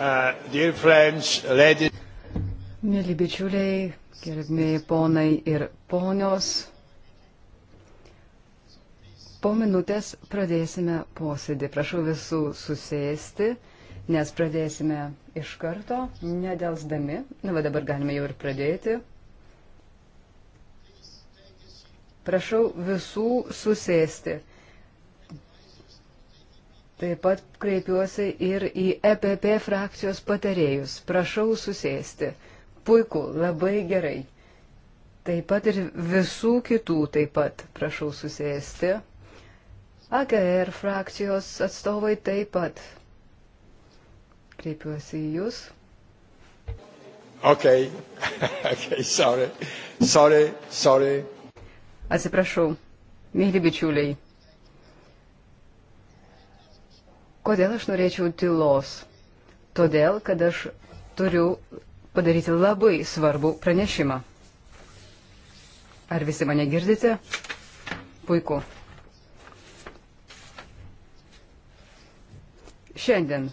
Uh, friends, ladies... Mėly bičiuliai, gerbėjai ponai ir ponios, po minutės pradėsime posėdį. Prašau visų susėsti, nes pradėsime iš karto, nedelsdami. Na, va dabar galime jau ir pradėti. Prašau visų susėsti. Taip pat kreipiuosi ir į EPP frakcijos patarėjus. Prašau susėsti. Puiku, labai gerai. Taip pat ir visų kitų taip pat prašau susėsti. AKR frakcijos atstovai taip pat. Kreipiuosi į Jūs. Okay. okay, sorry. Sorry, sorry. Atsiprašau, mėly bičiuliai. Kodėl aš norėčiau tylos? Todėl, kad aš turiu padaryti labai svarbų pranešimą. Ar visi mane girdite? Puiku. Šiandien,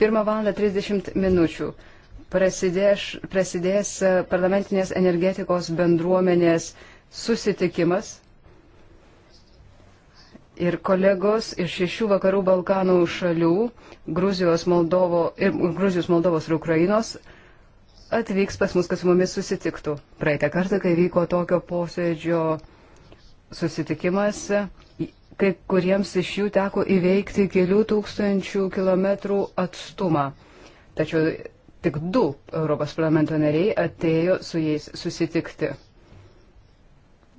1 val. 30 minučių, prasidės, prasidės e, parlamentinės energetikos bendruomenės susitikimas ir kolegos iš šešių vakarų Balkanų šalių, Gruzijos, Moldovo, ir, Gruzijos, Moldovos ir Ukrainos, atvyks pas mus, kad su mumis susitiktų. Praeitą kartą, kai vyko tokio posėdžio susitikimas, kai kuriems iš jų teko įveikti kelių tūkstančių kilometrų atstumą. Tačiau tik du Europos parlamento nariai atėjo su jais susitikti.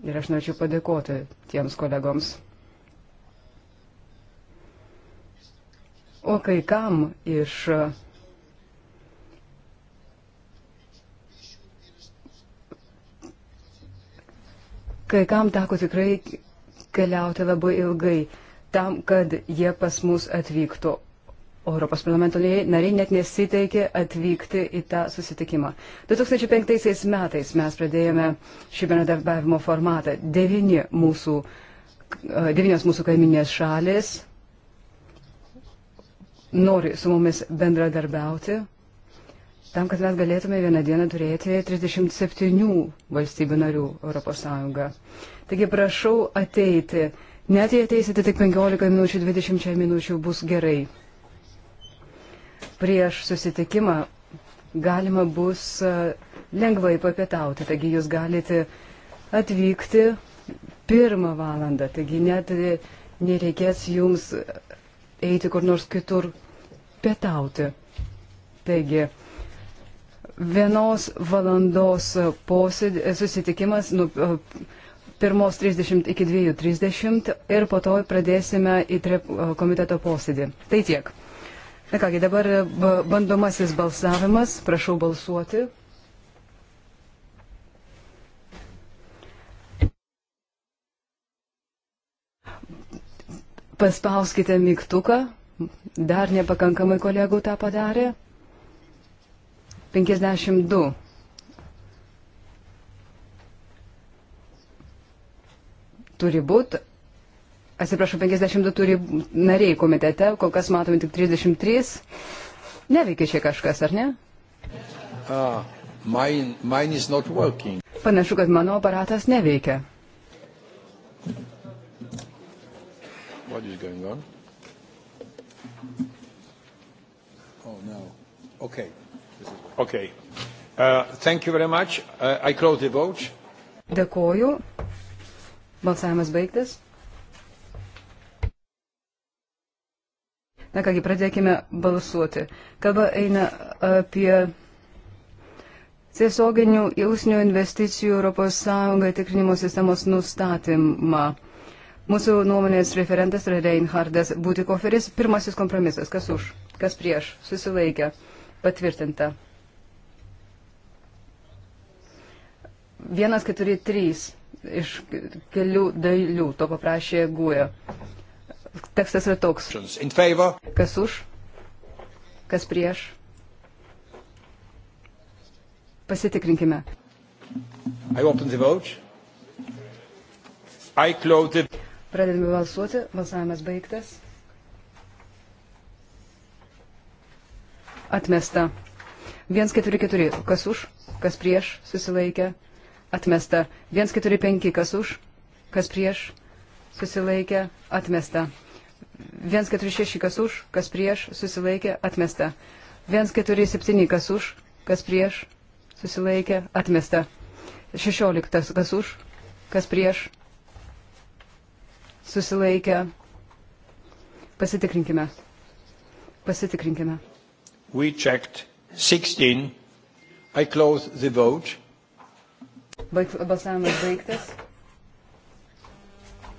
Ir aš norėčiau padėkoti tiems kolegoms. O kai kam iš kai kam teko tikrai keliauti labai ilgai tam, kad jie pas mus atvyktų. Europos parlamento nariai net nesiteikė atvykti į tą susitikimą. 2005 metais mes pradėjome šį bendradarbiavimo formatą. Devini mūsų, devynios mūsų kaiminės šalis nori su mumis bendradarbiauti, tam, kad mes galėtume vieną dieną turėti 37 valstybių narių ES. Taigi prašau ateiti. Net jei ateisite tik 15 minučių, 20 minučių bus gerai. Prieš susitikimą galima bus e, lengvai papietauti, taigi jūs galite atvykti pirmą valandą, taigi net e, nereikės jums eiti kur nors kitur pietauti. Taigi, vienos valandos posėd, susitikimas nuo e, 1.30 iki 2.30 ir po to pradėsime į e, komiteto posėdį. Tai tiek. Na kągi, dabar e, bandomasis balsavimas, prašau balsuoti. paspauskite mygtuką. Dar nepakankamai kolegų tą padarė. 52. Turi būti. Atsiprašau, 52 turi nariai komitete, kol kas matome tik 33. Neveikia čia kažkas, ar ne? Uh, mine, mine Panašu, kad mano aparatas neveikia. is going on. Oh, no. Okay. Okay. Uh, thank you very much. Uh, I close the vote. Dėkoju. Balsavimas baigtas. Na kągi, pradėkime balsuoti. Kalba eina apie tiesioginių jausnių investicijų ES tikrinimo sistemos nustatymą. Mūsų nuomonės referentas yra Reinhardas Būtikoferis. Pirmasis kompromisas. Kas už? Kas prieš? Susilaikė. Patvirtinta. 143 iš kelių dalių to paprašė Guja. Tekstas yra toks. Kas už? Kas prieš? Pasitikrinkime. I open the vote. I close the... Pradedame balsuoti. Balsavimas baigtas. Atmesta. 144. Kas už, kas prieš, susilaikė. Atmesta. 145. Kas už, kas prieš, susilaikė. Atmesta. 146. Kas už, kas prieš, susilaikė. Atmesta. 147. Kas už, kas prieš, susilaikė. Atmesta. 16. Kas už, kas prieš, susilaikę. Pasitikrinkime. Pasitikrinkime. We checked 16. I close the vote. Baig, balsavimas baigtas.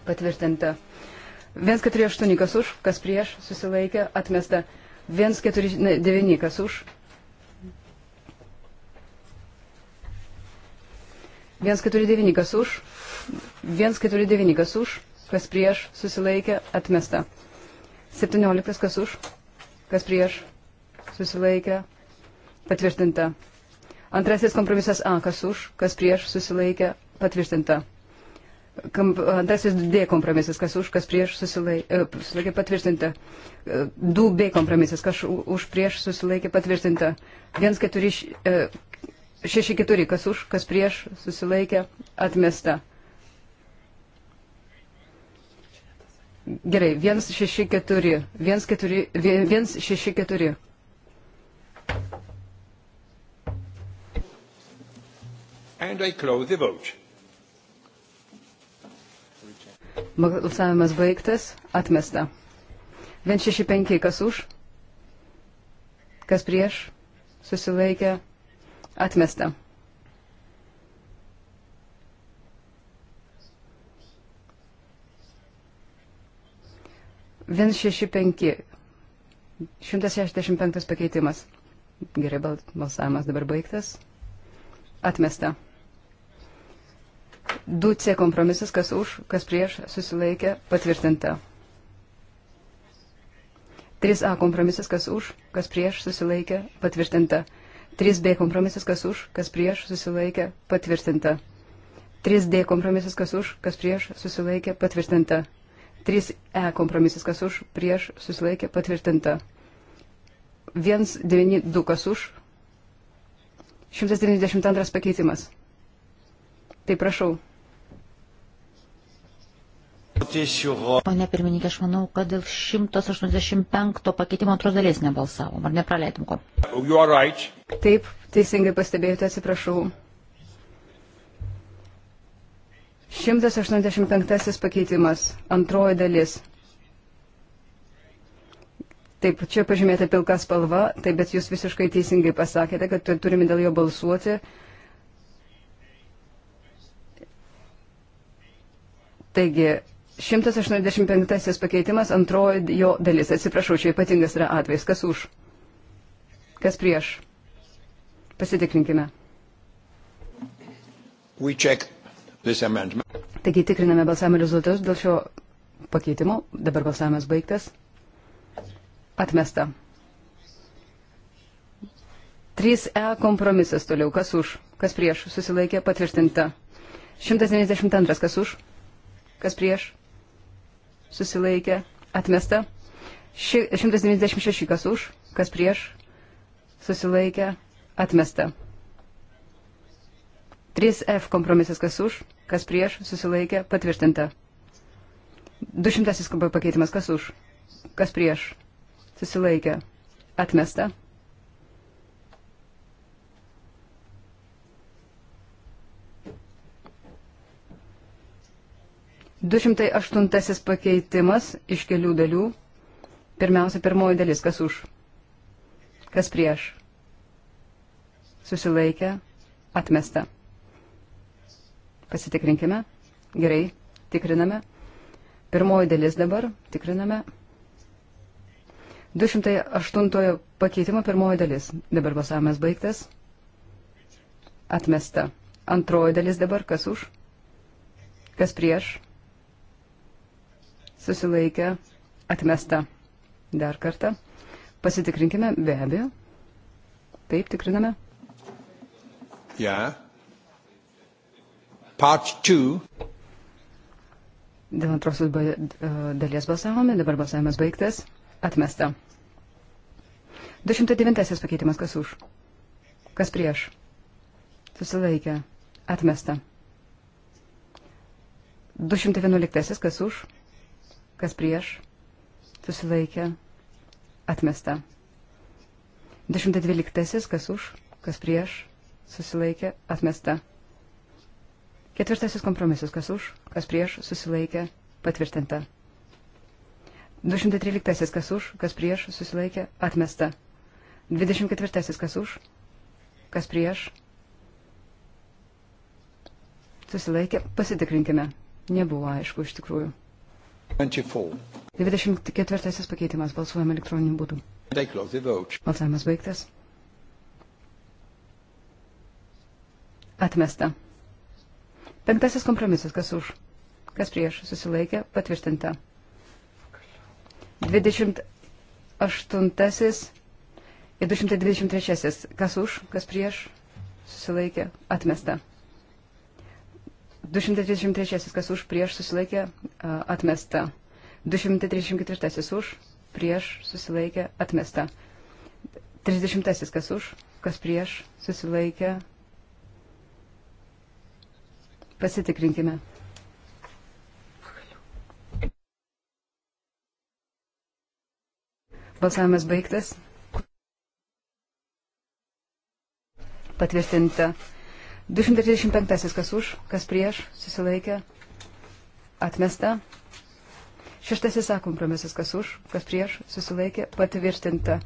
Patvirtinta. 148 kas už, kas prieš, susilaikė, atmesta. 149 kas už. 149 kas už. 149 kas už kas prieš, susilaikė, atmesta. 17, kas už, kas prieš, susilaikė, patvirtinta. Antrasis kompromisas A, kas už, kas prieš, susilaikė, patvirtinta. Kamp, antrasis D kompromisas, kas už, kas prieš, susilaikė, e, susilaikė patvirtinta. 2B e, kompromisas, kas už, prieš, susilaikė, patvirtinta. 1, 4, 6, 4, kas už, kas prieš, susilaikė, atmesta. Gerai, 164. 164. And I close the vote. Balsavimas baigtas, atmesta. 165 kas už, kas prieš, susilaikė, atmesta. 165. 165 pakeitimas. Gerai, balsavimas dabar baigtas. Atmesta. 2C kompromisas, kas už, kas prieš, susilaikė, patvirtinta. 3A kompromisas, kas už, kas prieš, susilaikė, patvirtinta. 3B kompromisas, kas už, kas prieš, susilaikė, patvirtinta. 3D kompromisas, kas už, kas prieš, susilaikė, patvirtinta. 3 3E kompromisas, kas už, prieš, susilaikė, patvirtinta. 192, kas už. 192 pakeitimas. Tai prašau. Pane pirmininkė, aš manau, kad dėl 185 pakeitimo antros dalies nebalsavom, ar nepraleidom ko? Right. Taip, teisingai pastebėjote, atsiprašau. 185 pakeitimas, antroji dalis. Taip, čia pažymėta pilka spalva, taip, bet jūs visiškai teisingai pasakėte, kad turime dėl jo balsuoti. Taigi, 185 pakeitimas, antroji jo dalis. Atsiprašau, čia ypatingas yra atvejs. Kas už? Kas prieš? Pasitikrinkime. We check Taigi tikriname balsavimo rezultatus dėl šio pakeitimo. Dabar balsavimas baigtas. Atmesta. 3E kompromisas toliau. Kas už? Kas prieš? Susilaikė patvirtinta. 192. Kas už? Kas prieš? Susilaikė. Atmesta. 196. Kas už? Kas prieš? Susilaikė. Atmesta. 3F kompromisas. Kas už? kas prieš, susilaikė, patvirtinta. 200 pakeitimas, kas už, kas prieš, susilaikė, atmesta. Du šimtai aštuntasis pakeitimas iš kelių dalių. Pirmiausia, pirmoji dalis, kas už, kas prieš, susilaikė, atmesta. Pasitikrinkime. Gerai, tikriname. Pirmoji dalis dabar, tikriname. 208 pakeitimo pirmoji dalis. Dabar balsavimas baigtas. Atmesta. Antroji dalis dabar, kas už, kas prieš. Susilaikę. Atmesta. Dar kartą. Pasitikrinkime, be abejo. Taip, tikriname. Ja part 2. Dėl antrosios ba e, dalies balsavome, dabar balsavimas baigtas, atmesta. 209 pakeitimas kas už, kas prieš, susilaikė, atmesta. 211 kas už, kas prieš, susilaikė, atmesta. 212 kas už, kas prieš, susilaikė, atmesta. Ketvirtasis kompromisas, kas už, kas prieš, susilaikė, patvirtinta. 213, kas už, kas prieš, susilaikė, atmesta. 24, kas už, kas prieš, susilaikė, pasitikrinkime. Nebuvo aišku iš tikrųjų. 24. 24 pakeitimas balsuojame elektroniniu būdu. Balsavimas baigtas. Atmesta. Penktasis kompromisas, kas už, kas prieš, susilaikė, patvirtinta. Dvidešimt aštuntasis ir 223, kas už, kas prieš, susilaikė, atmesta. 233, kas už, prieš, susilaikė, atmesta. 234 už, prieš, susilaikė, atmesta. 30, kas už, kas prieš, susilaikė, Pasitikrinkime. Balsavimas baigtas. Patvirtinta. 235. Kas už, kas prieš, susilaikė. Atmesta. Šeštasis A kompromisas, kas už, kas prieš, susilaikė, patvirtinta.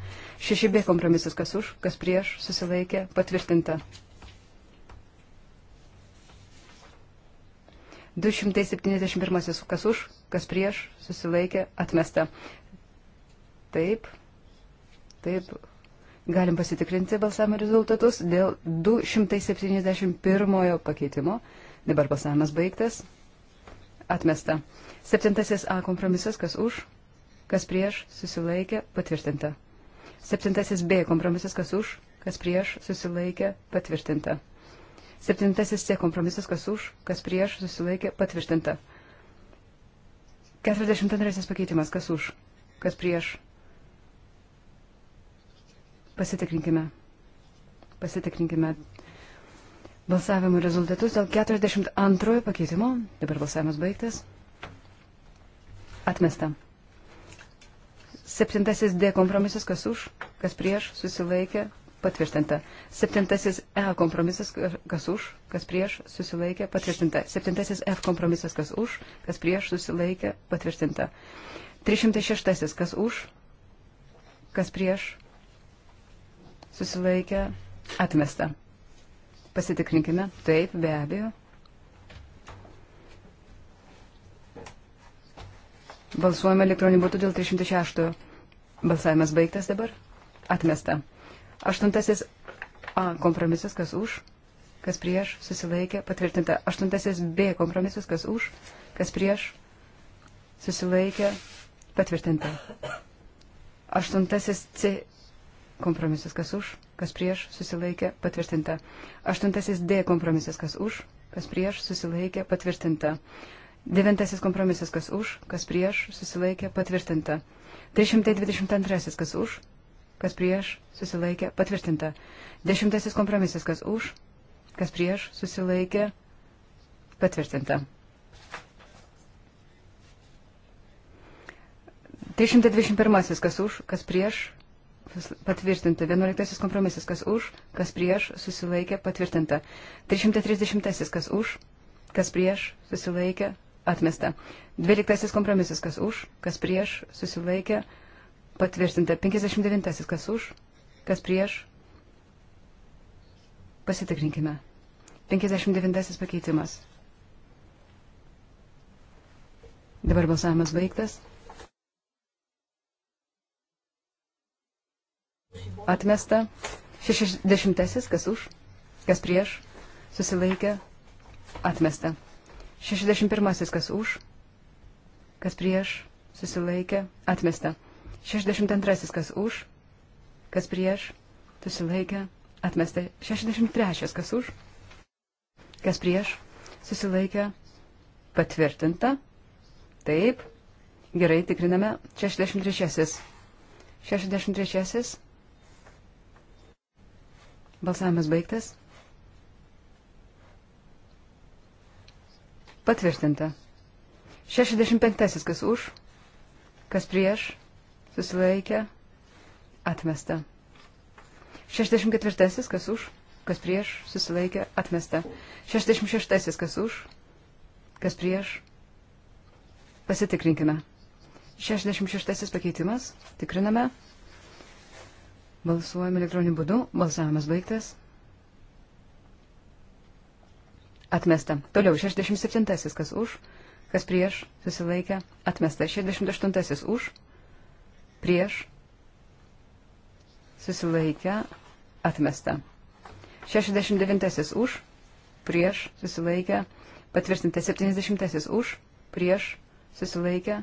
Šeši B kompromisas, kas už, kas prieš, susilaikė, patvirtinta. 271. Kas už, kas prieš, susilaikė, atmesta. Taip, taip. Galim pasitikrinti balsavimo rezultatus dėl 271 pakeitimo. Dabar balsavimas baigtas. Atmesta. Septintasis A kompromisas, kas už, kas prieš, susilaikė, patvirtinta. Septintasis B kompromisas, kas už, kas prieš, susilaikė, patvirtinta. Septintasis C kompromisas, kas už, kas prieš, susilaikė, patvirtinta. Keturiasdešimt antrasis pakeitimas, kas už, kas prieš. Pasitikrinkime. Pasitikrinkime balsavimo rezultatus dėl 42 pakeitimo. Dabar balsavimas baigtas. Atmesta. Septintasis D kompromisas, kas už, kas prieš, susilaikė, patvirtinta. Septintasis E kompromisas, kas už, kas prieš, susilaikė, patvirtinta. Septintasis F kompromisas, kas už, kas prieš, susilaikė, patvirtinta. 306, kas už, kas prieš, susilaikė, atmesta. Pasitikrinkime. Taip, be abejo. Balsuojame elektroniniu būdu dėl 306. Balsavimas baigtas dabar. Atmesta. Aštuntasis A kompromisas, kas už, kas prieš, susilaikė, patvirtinta. Aštuntasis B kompromisas, kas už, kas prieš, susilaikė, patvirtinta. Aštuntasis C kompromisas, kas už, kas prieš, susilaikė, patvirtinta. Aštuntasis D kompromisas, kas už, kas prieš, susilaikė, patvirtinta. Devintasis kompromisas, kas už, kas prieš, susilaikė, patvirtinta. 322, kas už, kas prieš, susilaikė, patvirtinta. Dešimtasis kompromisas, kas už, kas prieš, susilaikė, patvirtinta. 321. Kas už, kas prieš, patvirtinta. 11. Kompromisas. Kas už, kas prieš, susilaikė, patvirtinta. 330. Kas už, kas prieš, susilaikė, atmesta. 12. Kompromisas. Kas už, kas prieš, susilaikė, patvirtinta. Patvirtinta. 59. Kas už? Kas prieš? Pasitikrinkime. 59. pakeitimas. Dabar balsavimas baigtas. Atmesta. 60. Kas už? Kas prieš? Susilaikė. Atmesta. 61. Kas už? Kas prieš? Susilaikė. Atmesta. 62 kas už, kas prieš, susilaikė, atmesta. 63 kas už, kas prieš, susilaikė, patvirtinta. Taip, gerai, tikriname. 63. 63. Balsavimas baigtas. Patvirtinta. 65. Kas už, kas prieš, susilaikė, atmesta. 64. Kas už, kas prieš, susilaikė, atmesta. 66. Kas už, kas prieš, pasitikrinkime. 66. pakeitimas, tikriname. Balsuojame elektroniniu būdu, balsavimas baigtas. Atmesta. Toliau 67. Kas už, kas prieš, susilaikė, atmesta. 68. Už, prieš, susilaikę, atmesta. 69 už, prieš, susilaikę, patvirtinta. 70 už, prieš, susilaikę,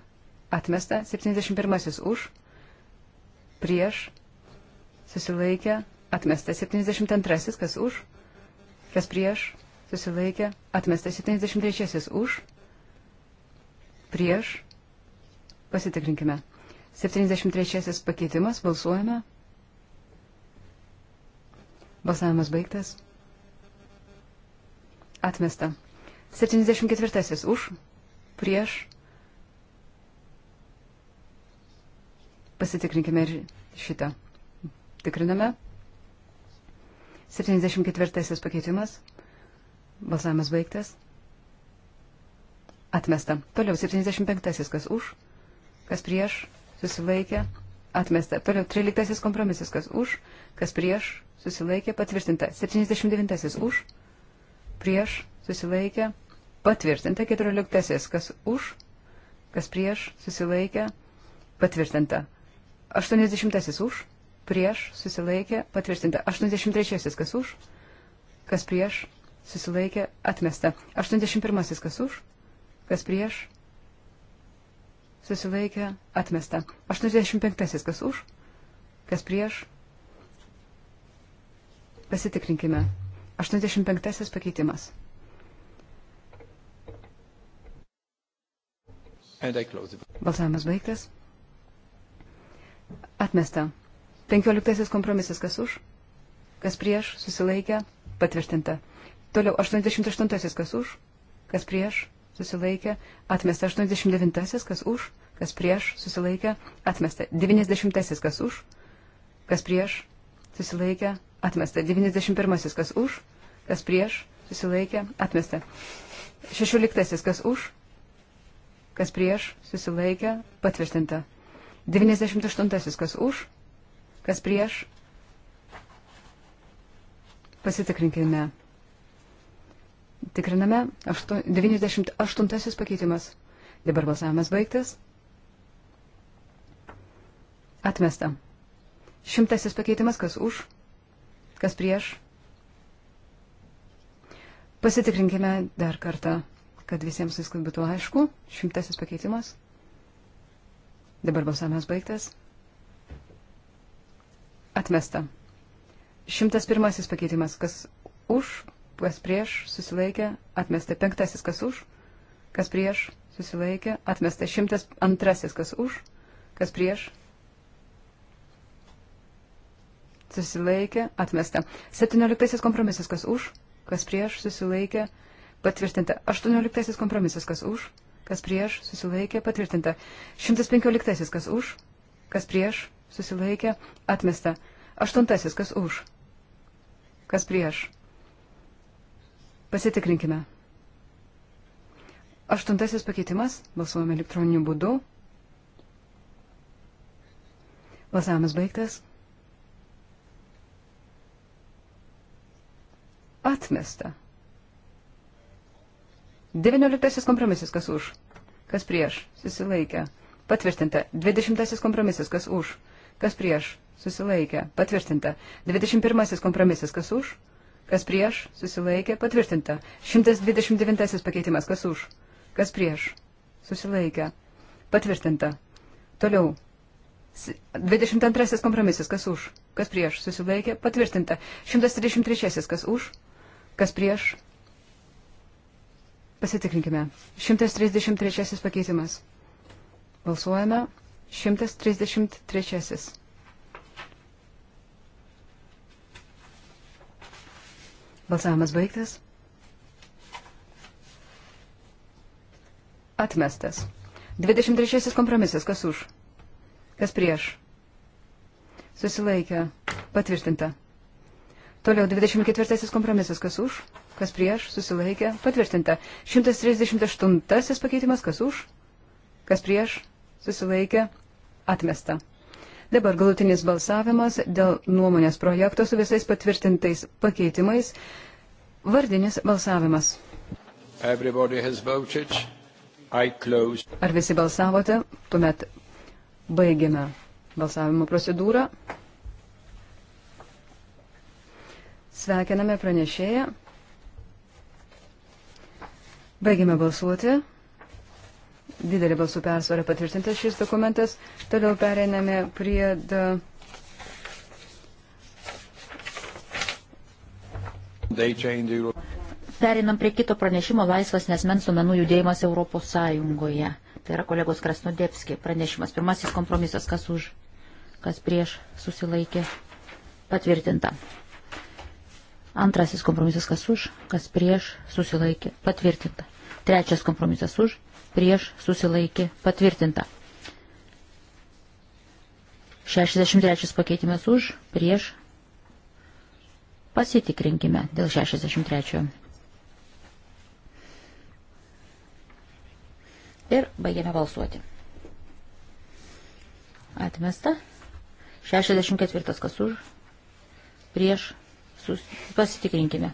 atmesta. 71 už, prieš, susilaikę, atmesta. 72 kas už, kas prieš, susilaikė, atmesta 73 už, prieš, pasitikrinkime. 73 pakeitimas, balsuojame. Balsavimas baigtas. Atmesta. 74 už, prieš. Pasitikrinkime ir šitą. Tikriname. 74 pakeitimas. Balsavimas baigtas. Atmesta. Toliau 75 kas už, kas prieš susilaikė, atmesta. Toliau 13 kompromisas, kas už, kas prieš, susilaikė, patvirtinta. 79 už, prieš, susilaikė, patvirtinta. 14 kas už, kas prieš, susilaikė, patvirtinta. 80 už, prieš, susilaikė, patvirtinta. 83 kas už, kas prieš, susilaikė, atmesta. 81 kas už, kas prieš, susilaikė, atmesta. 85. Kas už, kas prieš. Pasitikrinkime. 85. pakeitimas. Balsavimas baigtas. Atmesta. 15. kompromisas. Kas už, kas prieš, susilaikė, patvirtinta. Toliau 88. Kas už, kas prieš, susilaikė, atmesta 89-asis, kas už, kas prieš, susilaikė, atmesta 90-asis, kas už, kas prieš, susilaikė, atmesta 91-asis, kas už, kas prieš, susilaikė, atmesta 16-asis, kas už, kas prieš, susilaikė, patvirtinta 98-asis, kas už, kas prieš, pasitikrinkime. Tikriname 98 pakeitimas. Dabar balsavimas baigtas. Atmesta. Šimtasis pakeitimas, kas už, kas prieš. Pasitikrinkime dar kartą, kad visiems viskas būtų aišku. Šimtasis pakeitimas. Dabar balsavimas baigtas. Atmesta. Šimtas pirmasis pakeitimas, kas už, kas prieš susilaikė, atmesta penktasis kas už, kas prieš susilaikė, atmesta šimtas antrasis kas už, kas prieš susilaikė, atmesta. Septynioliktasis kompromisas kas už, kas prieš susilaikė, patvirtinta. Aštuonioliktasis kompromisas kas už, kas prieš susilaikė, patvirtinta. Šimtas penkioliktasis kas už, kas prieš susilaikė, atmesta. Aštuntasis kas už, kas prieš Pasitikrinkime. Aštuntasis pakeitimas. Balsuojame elektroniniu būdu. Balsavimas baigtas. Atmesta. Devynioliktasis kompromisas. Kas už? Kas prieš? Susilaikė. Patvirtinta. Dvidešimtasis kompromisas. Kas už? Kas prieš? Susilaikė. Patvirtinta. Dvidešimt pirmasis kompromisas. Kas už? Kas prieš? Susilaikė. Patvirtinta. 129 pakeitimas. Kas už? Kas prieš? Susilaikė. Patvirtinta. Toliau. 22 kompromisas. Kas už? Kas prieš? Susilaikė. Patvirtinta. 133 kas už? Kas prieš? Pasitikrinkime. 133 pakeitimas. Balsuojame. 133. Balsavimas baigtas. Atmestas. 23 kompromisas. Kas už? Kas prieš? Susilaikė. Patvirtinta. Toliau 24 kompromisas. Kas už? Kas prieš? Susilaikė. Patvirtinta. 138 pakeitimas. Kas už? Kas prieš? Susilaikė. Atmesta. Dabar galutinis balsavimas dėl nuomonės projekto su visais patvirtintais pakeitimais. Vardinis balsavimas. Ar visi balsavote? Tuomet baigiame balsavimo procedūrą. Sveikiname pranešėją. Baigiame balsuoti didelė balsų persvara patvirtintas šis dokumentas. Toliau pereiname prie da... Perinam prie kito pranešimo laisvas nesmens duomenų judėjimas Europos Sąjungoje. Tai yra kolegos Krasnodėpski pranešimas. Pirmasis kompromisas, kas už, kas prieš, susilaikė, patvirtinta. Antrasis kompromisas, kas už, kas prieš, susilaikė, patvirtinta. Trečias kompromisas už, prieš susilaikė patvirtinta. 63 pakeitimas už, prieš. Pasitikrinkime dėl 63. Ir baigiame balsuoti. Atmesta. 64 kas už, prieš. Sus... Pasitikrinkime.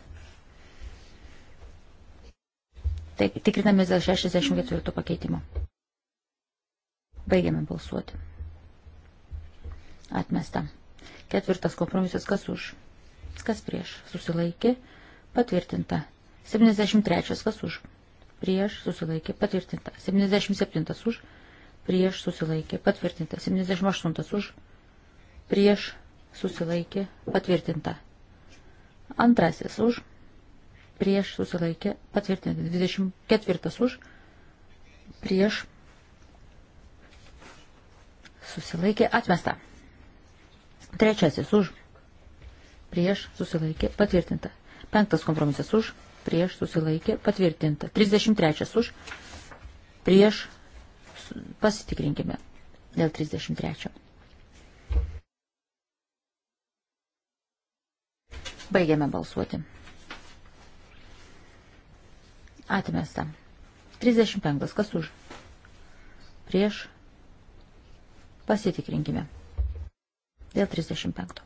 Tai tikrinamės dėl 64 pakeitimo. Baigiame balsuoti. Atmesta. Ketvirtas kompromisas kas už? Kas prieš? Susilaikė. Patvirtinta. 73 kas už? Prieš susilaikė. Patvirtinta. 77 už? Prieš susilaikė. Patvirtinta. 78 už? Prieš susilaikė. Patvirtinta. Antrasis už? prieš susilaikė patvirtinti. 24 už prieš susilaikė atmesta. Trečiasis už prieš susilaikė patvirtinta. Penktas kompromisas už prieš susilaikė patvirtinta. 33 už prieš pasitikrinkime dėl 33. Baigiame balsuoti. Atmesta. 35. Kas už? Prieš. Pasitikrinkime. Dėl 35.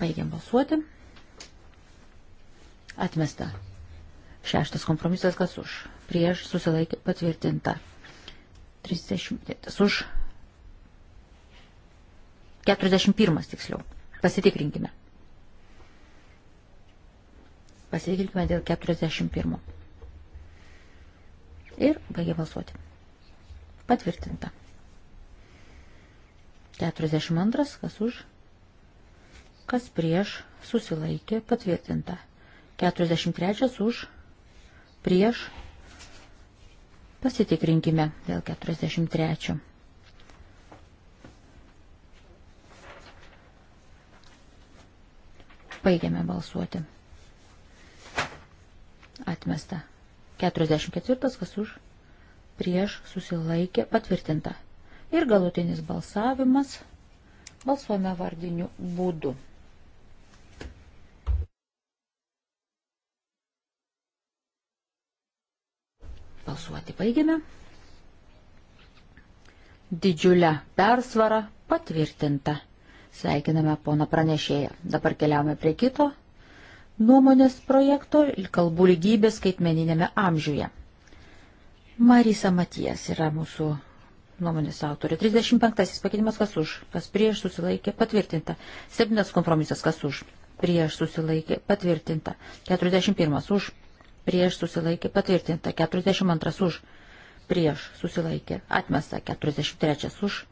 Baigiam balsuoti. Atmesta. Šeštas kompromisas kas už. Prieš susilaikė patvirtinta. 30. Už. 41 tiksliau. Pasitikrinkime. Pasitikrinkime dėl 41. Ir baigė balsuoti. Patvirtinta. 42. Kas už? Kas prieš? Susilaikė. Patvirtinta. 43. Už? Prieš? Pasitikrinkime dėl 43. Baigiame balsuoti. Atmesta. 44 kas už prieš susilaikė patvirtinta. Ir galutinis balsavimas balsuojame vardiniu būdu. Balsuoti baigėme. Didžiulę persvarą patvirtinta. Sveikiname poną pranešėją. Dabar keliaujame prie kito nuomonės projekto kalbų lygybės skaitmeninėme amžiuje. Marisa Matijas yra mūsų nuomonės autorė. 35 pakeitimas kas už, kas prieš susilaikė patvirtinta. 7 kompromisas kas už, prieš susilaikė patvirtinta. 41 už, prieš susilaikė patvirtinta. 42 už, prieš susilaikė atmesta. 43 už,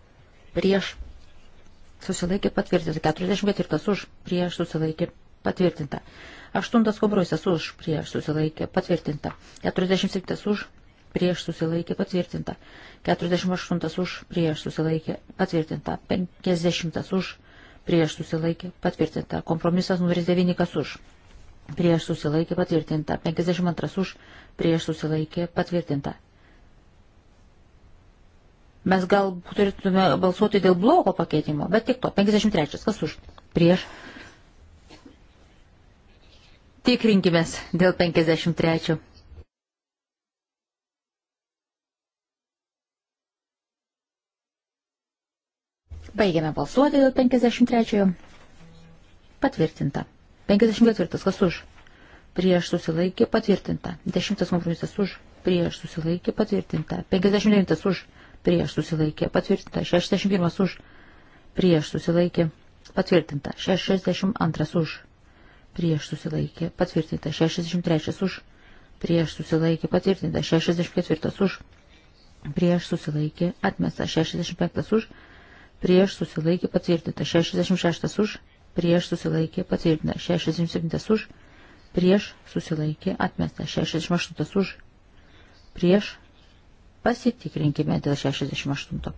prieš susilaikė patvirtinta. 44 už, prieš susilaikė patvirtinta. Aštuntas kompromisas už, prieš susilaikė, patvirtinta. 47 už, prieš susilaikė, patvirtinta. 48 už, prieš susilaikė, patvirtinta. 50 už, prieš susilaikė, patvirtinta. Kompromisas numeris 9 kas už. Prieš susilaikė patvirtinta. 52 už. Prieš susilaikė patvirtinta. Mes gal turėtume balsuoti dėl blogo pakeitimo, bet tik to. 53. Kas už? Prieš Tikrinkime dėl 53. Baigiame balsuoti dėl 53. Patvirtinta. 54. Kas už? Prieš susilaikė patvirtinta. 10. Kompromisas už. Prieš susilaikė patvirtinta. 59. Už. Prieš susilaikė patvirtinta. 61. Už. Prieš susilaikė patvirtinta. 62. Už prieš susilaikė patvirtinta 63 už, prieš susilaikė patvirtinta 64 už, prieš susilaikė atmesta 65 už, prieš susilaikė patvirtinta 66 už, prieš susilaikė patvirtinta 67 už, prieš susilaikė atmesta 68 už, prieš pasitikrinkime dėl 68.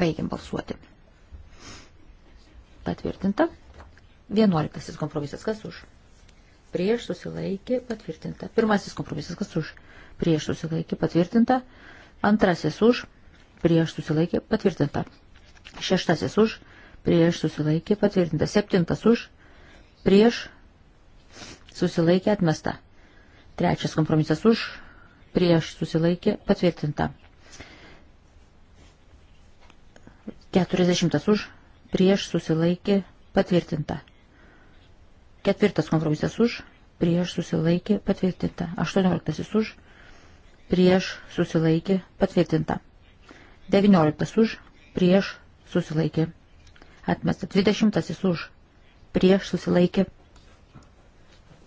Baigiam balsuoti. Patvirtinta. Vienuoliktasis kompromisas kas už? Prieš susilaikė patvirtinta. Pirmasis kompromisas kas už? Prieš susilaikė patvirtinta. Antrasis už? Prieš susilaikė patvirtinta. Šeštasis už? Prieš susilaikė patvirtinta. Septintas už? Prieš susilaikė atmesta. Trečias kompromisas už? Prieš susilaikė patvirtinta. 40 už, prieš susilaikė patvirtinta. Ketvirtas kompromisas už, prieš susilaikė patvirtinta. 18 už, prieš susilaikė patvirtinta. 19 už, prieš susilaikė atmesta. 20 už, prieš susilaikė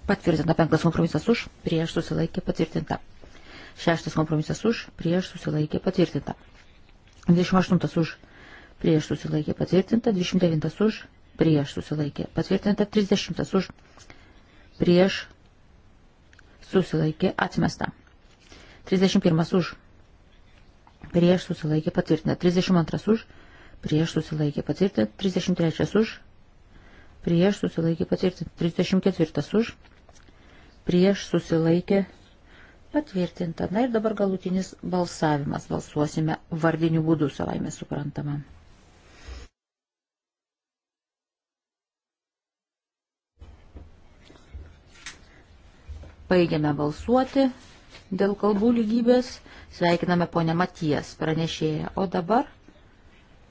patvirtinta. Penktas kompromisas už, prieš susilaikė patvirtinta. Šeštas kompromisas už, prieš susilaikė patvirtinta. 28 už, prieš susilaikė patvirtinta, 29 už, prieš susilaikė patvirtinta, 30 už, prieš susilaikė atmesta, 31 už, prieš susilaikė patvirtinta, 32 už, prieš susilaikė patvirtinta, 33 už, prieš susilaikė patvirtinta, 34 už, prieš susilaikė patvirtinta. Na ir dabar galutinis balsavimas, balsuosime vardiniu būdu savaime suprantama. Baigiame balsuoti dėl kalbų lygybės. Sveikiname ponę Matijas pranešėją. O dabar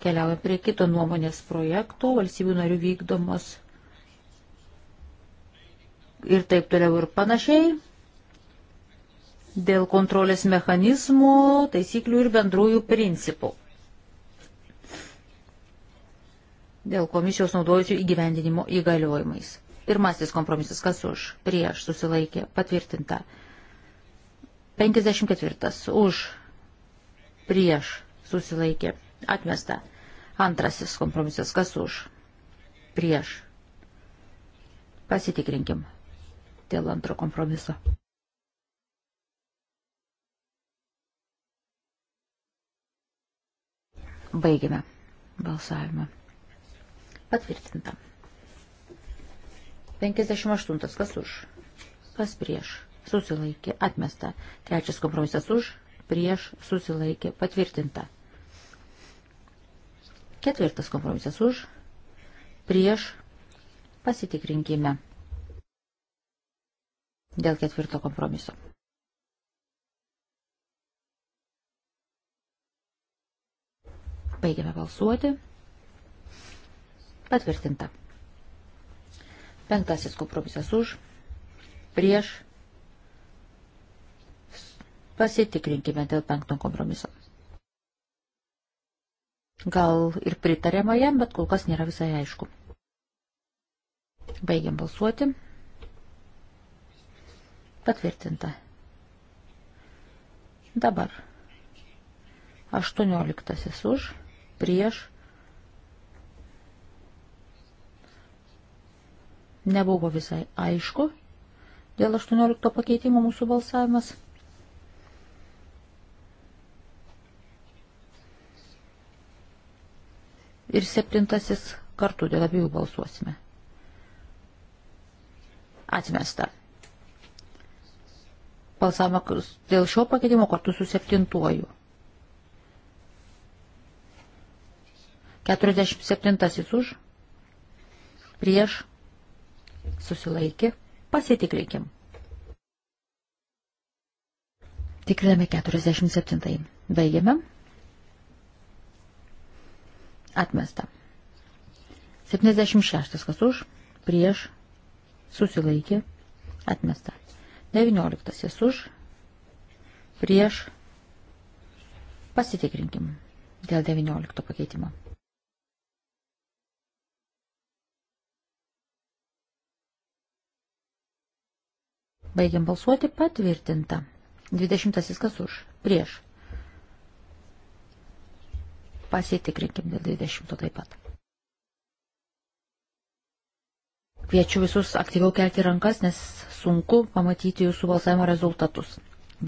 keliaujame prie kito nuomonės projekto valstybių narių vykdomos ir taip toliau ir panašiai. Dėl kontrolės mechanizmų, taisyklių ir bendrųjų principų. Dėl komisijos naudojusių įgyvendinimo įgaliojimais. Pirmasis kompromisas, kas už, prieš, susilaikė, patvirtinta. 54. Už, prieš, susilaikė, atmesta. Antrasis kompromisas, kas už, prieš. Pasitikrinkim dėl antro kompromiso. Baigime balsavimą. Patvirtinta. 58. Kas už? Kas prieš? Susilaikė. Atmesta. Trečias kompromisas už. Prieš. Susilaikė. Patvirtinta. Ketvirtas kompromisas už. Prieš. Pasitikrinkime. Dėl ketvirto kompromiso. Baigiame balsuoti. Patvirtinta. Penktasis kompromisas už, prieš, pasitikrinkime dėl penkto kompromiso. Gal ir pritariama jam, bet kol kas nėra visai aišku. Baigiam balsuoti. Patvirtinta. Dabar. Aštuonioliktasis už, prieš, nebuvo visai aišku. Dėl 18 pakeitimo mūsų balsavimas. Ir septintasis kartu dėl abiejų balsuosime. Atmesta. Balsavimą dėl šio pakeitimo kartu su septintuoju. 47 už, prieš, susilaikė, pasitikrinkim. Tikriname 47. Baigiame. Atmesta. 76. Kas už? Prieš. Susilaikė. Atmesta. 19. Už. Prieš. Pasitikrinkim dėl 19 pakeitimo. Baigiam balsuoti patvirtinta. 20 kas už? Prieš. Pasitikrinkim dėl 20 taip pat. Kviečiu visus aktyviau kelti rankas, nes sunku pamatyti jūsų balsavimo rezultatus.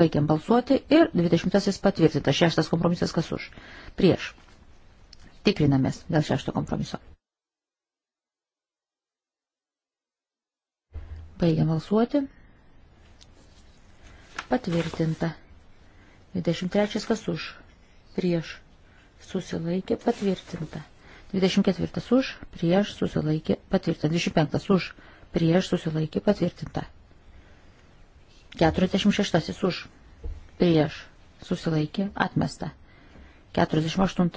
Baigiam balsuoti ir 20 patvirtinta. Šeštas kompromisas kas už? Prieš. Tikrinamės dėl šešto kompromiso. Baigiam balsuoti patvirtinta. 23 kas už, prieš, susilaikė, patvirtinta. 24 už, prieš, susilaikė, patvirtinta. 25 už, prieš, susilaikė, patvirtinta. 46 už, prieš, susilaikė, atmesta. 48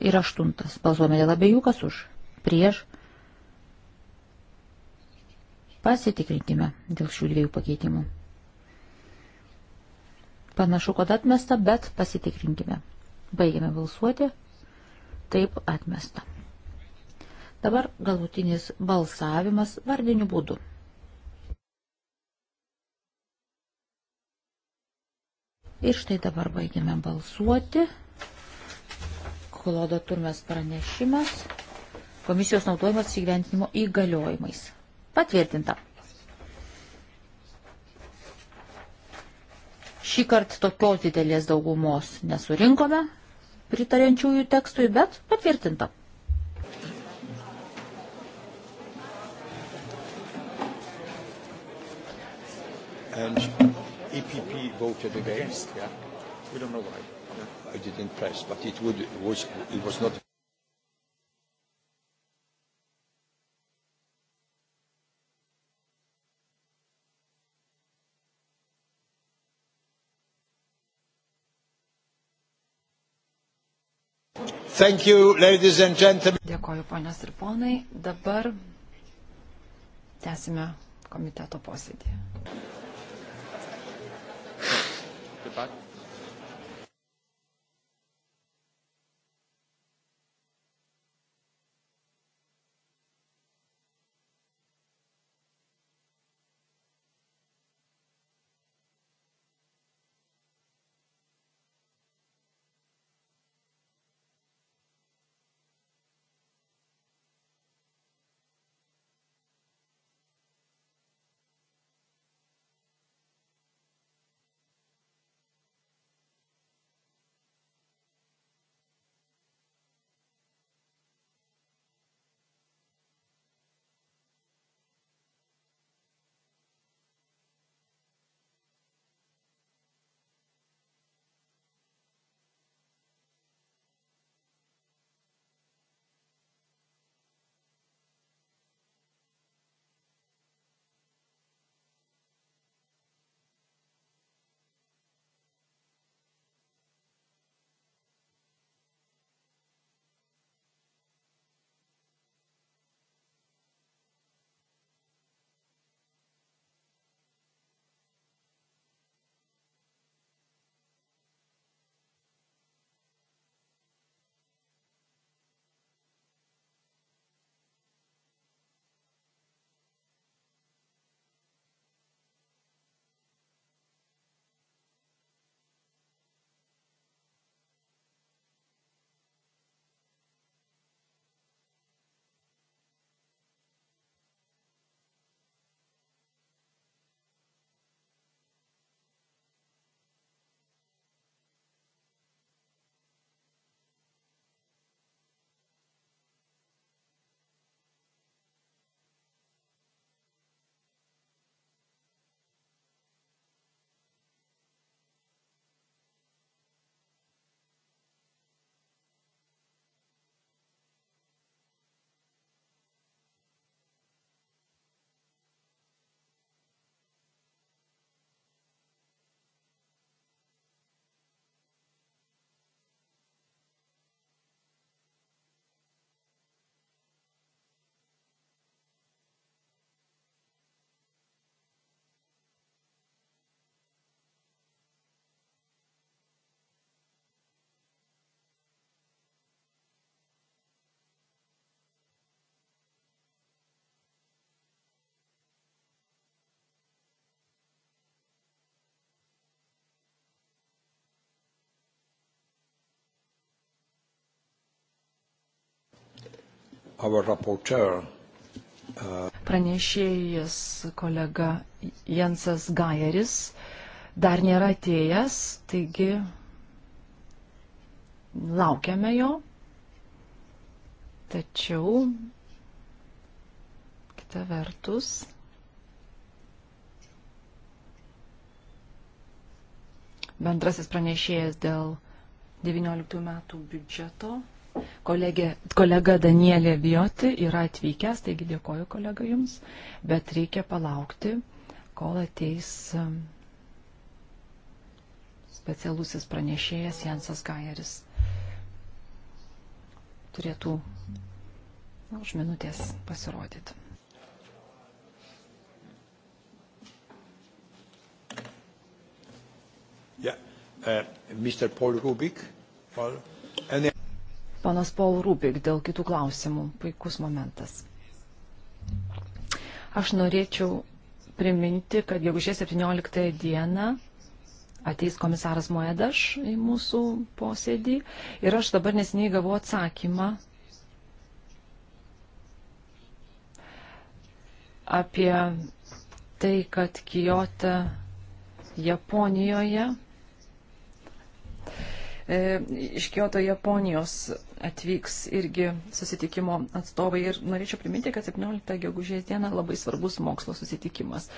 ir 8 balsuome dėl abiejų kas už, prieš, Pasitikrinkime dėl šių dviejų pakeitimų. Panašu, kad atmesta, bet pasitikrinkime. Baigiame balsuoti. Taip atmesta. Dabar galutinis balsavimas vardiniu būdu. Ir štai dabar baigiame balsuoti. Klodo turmės pranešimas. Komisijos naudojimas įgyventinimo įgaliojimais. Patvirtinta. Šį kartą tokios didelės daugumos nesurinkome pritarenčiųjų tekstui, bet patvirtinta. And EPP voted against. Yeah. We don't know why. Yeah. I didn't press, but it would was it was not. Thank you, ladies and gentlemen. Dėkoju, ponios ir ponai. Dabar tęsime komiteto posėdį. Taip pat. our rapporteur. Uh... Pranešėjas kolega Jensas Gajeris dar nėra atėjęs, taigi laukiame jo. Tačiau, kita vertus, bendrasis pranešėjas dėl 19 metų biudžeto kolegė, kolega Danielė Bijoti yra atvykęs, taigi dėkoju kolega Jums, bet reikia palaukti, kol ateis um, specialusis pranešėjas Jansas Gajeris. Turėtų na, už minutės pasirodyti. Yeah. Uh, äh, Mr. Paul Rubik. Paul. Panas Paul Rubik dėl kitų klausimų. Puikus momentas. Aš norėčiau priminti, kad gegužės 17 dieną ateis komisaras Moedaš į mūsų posėdį ir aš dabar nesiniai gavau atsakymą apie tai, kad Kijota Japonijoje E, iš Kyoto Japonijos atvyks irgi susitikimo atstovai. Ir norėčiau priminti, kad 17 gegužės diena labai svarbus mokslo susitikimas.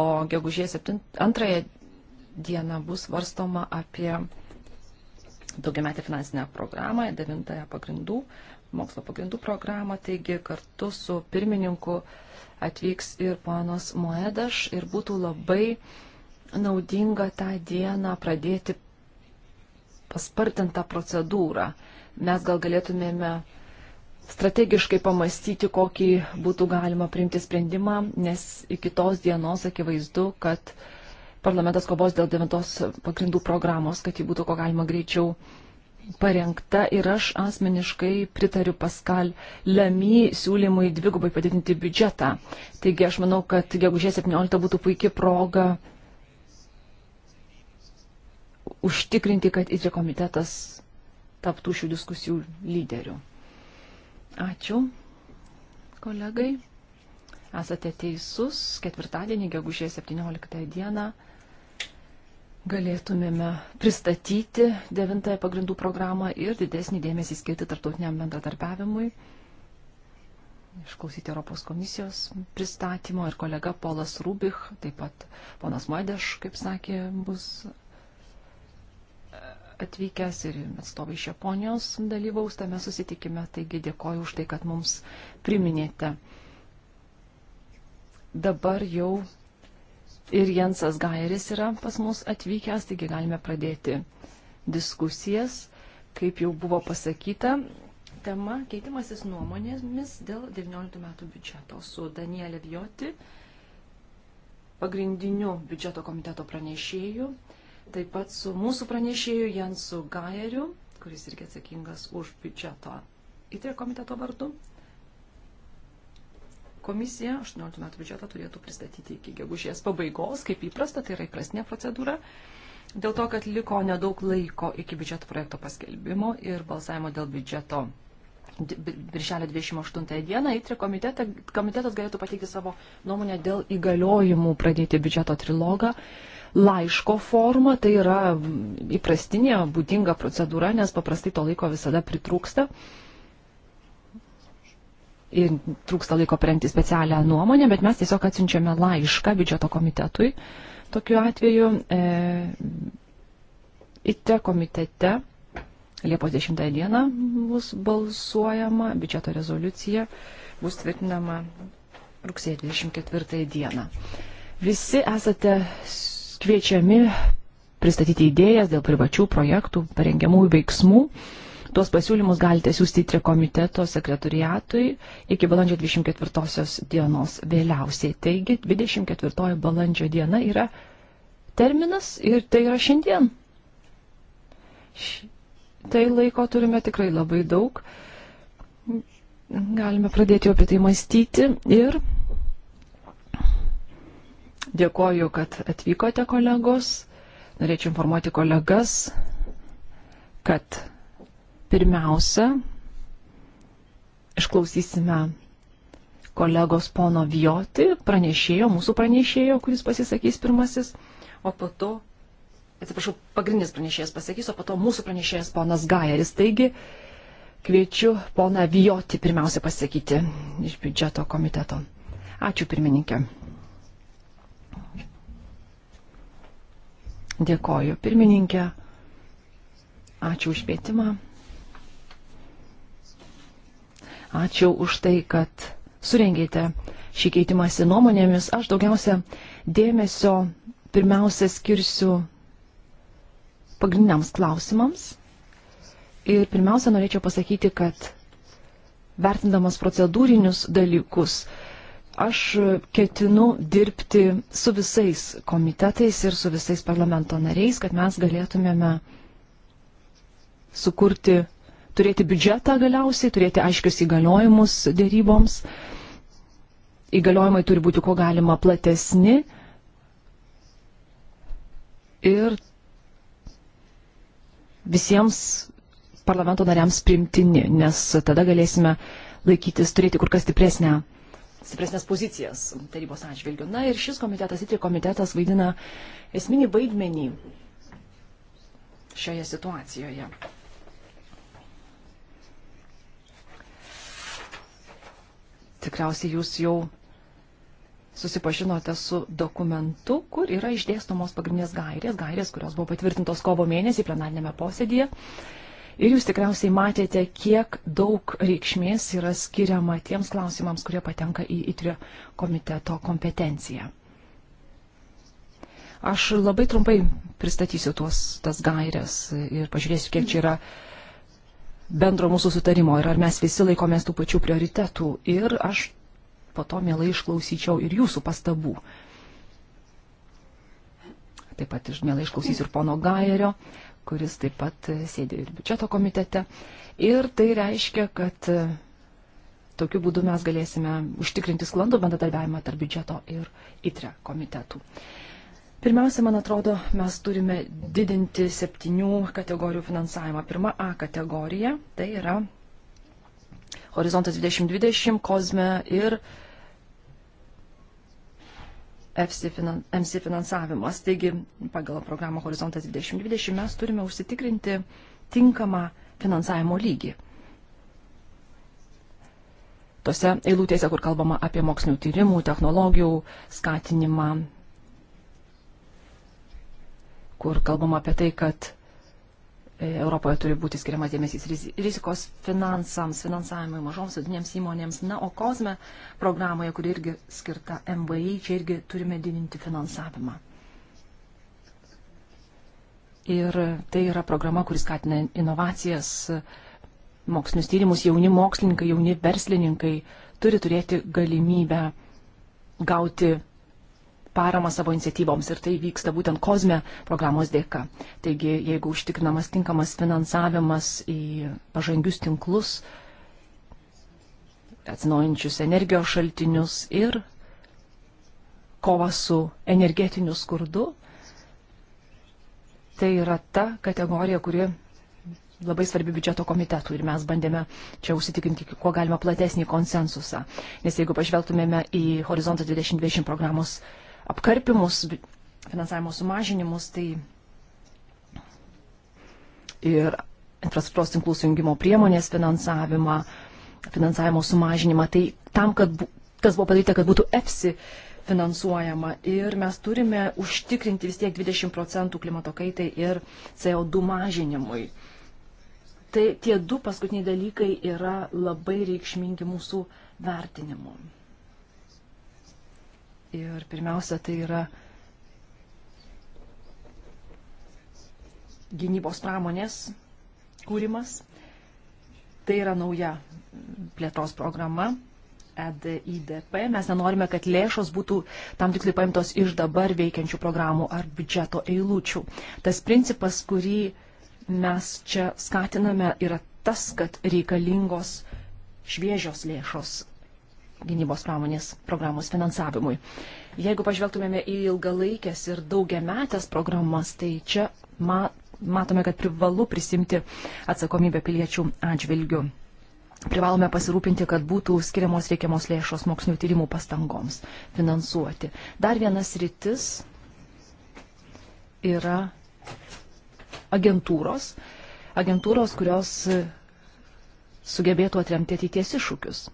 O gegužės 2 dieną bus svarstoma apie daugiametę finansinę programą, devintąją pagrindų, mokslo pagrindų programą. Taigi kartu su pirmininku atvyks ir ponas Moedaš ir būtų labai naudinga tą dieną pradėti paspartintą procedūrą. Mes gal galėtumėme strategiškai pamastyti, kokį būtų galima priimti sprendimą, nes iki tos dienos akivaizdu, kad parlamentas kovos dėl devintos pagrindų programos, kad ji būtų ko galima greičiau parengta ir aš asmeniškai pritariu Paskal Lamy siūlymui dvigubai padidinti biudžetą. Taigi aš manau, kad gegužės 17 būtų puikia proga užtikrinti, kad įtri komitetas taptų šių diskusijų lyderių. Ačiū, kolegai. Esate teisus. Ketvirtadienį, gegužės 17 dieną, galėtumėme pristatyti devintąją pagrindų programą ir didesnį dėmesį skirti tarptautiniam bendradarbiavimui. Išklausyti Europos komisijos pristatymo ir kolega Polas Rubich, taip pat ponas Moedeš, kaip sakė, bus atvykęs ir atstovai iš Japonijos dalyvaus tame susitikime, taigi dėkoju už tai, kad mums priminėte. Dabar jau ir Jensas Gairis yra pas mus atvykęs, taigi galime pradėti diskusijas, kaip jau buvo pasakyta. Tema keitimasis nuomonėmis dėl 19 metų biudžeto su Danielė Vjoti, pagrindiniu biudžeto komiteto pranešėju taip pat su mūsų pranešėju Jensu Gajeriu, kuris irgi atsakingas už biudžeto įtrio komiteto vardu. Komisija 18 metų biudžetą turėtų pristatyti iki gegužės pabaigos, kaip įprasta, tai yra įprastinė procedūra. Dėl to, kad liko nedaug laiko iki biudžeto projekto paskelbimo ir balsavimo dėl biudžeto birželio 28 dieną įtrio komitetą, komitetas galėtų pateikti savo nuomonę dėl įgaliojimų pradėti biudžeto trilogą. Uh, laiško formą, tai yra įprastinė, būdinga procedūra, nes paprastai to laiko visada pritrūksta. Ir trūksta laiko parengti specialią nuomonę, bet mes tiesiog atsiunčiame laišką biudžeto komitetui. Tokiu atveju e, ITE komitete Liepos 10 dieną bus balsuojama biudžeto rezoliucija, bus tvirtinama rugsėjo 24 dieną. Visi esate kviečiami pristatyti idėjas dėl privačių projektų, parengiamųjų veiksmų. Tuos pasiūlymus galite siūsti tri komiteto sekretoriatui iki balandžio 24 dienos vėliausiai. Taigi 24 balandžio diena yra terminas ir tai yra šiandien. Tai laiko turime tikrai labai daug. Galime pradėti jau apie tai mąstyti ir Dėkoju, kad atvykote kolegos. Norėčiau informuoti kolegas, kad pirmiausia, išklausysime kolegos pono Vijoti, pranešėjo, mūsų pranešėjo, kuris pasisakys pirmasis, o po to, atsiprašau, pagrindinis pranešėjas pasakys, o po to mūsų pranešėjas ponas Gajeris. Taigi, kviečiu poną Vijoti pirmiausia pasakyti iš biudžeto komiteto. Ačiū pirmininkė. Dėkoju pirmininkė. Ačiū už kvietimą. Ačiū už tai, kad surengėte šį keitimąsi nuomonėmis. Aš daugiausia dėmesio pirmiausia skirsiu pagrindiniams klausimams. Ir pirmiausia, norėčiau pasakyti, kad vertindamas procedūrinius dalykus, Aš ketinu dirbti su visais komitetais ir su visais parlamento nariais, kad mes galėtumėme sukurti, turėti biudžetą galiausiai, turėti aiškius įgaliojimus dėryboms. Įgaliojimai turi būti kuo galima platesni ir visiems parlamento nariams primtini, nes tada galėsime laikytis, turėti kur kas stipresnę stipresnės pozicijas tarybos atžvilgių. Na ir šis komitetas, įtri komitetas vaidina esminį vaidmenį šioje situacijoje. Tikriausiai jūs jau susipažinote su dokumentu, kur yra išdėstomos pagrindinės gairės, gairės, kurios buvo patvirtintos kovo mėnesį plenarnėme posėdėje. Uh, Ir jūs tikriausiai matėte, kiek daug reikšmės yra skiriama tiems klausimams, kurie patenka į ITRIO komiteto kompetenciją. Aš labai trumpai pristatysiu tuos, tas gairias ir pažiūrėsiu, kiek čia yra bendro mūsų sutarimo ir ar mes visi laikomės tų pačių prioritetų. Ir aš po to mielai išklausyčiau ir jūsų pastabų. Taip pat mielai išklausysiu ir pono Gairio. Uh, kuris taip pat sėdė ir biudžeto komitete. Ir tai reiškia, kad e, tokiu būdu mes galėsime užtikrinti sklandų bendradarbiavimą tarp biudžeto ir ITRE komitetų. Pirmiausia, man atrodo, mes turime didinti septynių kategorijų finansavimą. Pirma A kategorija - tai yra Horizontas 2020, Kozme ir MC finansavimas. Taigi, pagal programą Horizontas 2020 mes turime užsitikrinti tinkamą finansavimo lygį. Tose eilutėse, kur kalbama apie mokslinių tyrimų, technologijų skatinimą, kur kalbama apie tai, kad Europoje turi būti skiriamas dėmesys rizikos finansams, finansavimui mažoms vidinėms įmonėms. Na, o COSME programoje, kuri irgi skirta MVI, čia irgi turime didinti finansavimą. Ir tai yra programa, kuris skatina inovacijas, mokslinius tyrimus, jauni mokslininkai, jauni verslininkai turi turėti galimybę gauti paramą savo iniciatyvoms ir tai vyksta būtent kozme programos dėka. Taigi, jeigu užtikrinamas tinkamas finansavimas į pažangius tinklus, atsinaujančius energijos šaltinius ir kova su energetiniu skurdu, tai yra ta kategorija, kuri labai svarbi biudžeto komitetui ir mes bandėme čia užsitikinti, kuo galima platesnį konsensusą. Nes jeigu pažvelgtumėme į Horizontą 2020 programos apkarpimus, finansavimo sumažinimus, tai ir infrastruktūros tinklų sujungimo priemonės finansavimą, finansavimo sumažinimą. Tai tam, kad kas buvo padaryta, kad būtų EFSI finansuojama. Ir mes turime užtikrinti vis tiek 20 procentų klimato kaitai ir CO2 mažinimui. Tai tie du paskutiniai dalykai yra labai reikšmingi mūsų vertinimu. Ir pirmiausia, tai yra gynybos pramonės kūrimas. Tai yra nauja plėtros programa EDIDP. Mes nenorime, kad lėšos būtų tam tikrai paimtos iš dabar veikiančių programų ar biudžeto eilučių. Tas principas, kurį mes čia skatiname, yra tas, kad reikalingos šviežios lėšos gynybos pramonės programos finansavimui. Jeigu pažvelgtumėme į ilgalaikės ir daugiametės programas, tai čia ma matome, kad privalu prisimti atsakomybę piliečių atžvilgių. Privalome pasirūpinti, kad būtų skiriamos reikiamos lėšos mokslinio tyrimų pastangoms finansuoti. Dar vienas rytis yra agentūros. Agentūros, kurios sugebėtų atremti ateities iššūkius.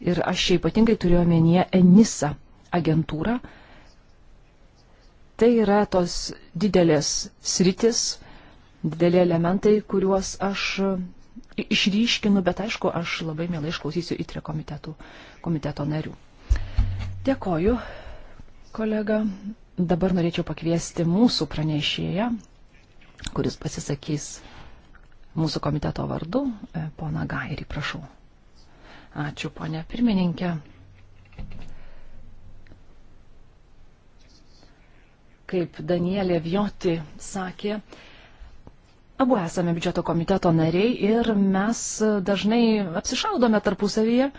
Ir aš čia ypatingai turiu omenyje ENISA agentūrą. Tai yra tos didelės sritis, dideli elementai, kuriuos aš išryškinu, bet aišku, aš labai mielai išklausysiu įtrio komitetų, komiteto narių. Dėkoju, kolega. Dabar norėčiau pakviesti mūsų pranešėją, kuris pasisakys mūsų komiteto vardu, e, pona Gairį, prašau. Ačiū, ponia pirmininkė. Kaip Danielė Vjoti sakė, Abu esame biudžeto komiteto nariai ir mes dažnai apsišaudome tarpusavyje.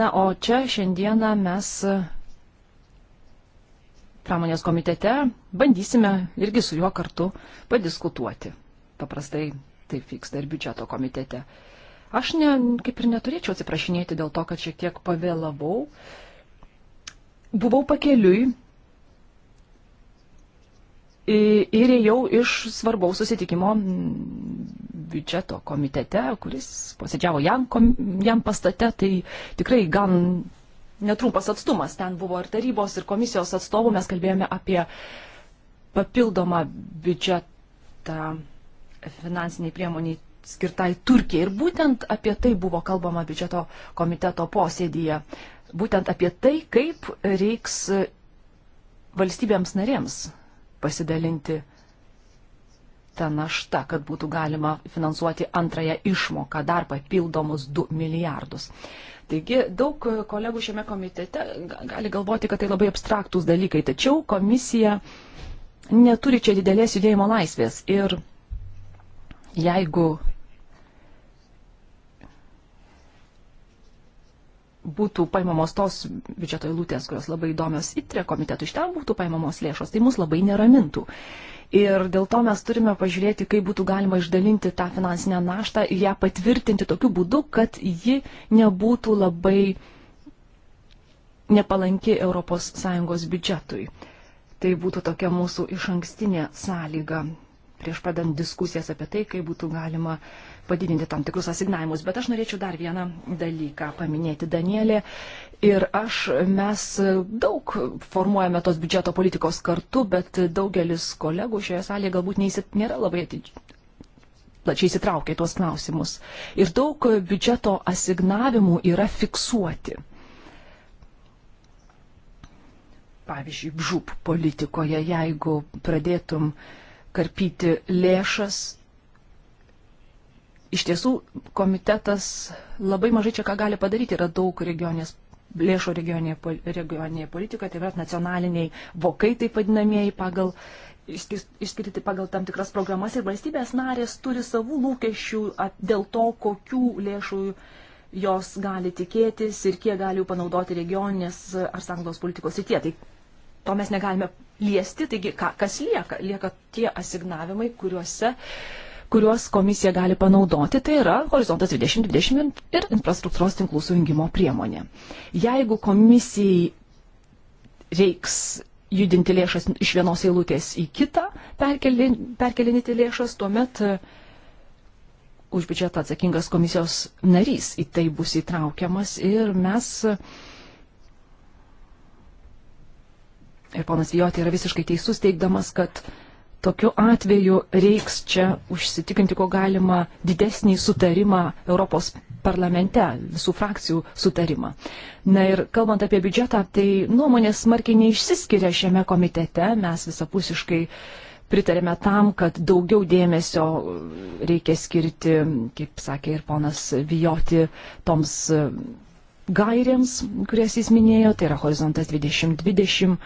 Na, o čia šiandieną mes pramonės komitete bandysime irgi su juo kartu padiskutuoti. Paprastai taip vyksta ir biudžeto komitete. Aš ne, kaip ir neturėčiau atsiprašinėti dėl to, kad šiek tiek pavėlavau. Buvau pakeliui ir ėjau iš svarbaus susitikimo biudžeto komitete, kuris posėdžiavo jam, kom, jam pastate, tai tikrai gan netrumpas atstumas. Ten buvo ir tarybos, ir komisijos atstovų. Mes kalbėjome apie papildomą biudžetą finansiniai priemoniai skirtai Turkijai. Ir būtent apie tai buvo kalbama biudžeto komiteto posėdėje. Būtent apie tai, kaip reiks valstybėms narėms pasidalinti tą naštą, kad būtų galima finansuoti antrąją išmoką, dar papildomus 2 milijardus. Taigi daug kolegų šiame komitete gali galvoti, kad tai labai abstraktus dalykai, tačiau komisija neturi čia didelės judėjimo laisvės. Ir jeigu būtų paimamos tos biudžeto eilutės, kurios labai įdomios įtrė komitetų, iš ten būtų paimamos lėšos, tai mus labai neramintų. Ir dėl to mes turime pažiūrėti, kaip būtų galima išdalinti tą finansinę naštą ir ją patvirtinti tokiu būdu, kad ji nebūtų labai nepalanki ES biudžetui. Tai būtų tokia mūsų iš ankstinė sąlyga prieš pradant diskusijas apie tai, kaip būtų galima uh, padidinti tam tikrus asignavimus. Bet aš norėčiau dar vieną dalyką paminėti, Danielė. Ir aš, mes daug formuojame tos biudžeto politikos kartu, bet daugelis kolegų šioje salėje galbūt neįsit, nėra labai atidžiai plačiai įsitraukia į tuos klausimus. Ir daug biudžeto asignavimų yra fiksuoti. Pavyzdžiui, žūp politikoje, jeigu pradėtum karpyti lėšas, iš tiesų komitetas labai mažai čia ką gali padaryti. Yra daug regionės, lėšų regioninėje, regioninėje politikoje, tai yra nacionaliniai vokai, taip vadinamieji, pagal išskirti pagal tam tikras programas ir valstybės narės turi savų lūkesčių dėl to, kokių lėšų jos gali tikėtis ir kiek gali jų panaudoti regioninės ar sanglos politikos rytie. Tai to mes negalime liesti, taigi kas lieka? Lieka tie asignavimai, kuriuose uh, kuriuos komisija gali panaudoti, tai yra Horizontas 2020 ir infrastruktūros tinklų sujungimo priemonė. Jeigu komisijai reiks judinti lėšas iš vienos eilutės į kitą, perkelinti lėšas, tuomet e, už biudžetą atsakingas komisijos narys į tai bus įtraukiamas ir mes. E, ir ponas Vijoti yra visiškai teisus teikdamas, kad Tokiu atveju reiks čia užsitikrinti, ko galima, didesnį sutarimą Europos parlamente, visų frakcijų sutarimą. Na ir kalbant apie biudžetą, tai nuomonės smarkiai neišsiskiria šiame komitete, mes visapusiškai pritarėme tam, kad daugiau dėmesio reikia skirti, kaip sakė ir ponas Vijoti, toms gairėms, kurias jis minėjo, tai yra horizontas 2020,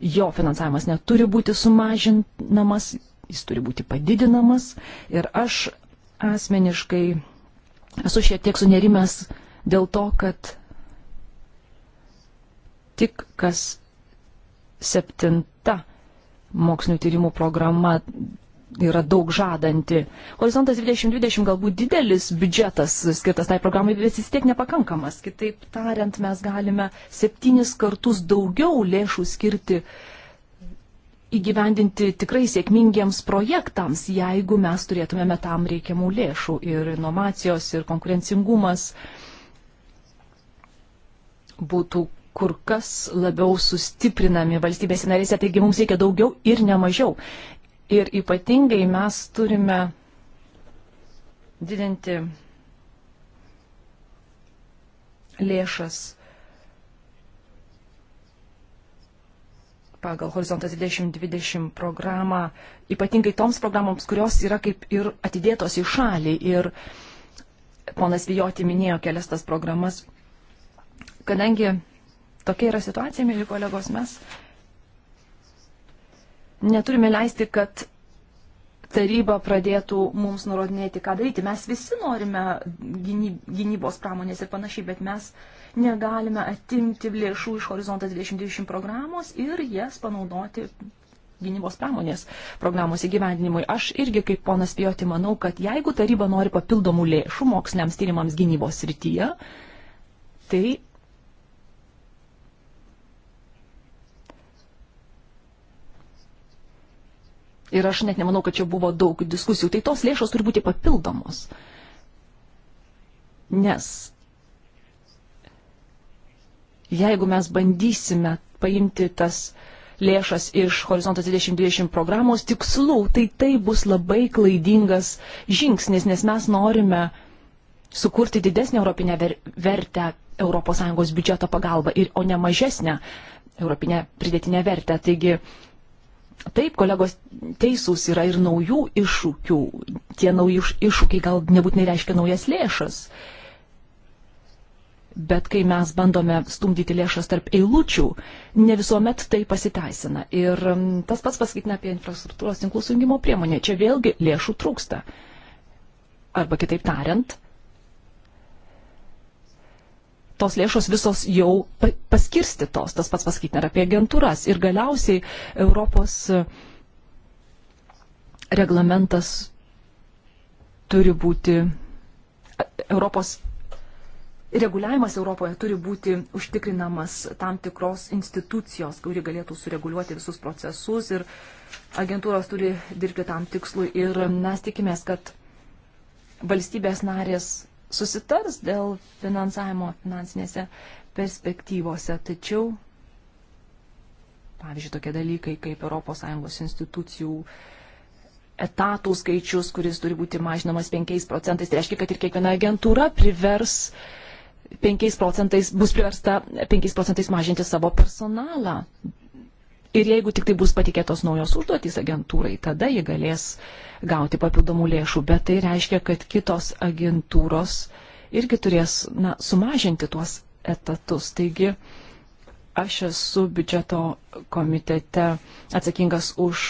jo finansavimas neturi būti sumažinamas, jis turi būti padidinamas. Ir aš asmeniškai esu šiek tiek sunerimęs dėl to, kad tik kas septinta mokslinių tyrimų programa yra daug žadanti. Horizontas 2020 galbūt didelis biudžetas skirtas tai programai, bet jis tiek nepakankamas. Kitaip tariant, mes galime septynis kartus daugiau lėšų skirti įgyvendinti tikrai sėkmingiems projektams, jeigu mes turėtumėme tam reikiamų lėšų ir inovacijos ir konkurencingumas būtų kur kas labiau sustiprinami valstybėse narėse, taigi mums reikia daugiau ir ne mažiau. Ir ypatingai mes turime didinti lėšas pagal Horizontas 2020 programą, ypatingai toms programoms, kurios yra kaip ir atidėtos į šalį. Ir ponas Vijoti minėjo kelias tas programas. Kadangi tokia yra situacija, mėly kolegos, mes neturime leisti, kad taryba pradėtų mums nurodinėti, ką daryti. Mes visi norime gynybos pramonės ir panašiai, bet mes negalime atimti lėšų iš Horizontas 2020 programos ir jas panaudoti gynybos pramonės programos įgyvendinimui. Aš irgi kaip ponas Pijoti manau, kad jeigu taryba nori papildomų lėšų moksliniams tyrimams gynybos srityje, tai Ir aš net nemanau, kad čia buvo daug diskusijų. Tai tos lėšos turi būti papildomos. Nes jeigu mes bandysime paimti tas lėšas iš Horizontas 2020 programos tikslų, tai tai bus labai klaidingas žingsnis, nes mes norime sukurti didesnį europinę ver vertę ES biudžeto pagalba, ir, o ne mažesnę europinę pridėtinę vertę. Taigi Taip, kolegos teisūs yra ir naujų iššūkių. Tie nauji iššūkiai gal nebūtinai reiškia naujas lėšas. Bet kai mes bandome stumdyti lėšas tarp eilučių, ne visuomet tai pasiteisina. Ir tas pats pasakytina apie infrastruktūros tinklų sujungimo priemonę. Čia vėlgi lėšų trūksta. Arba kitaip tariant, tos lėšos visos jau paskirstytos, tas pats pasakyti ir apie agentūras. Ir galiausiai Europos e, reglamentas turi būti, e, Europos reguliavimas Europoje turi būti užtikrinamas tam tikros institucijos, kuri galėtų sureguliuoti visus procesus ir agentūros turi dirbti tam tikslui. Ir mes tikimės, kad valstybės narės susitars dėl finansavimo finansinėse perspektyvose. Tačiau, pavyzdžiui, tokie dalykai kaip ES institucijų etatų skaičius, kuris turi būti mažinamas 5 procentais, tai reiškia, kad ir kiekviena agentūra privers 5 procentais, bus priversta 5 procentais mažinti savo personalą. Ir jeigu tik tai bus patikėtos naujos užduotys agentūrai, tada ji galės uh, gauti papildomų lėšų, bet tai reiškia, kad kitos agentūros irgi turės na, sumažinti tuos etatus. Taigi aš esu biudžeto komitete atsakingas už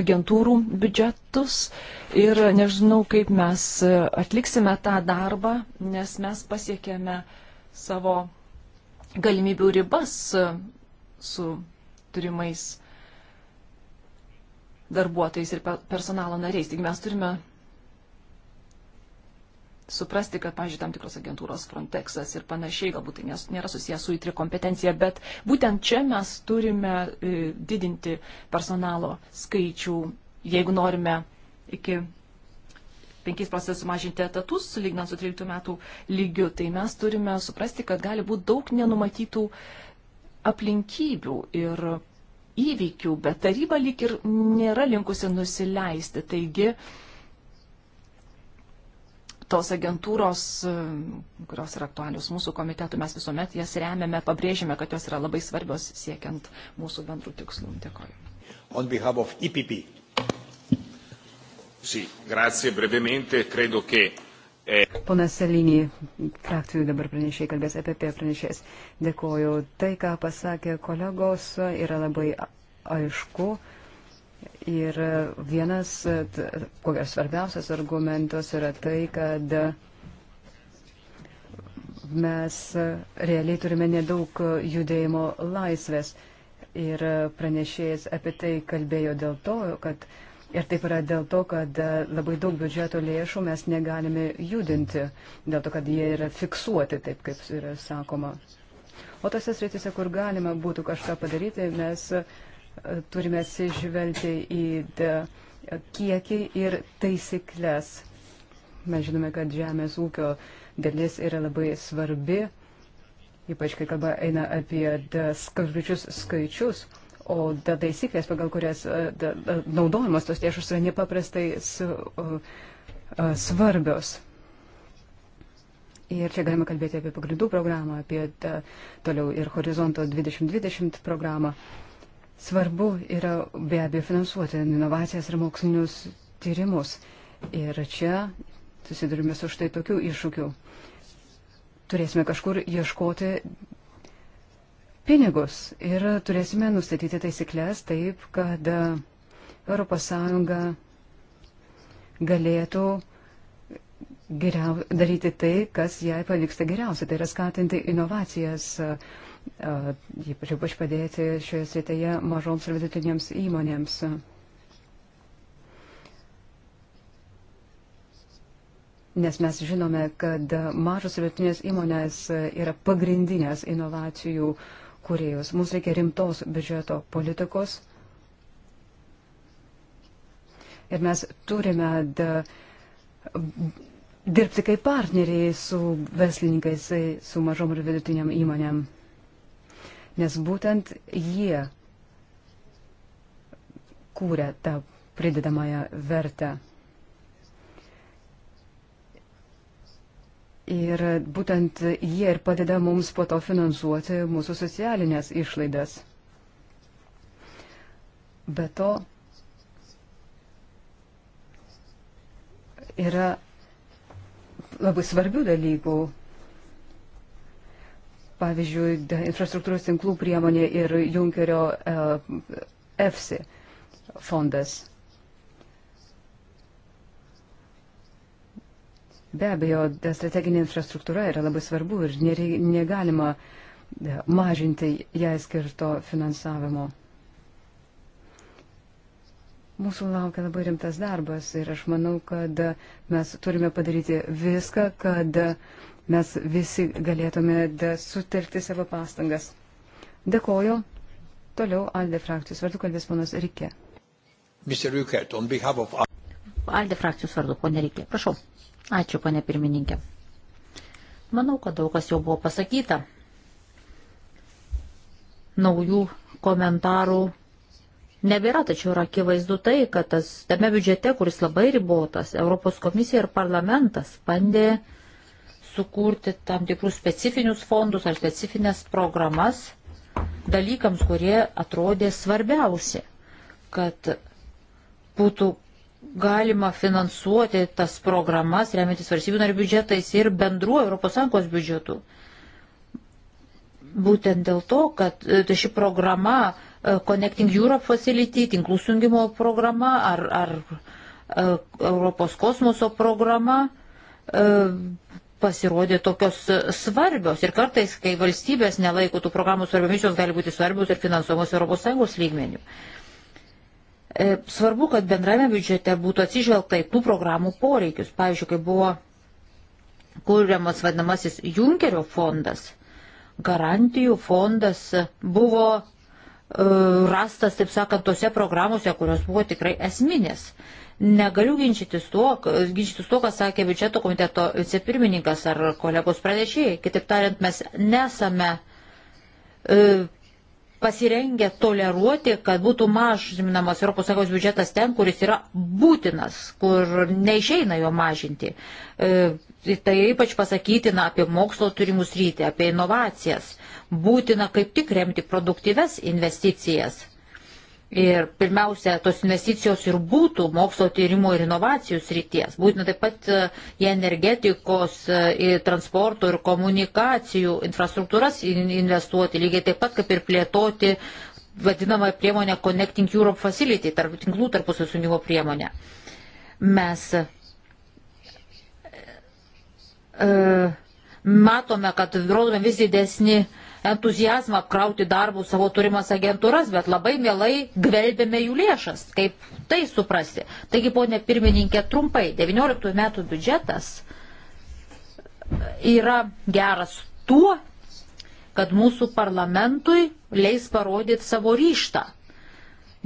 agentūrų biudžetus ir nežinau, kaip mes atliksime tą darbą, nes mes pasiekėme savo galimybių ribas su turimais darbuotojais ir personalo nariais. Taigi mes turime suprasti, kad, pažiūrėjau, tam tikros agentūros Frontexas ir panašiai, galbūt tai nėra susijęs su įtri kompetencija, bet būtent čia mes turime e, didinti personalo skaičių, jeigu norime iki 5 procentų sumažinti etatus, lygnant su 13 metų lygiu, tai mes turime suprasti, kad gali būti daug nenumatytų aplinkybių ir įvykių, bet taryba lyg ir nėra linkusi nusileisti. Taigi tos agentūros, kurios yra aktualios mūsų komitetų, mes visuomet jas remiame, pabrėžime, kad jos yra labai svarbios siekiant mūsų bendrų tikslų. Dėkoju. On behalf of EPP. Sì, si, grazie brevemente. Credo che Ponas Selinį, frakcijų dabar pranešėjai kalbės apie apie pranešės. Dėkoju. Tai, ką pasakė kolegos, yra labai aišku. Ir vienas, kokias svarbiausias argumentas yra tai, kad mes realiai turime nedaug judėjimo laisvės. Ir pranešėjas apie tai kalbėjo dėl to, kad uh, Ir taip yra dėl to, kad e, labai daug biudžeto lėšų mes negalime judinti, dėl to, kad jie yra fiksuoti, taip kaip yra sakoma. O tose sritise, kur galima būtų kažką padaryti, mes e, turime atsižvelgti į kiekį ir taisyklės. Mes žinome, kad žemės ūkio dalis yra labai svarbi, ypač kai kalba eina apie skaičius skaičius o taisyklės, pagal kurias e, naudojamos tos lėšos, yra nepaprastai e, svarbios. Ir čia galima kalbėti apie pagrindų programą, apie tą, e, toliau ir horizonto 2020 programą. Svarbu yra be abejo finansuoti inovacijas ir mokslinius tyrimus. Ir čia susidurime su štai tokiu iššūkiu. Turėsime kažkur ieškoti pinigus ir turėsime nustatyti taisyklės taip, kad ES galėtų geriau, daryti tai, kas jai pavyksta geriausia, tai yra skatinti inovacijas, ypač padėti šioje srityje mažoms ir vidutinėms įmonėms. nes mes žinome, kad mažos ir vidutinės įmonės yra pagrindinės inovacijų uh, kuriejus. Mums reikia rimtos biudžeto politikos. Ir mes turime da, dirbti kaip partneriai su verslininkais, su mažom ir vidutiniam įmonėm. Nes būtent jie kūrė tą pridedamąją vertę. Ir būtent jie ir padeda mums po to finansuoti mūsų socialinės išlaidas. Be to yra labai svarbių dalykų. Pavyzdžiui, infrastruktūros tinklų priemonė ir Junkerio EFSI fondas. Be abejo, strateginė infrastruktūra yra labai svarbu ir negalima e, mažinti jai skirto finansavimo. Mūsų laukia labai rimtas darbas ir aš manau, kad mes turime padaryti viską, kad mes visi galėtume sutelkti savo pastangas. Dėkoju. Toliau Alde frakcijos vardu kalbės ponas Rikė. Alde frakcijos vardu, ponė Rikė, prašau. Ačiū, pane pirmininkė. Manau, kad daug kas jau buvo pasakyta. Naujų komentarų nebėra, tačiau yra akivaizdu tai, kad tas, tame biudžete, kuris labai ribotas, Europos komisija ir parlamentas bandė sukurti tam tikrus specifinius fondus ar specifines programas dalykams, kurie atrodė svarbiausi, kad būtų galima finansuoti tas programas, remiantis valstybių narių biudžetais ir bendruoju ES biudžetu. Būtent dėl to, kad e, tai ši programa e, Connecting Europe Facility, tinklų sungimo programa ar, ar e, Europos kosmoso programa pasirodė tokios svarbios ir kartais, kai valstybės nelaiko tų programų svarbiomis, jos gali būti svarbios ir finansuomos ES lygmenių. E, svarbu, kad bendrame biudžete būtų atsižvelgta į tų programų poreikius. Pavyzdžiui, kai buvo kūriamas vadinamasis Junkerio fondas, garantijų fondas buvo e, rastas, taip sakant, tose programuose, kurios buvo tikrai esminės. Negaliu ginčytis tuo, ginčytis tuo, ką sakė biudžeto komiteto vicepirmininkas ar kolegos pranešėjai. Kitaip tariant, mes nesame e, pasirengę toleruoti, kad būtų mažinamas ES biudžetas ten, kuris yra būtinas, kur neišeina jo mažinti. E, tai, tai ypač pasakytina apie mokslo turimus rytį, apie inovacijas. Būtina kaip tik remti produktyves investicijas. Ir pirmiausia, tos investicijos ir būtų mokslo tyrimo ir inovacijų srities. Būtina taip pat e, į energetikos, e, į transporto ir komunikacijų infrastruktūras investuoti, lygiai taip pat kaip ir plėtoti vadinamą priemonę Connecting Europe Facility, tarp tinklų tarpusio sunimo priemonę. Mes e, matome, kad rodome vis didesnį uh, entuzijazmą apkrauti darbų savo turimas agentūras, bet labai mielai gvelbėme jų lėšas. Kaip tai suprasti? Taigi, ponė pirmininkė, trumpai, 19 metų biudžetas yra geras tuo, kad mūsų parlamentui leis parodyti savo ryštą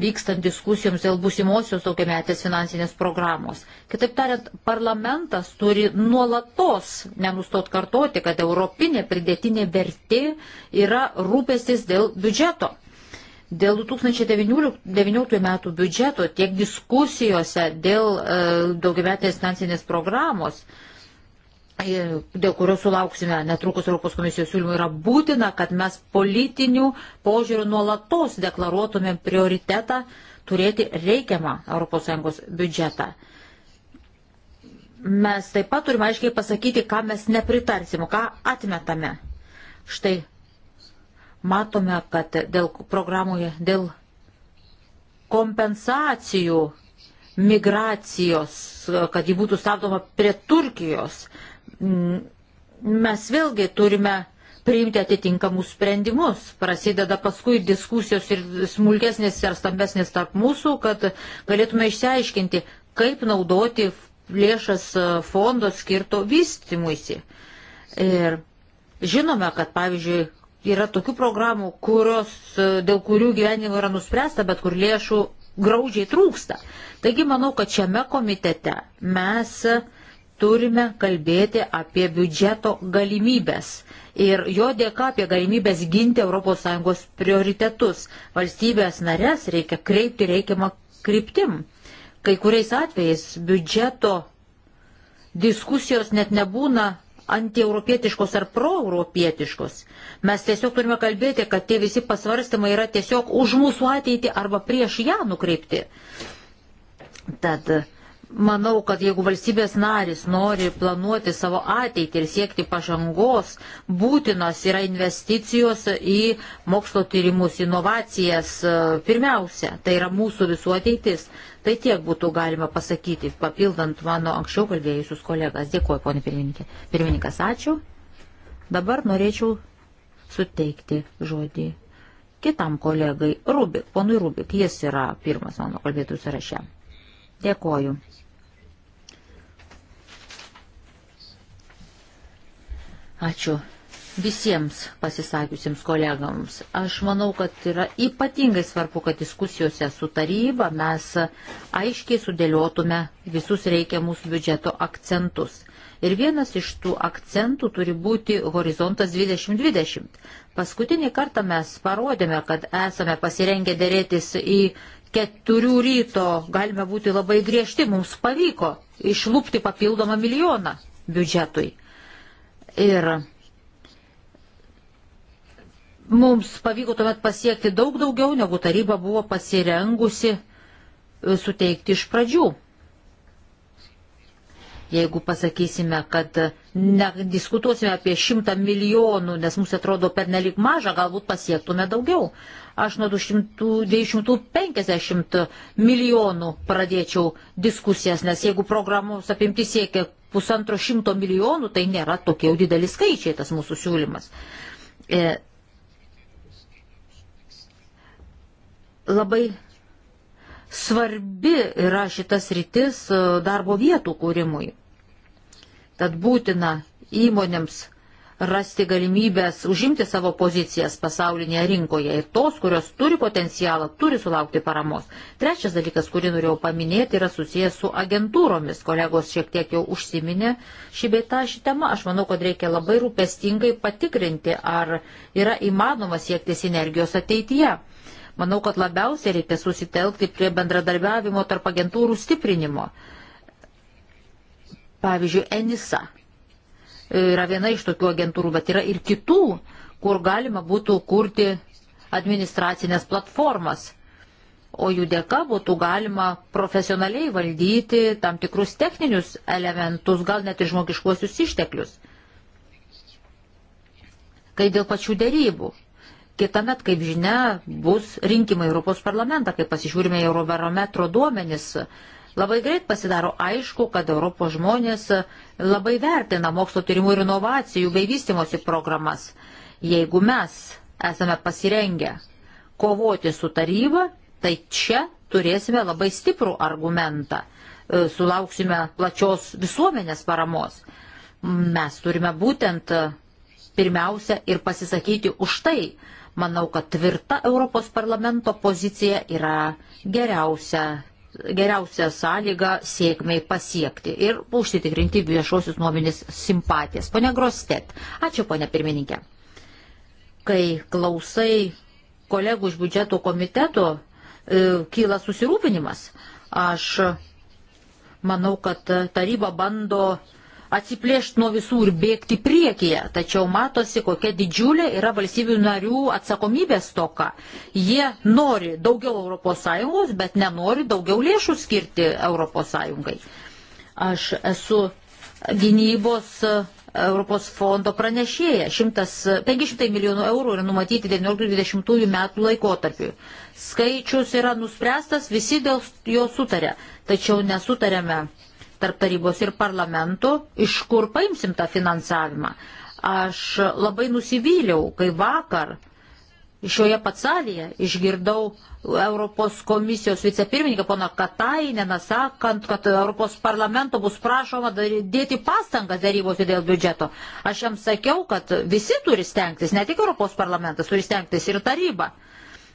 vykstant diskusijoms dėl būsimosios daugiametės finansinės programos. Kitaip tariant, parlamentas turi nuolatos nenustot kartoti, kad europinė pridėtinė vertė yra rūpestis dėl biudžeto. Dėl 2019 metų biudžeto tiek diskusijose dėl e, daugiametės finansinės programos e, E, dėl kurio sulauksime netrukus Europos komisijos siūlymų, yra būtina, kad mes politinių požiūrių nuolatos deklaruotumėm prioritetą turėti reikiamą ES biudžetą. Mes taip pat turime aiškiai pasakyti, ką mes nepritarsime, ką atmetame. Štai matome, kad dėl programoje, dėl kompensacijų migracijos, kad ji būtų stabdoma prie Turkijos, Mm, mes vėlgi turime priimti atitinkamus sprendimus. Prasideda paskui diskusijos ir smulkesnės ir stambesnės tarp mūsų, kad galėtume išsiaiškinti, kaip naudoti lėšas e, fondo skirto vystimuisi. Ir žinome, kad pavyzdžiui, yra tokių programų, kurios, e, dėl kurių gyvenimo yra nuspręsta, bet kur lėšų graudžiai trūksta. Taigi manau, kad šiame komitete mes uh, turime kalbėti apie biudžeto galimybės. Ir jo dėka apie galimybės ginti ES prioritetus. Valstybės narės reikia kreipti reikiamą kryptim. Kai kuriais atvejais biudžeto diskusijos net nebūna antieuropietiškos ar proeuropietiškos. Mes tiesiog turime kalbėti, kad tie visi pasvarstymai yra tiesiog už mūsų ateitį arba prieš ją nukreipti. Tad uh, Manau, kad jeigu valstybės narys nori planuoti savo ateitį ir siekti pažangos, būtinos yra investicijos į mokslo tyrimus, inovacijas e, pirmiausia. Tai yra mūsų visų ateitis. Tai tiek būtų galima pasakyti, papildant mano anksčiau kalbėjusius kolegas. Dėkuoju, ponė pirmininkė. Pirmininkas, ačiū. Dabar norėčiau suteikti žodį kitam kolegai Rubik, ponui Rubik. Jis yra pirmas mano kalbėtojų sąraše. Dėkoju. Ačiū visiems pasisakiusiems kolegams. Aš manau, kad yra ypatingai svarbu, kad diskusijose su taryba mes aiškiai sudėliotume visus reikiamus biudžeto akcentus. Ir vienas iš tų akcentų turi būti horizontas 2020. Paskutinį kartą mes parodėme, kad esame pasirengę dėrėtis į keturių ryto, galime būti labai griežti, mums pavyko išlūpti papildomą milijoną biudžetui. Ir Mums pavyko tuomet pasiekti daug daugiau, negu taryba buvo pasirengusi e, suteikti iš pradžių. Jeigu pasakysime, kad nediskutuosime apie šimtą milijonų, nes mums atrodo per nelik mažą, galbūt pasiektume daugiau. Aš nuo 250 milijonų pradėčiau diskusijas, nes jeigu programos apimti siekia pusantro šimto milijonų, tai nėra tokie jau dideli skaičiai tas mūsų siūlymas. E, labai svarbi yra šitas rytis e, darbo vietų kūrimui. Tad būtina įmonėms rasti galimybės užimti savo pozicijas pasaulinėje rinkoje ir tos, kurios turi potencialą, turi sulaukti paramos. Trečias dalykas, kurį norėjau paminėti, yra susijęs su agentūromis. Kolegos šiek tiek jau užsiminė šį beitą šį temą. Aš manau, kad reikia labai rūpestingai patikrinti, ar yra įmanoma siekti sinergijos ateityje. Manau, kad labiausiai reikia susitelkti prie bendradarbiavimo tarp agentūrų stiprinimo. Pavyzdžiui, ENISA yra viena iš tokių agentūrų, bet yra ir kitų, kur galima būtų kurti administracinės platformas. O jų dėka būtų galima profesionaliai valdyti tam tikrus techninius elementus, gal net ir žmogiškuosius išteklius. Kai dėl pačių dėrybų. Kitamet, kaip žinia, bus rinkimai Europos parlamentą, kai pasižiūrime į Eurobarometro duomenis. Labai greit pasidaro aišku, kad Europos žmonės labai vertina mokslo tyrimų ir inovacijų bei vystimosi programas. Jeigu mes esame pasirengę kovoti su taryba, tai čia turėsime labai stiprų argumentą. E, sulauksime plačios visuomenės paramos. Mes turime būtent pirmiausia ir pasisakyti už tai, Manau, kad tvirta Europos parlamento pozicija yra geriausia, geriausia sąlyga sėkmiai pasiekti ir užsitikrinti viešosius nuomenės simpatijas. Pone Grostet, ačiū pone pirmininkė. Kai klausai kolegų iš biudžeto komiteto, e, kyla susirūpinimas. Aš manau, kad taryba bando atsiplėšti nuo visų ir bėgti priekyje, tačiau matosi, kokia didžiulė yra valstybių narių atsakomybės toka. Jie nori daugiau ES, bet nenori daugiau lėšų skirti ES. Aš esu gynybos e, Europos fondo pranešėja. 500 milijonų eurų yra numatyti 19-20 metų laikotarpiu. Skaičius yra nuspręstas, visi dėl jo sutarė. Tačiau nesutarėme tarp tarybos ir parlamento, iš kur paimsim tą finansavimą. Aš labai nusivyliau, kai vakar šioje patsalėje išgirdau Europos komisijos vicepirmininką poną Kataineną sakant, kad Europos parlamento bus prašoma dėti pastangas darybose dėl biudžeto. Aš jam sakiau, kad visi turi stengtis, ne tik Europos parlamentas turi stengtis ir taryba.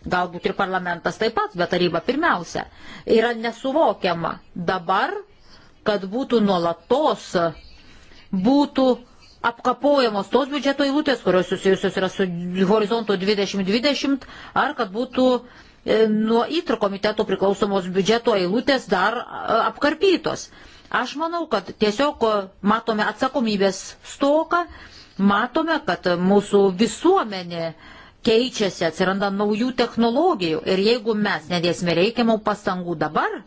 Galbūt ir parlamentas taip pat, bet taryba pirmiausia. Yra nesuvokiama. Dabar kad būtų nuolatos būtų apkapojamos tos biudžeto eilutės, kurios susijusios yra su horizontu 2020, ar kad būtų e, nuo įtro komiteto priklausomos biudžeto eilutės dar e, apkarpytos. Aš manau, kad tiesiog e, matome atsakomybės stoką, matome, kad mūsų visuomenė keičiasi, atsiranda naujų technologijų ir jeigu mes nedėsime reikiamų pastangų dabar,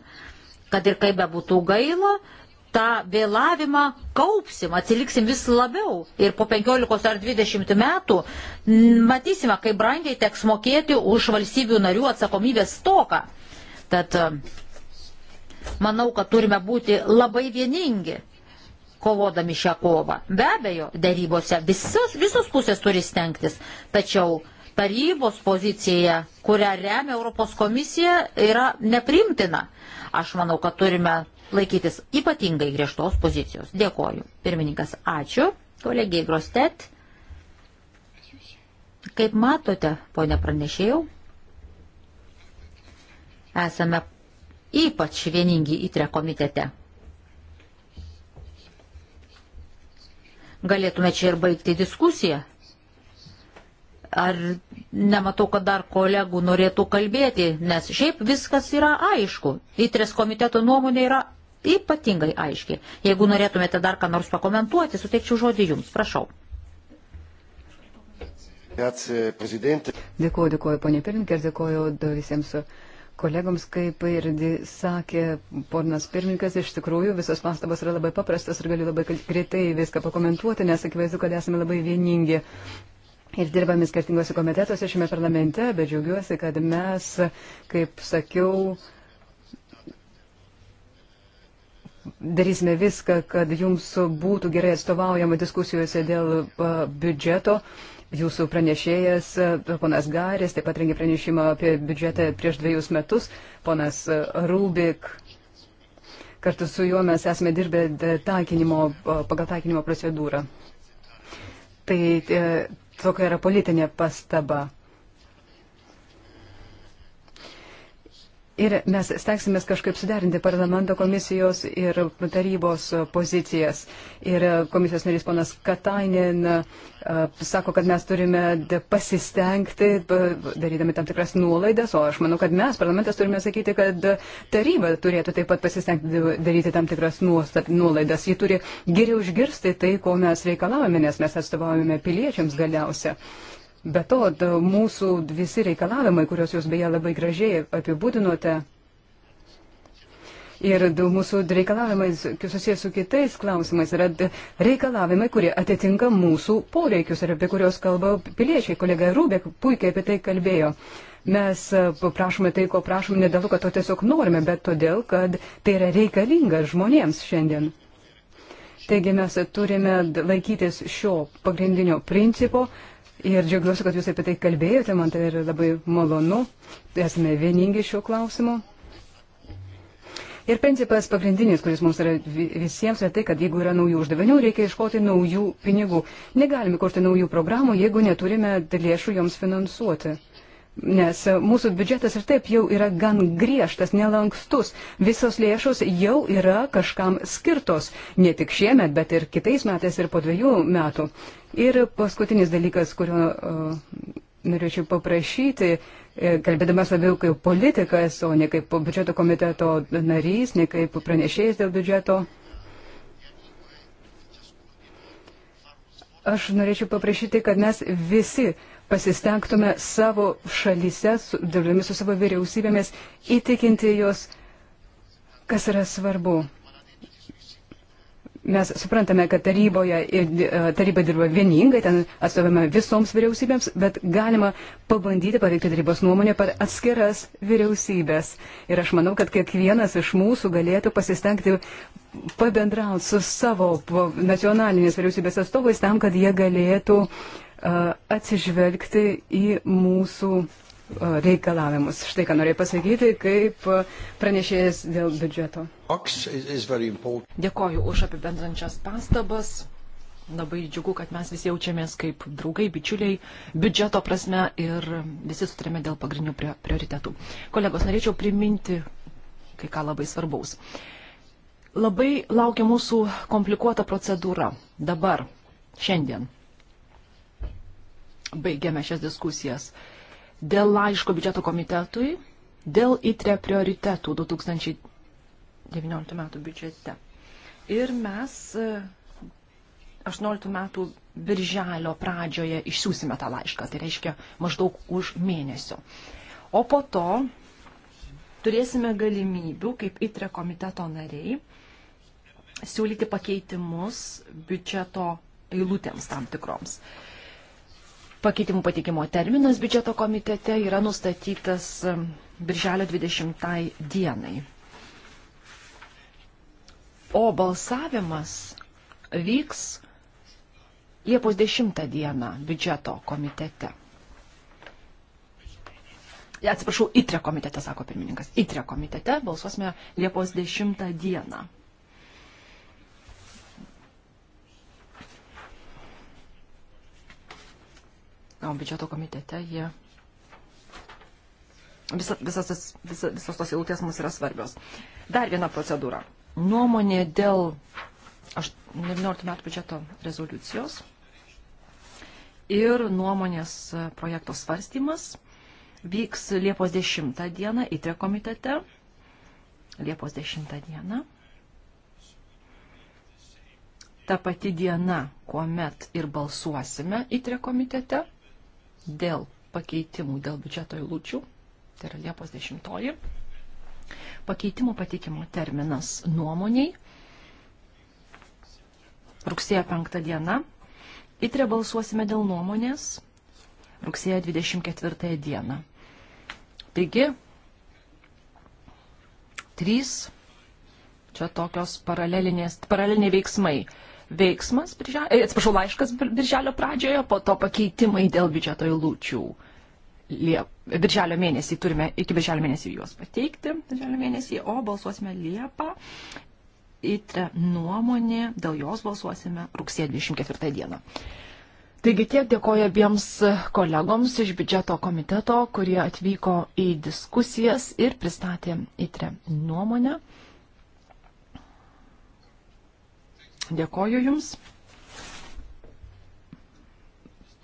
kad ir kaip bebūtų gaila, tą vėlavimą kaupsim, atsiliksim vis labiau ir po 15 ar 20 metų matysime, kaip brangiai teks mokėti už valstybių narių atsakomybės stoką. Tad e, manau, kad turime būti labai vieningi kovodami šią kovą. Be abejo, darybose visos, visos pusės turi stengtis, tačiau tarybos pozicija, kurią remia Europos komisija, yra neprimtina Aš manau, kad turime laikytis ypatingai griežtos pozicijos. Dėkoju. Pirmininkas, ačiū. Kolegiai Grostet. Kaip matote, ponė pranešėjau, esame ypač vieningi įtre komitete. Galėtume čia ir baigti diskusiją, Ar nematau, kad dar kolegų norėtų kalbėti, nes šiaip viskas yra aišku. Įtres komiteto nuomonė yra ypatingai aiški. Jeigu norėtumėte dar ką nors pakomentuoti, suteikčiau žodį jums. Prašau. Dėkuoju, dėkuoju, ponė pirmininkė, ir dėkuoju visiems kolegoms, kaip ir sakė ponas pirmininkas, iš tikrųjų visos pastabos yra labai paprastas ir galiu labai greitai viską pakomentuoti, nes akivaizdu, kad esame labai vieningi. Ir dirbame skirtingose komitetuose šiame parlamente, bet džiaugiuosi, kad mes, kaip sakiau, darysime viską, kad jums būtų gerai atstovaujama diskusijose dėl biudžeto. Jūsų pranešėjas, ponas Garis, taip pat rengė pranešimą apie biudžetą prieš dviejus metus, ponas Rubik. Kartu su juo mes esame dirbę taikinimo, pagal taikinimo procedūrą. Tai tokia yra politinė pastaba. Ir mes stengsimės kažkaip suderinti parlamento komisijos ir tarybos pozicijas. Ir komisijos narys ponas Katainen sako, kad mes turime pasistengti, darydami tam tikras nuolaidas, o aš manau, kad mes, parlamentas, turime sakyti, kad taryba turėtų taip pat pasistengti daryti tam tikras nuolaidas. Ji turi geriau išgirsti tai, ko mes reikalavome, nes mes atstovaujame piliečiams galiausia. Uh, Be to, mūsų visi reikalavimai, kuriuos jūs beje labai gražiai apibūdinote, ir mūsų reikalavimai susijęs su kitais klausimais yra reikalavimai, kurie atitinka mūsų poreikius ir apie kuriuos kalba piliečiai. Kolega Rūbek puikiai apie tai kalbėjo. Mes e, prašome tai, ko prašome, ne dėl to, kad to tiesiog norime, bet todėl, kad tai yra reikalinga žmonėms šiandien. Taigi mes turime laikytis šio pagrindinio principo, Ir džiaugiuosi, kad jūs apie tai kalbėjote, man tai yra labai malonu. Esame vieningi šiuo klausimu. Ir principas pagrindinis, kuris mums yra visiems, yra tai, kad jeigu yra naujų uždavinių, reikia iškoti naujų pinigų. Negalime kurti naujų programų, jeigu neturime lėšų joms finansuoti nes e, mūsų biudžetas ir taip jau yra gan griežtas, nelankstus. Visos lėšos jau yra kažkam skirtos, ne tik šiemet, bet ir kitais metais ir po dviejų metų. Ir paskutinis dalykas, kurio uh, norėčiau paprašyti, e, kalbėdamas labiau kaip politikas, o ne kaip biudžeto komiteto narys, ne kaip pranešėjas dėl biudžeto. Aš norėčiau paprašyti, kad mes visi uh, pasistengtume savo šalyse, dirbdami su savo vyriausybėmis, įtikinti jos, kas yra svarbu. Mes suprantame, kad taryboje e, taryba dirba vieningai, ten atstovėme visoms vyriausybėms, bet galima pabandyti paveikti tarybos nuomonę per atskiras vyriausybės. Ir aš manau, kad kiekvienas iš mūsų galėtų pasistengti pabendrauti su savo nacionalinės vyriausybės atstovais tam, kad jie galėtų uh, atsižvelgti į mūsų reikalavimus. Štai ką norėjau pasakyti, kaip pranešėjas dėl biudžeto. Dėkoju už apibendrančias pastabas. Labai džiugu, kad mes visi jaučiamės kaip draugai, bičiuliai, biudžeto prasme ir visi sutarėme dėl pagrindinių prioritetų. Kolegos, norėčiau priminti kai ką labai svarbaus. Labai laukia mūsų komplikuota procedūra dabar, šiandien baigiame šias diskusijas. Dėl laiško biudžeto komitetui, dėl įtre prioritetų 2019 metų biudžete. Ir mes 18 e, metų birželio pradžioje išsiųsime tą laišką, tai reiškia maždaug už mėnesio. O po to turėsime galimybių, kaip ITRE komiteto nariai, siūlyti pakeitimus biudžeto eilutėms tam tikroms. Uh, Pakeitimų patikimo terminas biudžeto komitete yra nustatytas birželio 20 dienai. O balsavimas vyks Liepos 10 dieną biudžeto komitete. Atsiprašau, ITRE komitete, sako pirmininkas. ITRE komitete balsuosime Liepos 10 dieną. o biudžeto komitete jie. Visa, visas, tas, visa, visos tos eilutės mums yra svarbios. Dar viena procedūra. Nuomonė dėl 19 metų biudžeto rezoliucijos ir nuomonės e, projekto svarstymas vyks Liepos 10 dieną įtre komitete. Liepos 10 dieną. Ta pati diena, kuomet ir balsuosime įtre komitete dėl pakeitimų dėl biudžeto įlūčių, tai yra Liepos 10. Pakeitimų pateikimo terminas nuomoniai rugsėjo 5 diena. Įtre balsuosime dėl nuomonės rugsėjo 24 dieną. Taigi, trys čia tokios paraleliniai veiksmai veiksmas, birželio, e, atsiprašau, laiškas birželio pradžioje, po to pakeitimai dėl biudžeto įlūčių. Liep, birželio mėnesį turime iki birželio mėnesį juos pateikti, birželio mėnesį, o balsuosime Liepą. Įtre nuomonė, dėl jos balsuosime rugsėjo 24 dieną. Taigi tiek dėkoju abiems kolegoms iš biudžeto komiteto, kurie atvyko į diskusijas ir pristatė įtre nuomonę. Dėkoju Jums.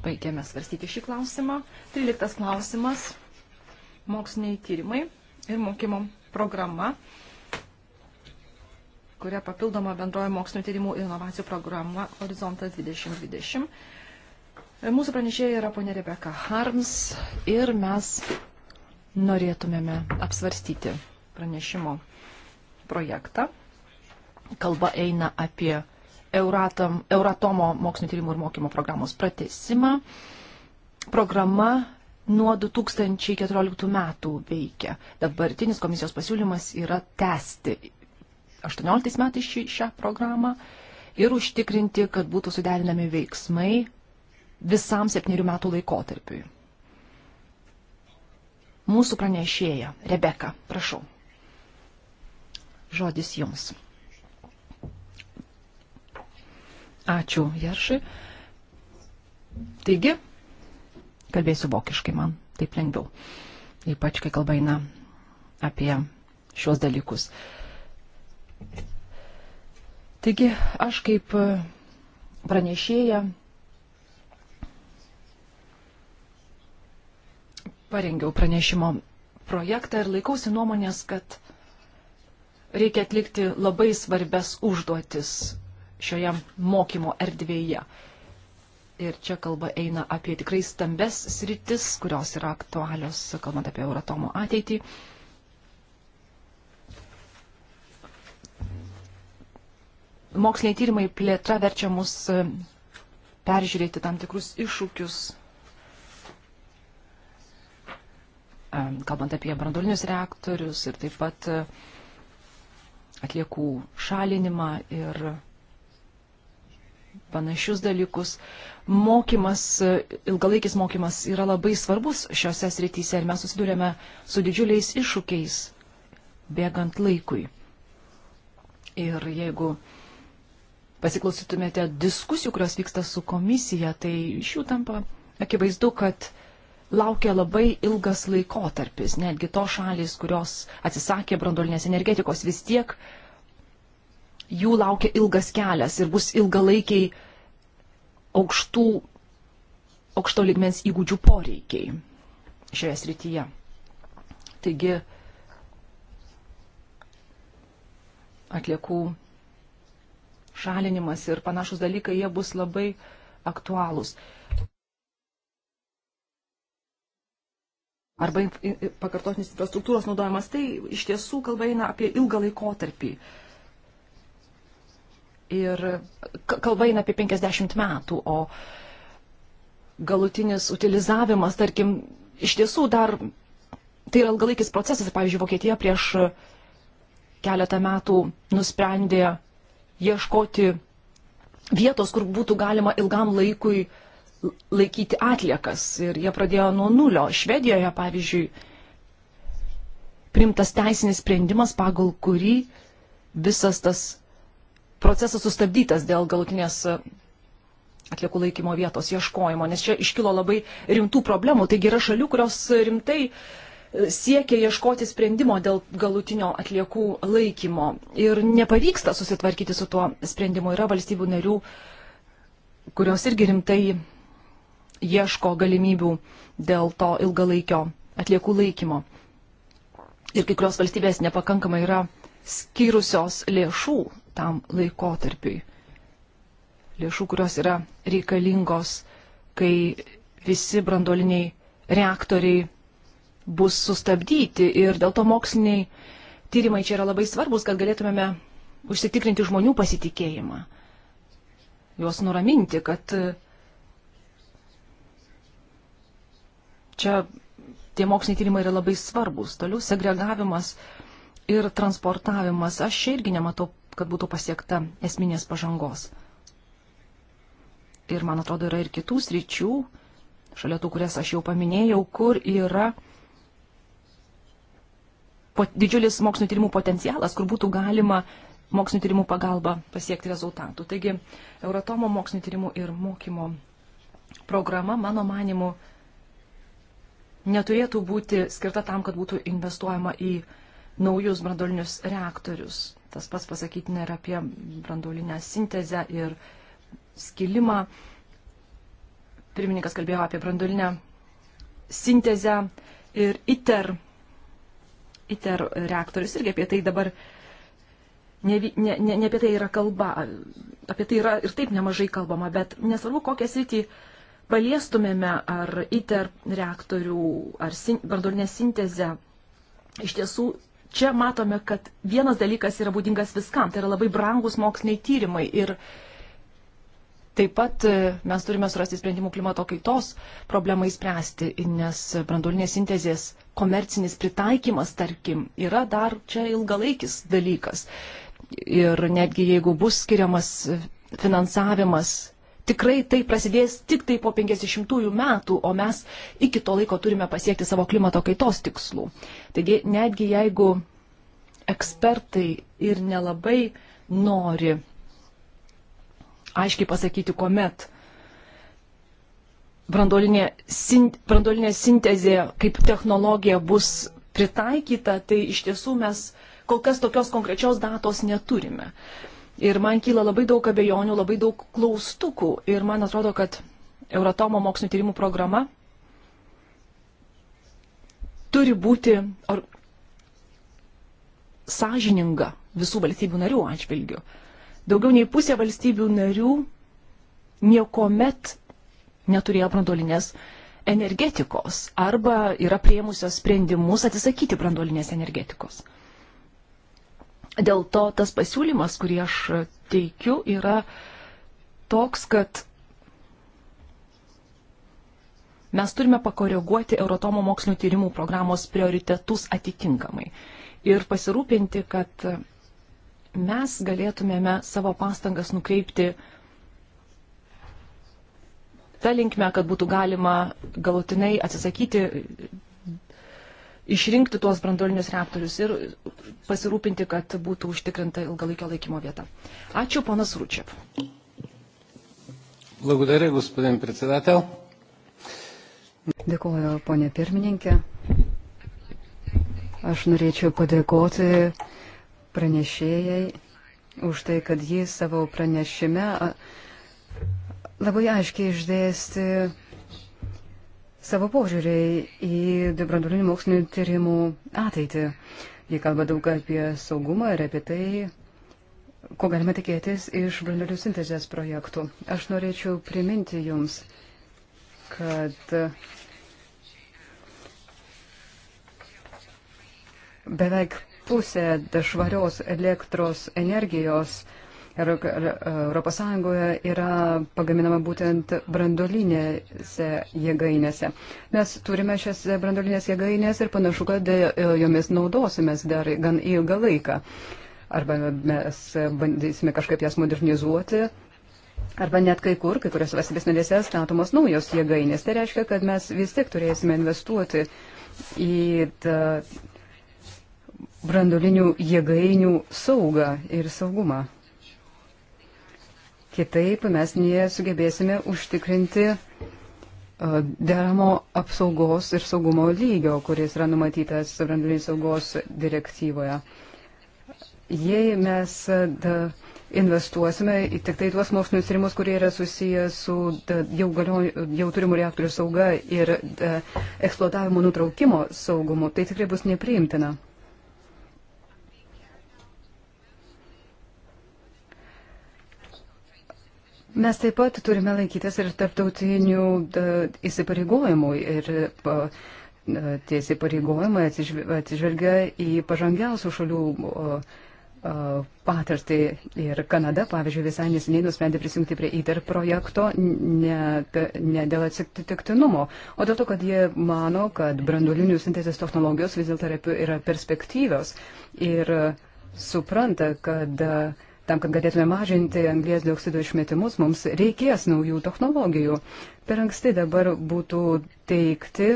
Baigėme svarstyti šį klausimą. 13 klausimas. Moksliniai tyrimai ir mokymo programa, kuria papildoma bendroja mokslinio tyrimų ir inovacijų programa Horizontas 2020. Mūsų pranešėja yra ponė Rebeka Harms ir mes norėtumėme apsvarstyti pranešimo projektą. Kalba eina apie Euratom, Euratomo mokslinio tyrimų ir mokymo programos pratesimą. Programa nuo 2014 metų veikia. Dabartinis komisijos pasiūlymas yra tęsti 18 metais šį, šią programą ir užtikrinti, kad būtų suderinami veiksmai visam septynių metų laikotarpiui. Mūsų pranešėja, Rebeka, prašau. Žodis jums. Ačiū, Jeršai. Taigi, kalbėsiu vokiškai, man taip lengviau. Ypač, kai kalba eina apie šios dalykus. Taigi, aš kaip pranešėja parengiau pranešimo projektą ir laikausi nuomonės, kad reikia atlikti labai svarbias užduotis šioje mokymo erdvėje. Ir čia kalba eina apie tikrai stambes sritis, kurios yra aktualios, kalbant apie Euratomo ateitį. Moksliniai tyrimai plėtra verčia mus e, peržiūrėti tam tikrus iššūkius, e, kalbant apie brandolinius reaktorius ir taip pat e, atliekų šalinimą ir panašius dalykus. Mokymas, ilgalaikis mokymas yra labai svarbus šiose srityse ir mes susidurėme su didžiuliais iššūkiais bėgant laikui. Ir jeigu pasiklausytumėte diskusijų, kurios vyksta su komisija, tai iš jų tampa akivaizdu, kad laukia labai ilgas laikotarpis. Netgi to šalis, kurios atsisakė brandolinės energetikos, vis tiek uh, jų laukia ilgas kelias ir bus ilgalaikiai aukštų, aukšto ligmens įgūdžių poreikiai šioje srityje. Taigi atliekų šalinimas ir panašus dalykai, jie bus labai aktualūs. Arba pakartotinis infrastruktūros naudojimas, tai iš tiesų kalba eina apie ilgą laikotarpį. Uh, Ir kalba eina apie 50 metų, o galutinis utilizavimas, tarkim, iš tiesų dar tai yra ilgalaikis procesas. Pavyzdžiui, Vokietija prieš keletą metų nusprendė ieškoti vietos, kur būtų galima ilgam laikui laikyti atliekas. Ir jie pradėjo nuo nulio. Švedijoje, pavyzdžiui, primtas teisinis sprendimas, pagal kurį visas tas procesas sustabdytas dėl galutinės e, atliekų laikymo vietos ieškojimo, nes čia iškilo labai rimtų problemų. Taigi yra šalių, kurios rimtai e, siekia ieškoti sprendimo dėl galutinio atliekų laikymo ir nepavyksta susitvarkyti su tuo sprendimu. Yra valstybių narių, kurios irgi rimtai ieško galimybių dėl to ilgalaikio atliekų laikymo. Ir kai kurios valstybės nepakankamai yra skyrusios lėšų tam laikotarpiui. Lėšų, kurios yra reikalingos, kai visi brandoliniai reaktoriai bus sustabdyti ir dėl to moksliniai tyrimai čia yra labai svarbus, kad galėtumėme užsitikrinti žmonių pasitikėjimą, juos nuraminti, kad e, čia tie moksliniai tyrimai yra labai svarbus. Toliau segregavimas ir transportavimas. Aš irgi nematau kad būtų pasiekta esminės pažangos. Ir man atrodo, yra ir kitų sričių, šalia tų, kurias aš jau paminėjau, kur yra didžiulis mokslinio tyrimų potencialas, kur būtų galima mokslinio tyrimų pagalba pasiekti rezultatų. Taigi, Euratomo mokslinio tyrimų ir mokymo programa, mano manimu, neturėtų būti skirta tam, kad būtų investuojama į naujus brandolinius reaktorius. Tas pas pasakytina ir apie branduolinę sintezę ir skilimą. Pirmininkas kalbėjo apie branduolinę sintezę ir ITER. ITER reaktorius irgi apie tai dabar ne, ne, ne, ne apie tai yra kalba, apie tai yra ir taip nemažai kalbama, bet nesvarbu, kokią sritį paliestumėme, ar ITER reaktorių, ar sin, branduolinę sintezę, iš tiesų čia matome, kad vienas dalykas yra būdingas viskam, tai yra labai brangus moksliniai tyrimai ir taip pat e, mes turime surasti sprendimų klimato kaitos problemai spręsti, nes brandolinės sintezės komercinis pritaikymas, tarkim, yra dar čia ilgalaikis dalykas. Ir netgi jeigu bus skiriamas finansavimas tikrai tai prasidės tik tai po 50 metų, o mes iki to laiko turime pasiekti savo klimato kaitos tikslų. Taigi netgi jeigu ekspertai ir nelabai nori aiškiai pasakyti, kuomet brandolinė, sin, brandolinė sintezė kaip technologija bus pritaikyta, tai iš tiesų mes kol kas tokios konkrečios datos neturime. Uh, Ir man kyla labai daug abejonių, labai daug klaustukų. Ir man atrodo, kad Euratomo mokslinio tyrimų programa turi būti ar, sąžininga visų valstybių narių atžvilgių. Daugiau nei pusė valstybių narių niekuomet neturėjo brandolinės energetikos arba yra prieimusios sprendimus atsisakyti brandolinės energetikos. Dėl to tas pasiūlymas, kurį aš teikiu, yra toks, kad mes turime pakoreguoti Eurotomo mokslinio tyrimų programos prioritetus atitinkamai ir pasirūpinti, kad mes galėtumėme savo pastangas nukreipti ta linkme, kad būtų galima galutinai atsisakyti išrinkti tuos brandolinius reaktorius ir pasirūpinti, kad būtų užtikrinta ilgalaikio laikymo vieta. Ačiū, ponas Rūčiap. Благодаря, господин председател. Dėkuoju, ponė pirmininkė. Aš norėčiau padėkoti pranešėjai už tai, kad jis savo pranešime labai aiškiai išdėsti savo požiūrį į branduolinių mokslinių tyrimų ateitį. Jie kalba daug apie saugumą ir apie tai, ko galima tikėtis iš branduolių sintezės projektų. Aš norėčiau priminti Jums, kad beveik pusė švarios elektros energijos uh, Europos Sąjungoje yra pagaminama būtent brandolinėse jėgainėse. Mes turime šias brandolinės jėgainės ir panašu, kad e, jomis naudosimės dar gan ilgą laiką. Arba mes bandysime kažkaip jas modernizuoti. Arba net kai kur, kai kurios valstybės narėse statomos naujos jėgainės. Tai reiškia, kad mes vis tiek turėsime investuoti į brandolinių jėgainių saugą ir saugumą. Kitaip mes nesugebėsime užtikrinti deramo apsaugos ir saugumo lygio, kuris yra numatytas branduolinės saugos direktyvoje. Jei mes da, investuosime į tik tai tuos mokslinius tyrimus, kurie yra susiję su da, jau, galio, jau turimų reaktorių sauga ir da, eksploatavimo nutraukimo saugumu, tai tikrai bus nepriimtina. Mes taip pat turime laikytis ir tarptautinių įsipareigojimų. Ir tie įsipareigojimai atsižvelgia į pažangiausių šalių patirtį. Ir Kanada, pavyzdžiui, visai neseniai nusprendė prisijungti prie ITER projekto ne, ne dėl atsitiktinumo, o dėl to, kad jie mano, kad brandolinių sintezės technologijos vis dėlto yra perspektyvios ir supranta, kad uh, Tam, kad galėtume mažinti anglės dioksido išmetimus, mums reikės naujų technologijų. Per anksti dabar būtų teikti,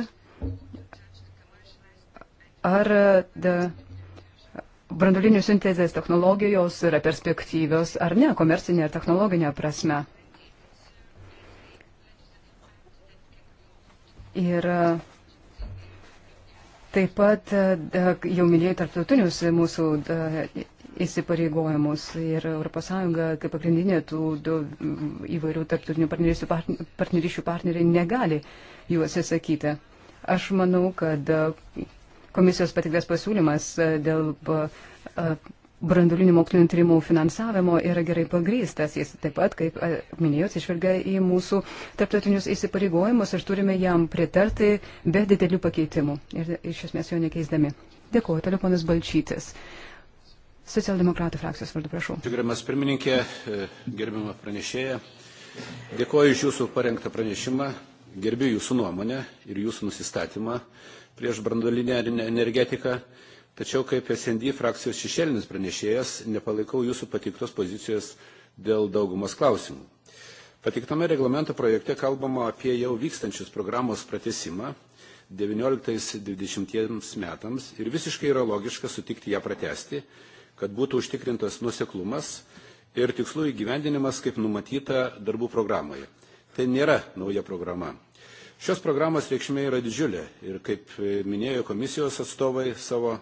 ar da, brandulinių sintezės technologijos yra perspektyvios ar ne, komercinė ar technologinė prasme. Ir taip pat jau minėjai tarptautinius mūsų įsipareigojimus ir ES kaip pagrindinė tų įvairių tarptautinių partnerysčių partneriai negali jų atsisakyti. Aš manau, kad komisijos patiktas pasiūlymas dėl brandulinių mokslinio tyrimų finansavimo yra gerai pagrystas. Jis taip pat, kaip minėjau, išvelgia į mūsų tarptautinius įsipareigojimus ir turime jam pritarti be didelių pakeitimų ir iš esmės jo nekeisdami. Dėkuoju, toliau ponas Balčytis. Uh, Socialdemokratų frakcijos vardu, prašau. Gerbiamas pirmininkė, e, gerbiamą pranešėją. Dėkuoju iš jūsų parengtą pranešimą, gerbiu jūsų nuomonę ir jūsų nusistatymą prieš brandolinę energetiką, tačiau kaip SND frakcijos šešėlinis pranešėjas nepalaikau jūsų patiktos pozicijos dėl daugumos klausimų. Patiktame reglamento projekte kalbama apie jau vykstančius programos pratesimą 19-20 metams ir visiškai yra logiška sutikti ją pratesti, kad būtų užtikrintas nuseklumas ir tikslų įgyvendinimas, kaip numatyta darbų programoje. Tai nėra nauja programa. Šios programos reikšmė yra didžiulė ir, kaip minėjo komisijos atstovai savo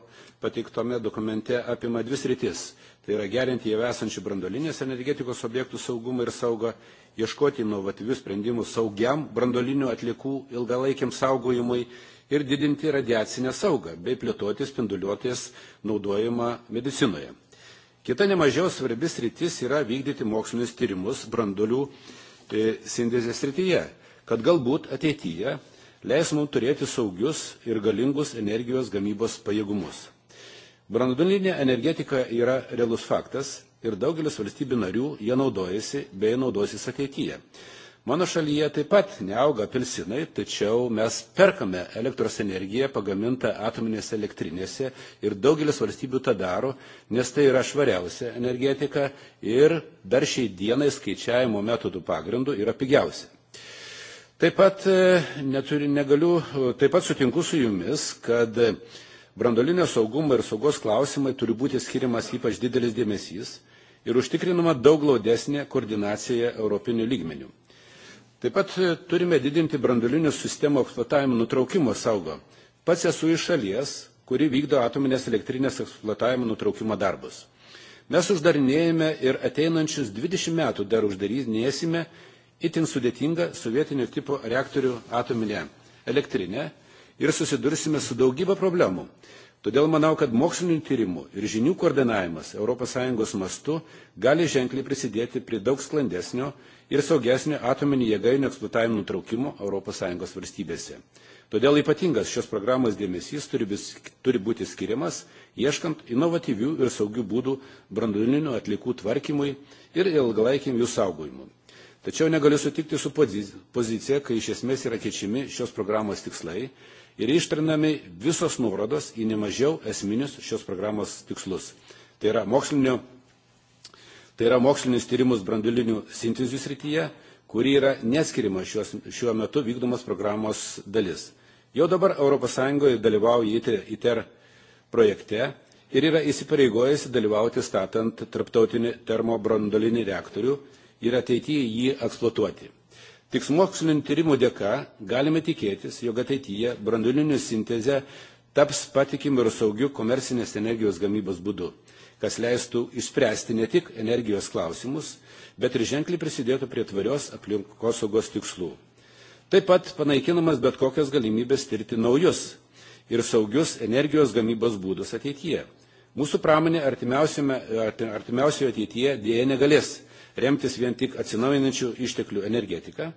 pateiktome dokumente, apima dvi sritis. Tai yra gerinti jau esančių brandolinės energetikos objektų saugumą ir saugą, ieškoti inovatyvių sprendimų saugiam brandolinių atliekų ilgalaikiam saugojimui ir didinti radiacinę saugą bei plėtoti spinduliuotės naudojimą medicinoje. Kita nemažiau svarbis rytis yra vykdyti mokslinius tyrimus brandolių e, sintezės rytyje, kad galbūt ateityje leis mums turėti saugius ir galingus energijos gamybos pajėgumus. Branduolinė energetika yra realus faktas ir daugelis valstybių narių jie naudojasi bei naudosis ateityje. Mano šalyje taip pat neauga apelsinai, tačiau mes perkame elektros energiją pagamintą atominėse elektrinėse ir daugelis valstybių tą daro, nes tai yra švariausia energetika ir dar šiai dienai skaičiavimo metodų pagrindų yra pigiausia. Taip pat, e, neturi, negaliu, taip pat sutinku su jumis, kad brandolinio saugumo ir saugos klausimai turi būti skiriamas ypač didelis dėmesys ir užtikrinama daug glaudesnė koordinacija europinių lygmenių. Taip pat e, turime didinti branduolinių sistemų eksploatavimo nutraukimo saugą. Pats esu iš šalies, kuri vykdo atominės elektrinės eksploatavimo nutraukimo darbus. Mes uždarinėjame ir ateinančius 20 metų dar uždarinėsime itin sudėtingą sovietinio tipo reaktorių atominę elektrinę ir susidursime su daugybė problemų. Todėl manau, kad mokslinių tyrimų ir žinių koordinavimas ES mastu gali ženkliai prisidėti prie daug sklandesnio ir saugesnio atominį jėgainių eksploatavimo nutraukimo ES valstybėse. Todėl ypatingas šios programos dėmesys turi, vis, turi būti skiriamas, ieškant inovatyvių ir saugių būdų brandulinių atlikų tvarkymui ir ilgalaikim jų saugojimui. Tačiau negaliu sutikti su pozicija, kai iš esmės yra kečiami šios programos tikslai ir ištrinami visos nuorodos į nemažiau esminius šios programos tikslus. Tai yra, tai yra mokslinis tyrimus brandulinių sintezių srityje, kuri yra neskirima šios, šiuo metu vykdomos programos dalis. Jau dabar ES dalyvauja ITER projekte ir yra įsipareigojusi dalyvauti statant tarptautinį termobrandolinį reaktorių ir ateityje jį eksploatuoti. Tik su mokslinio tyrimų dėka galime tikėtis, jog ateityje brandulinė sintezė taps patikimu ir saugiu komercinės energijos gamybos būdu, kas leistų išspręsti ne tik energijos klausimus, bet ir ženkliai prisidėtų prie tvarios aplinkosaugos tikslų. Taip pat panaikinamas bet kokias galimybės tirti naujus ir saugius energijos gamybos būdus ateityje. Mūsų pramonė artimiausioje ateityje dėje negalės remtis vien tik atsinaujinančių išteklių energetiką.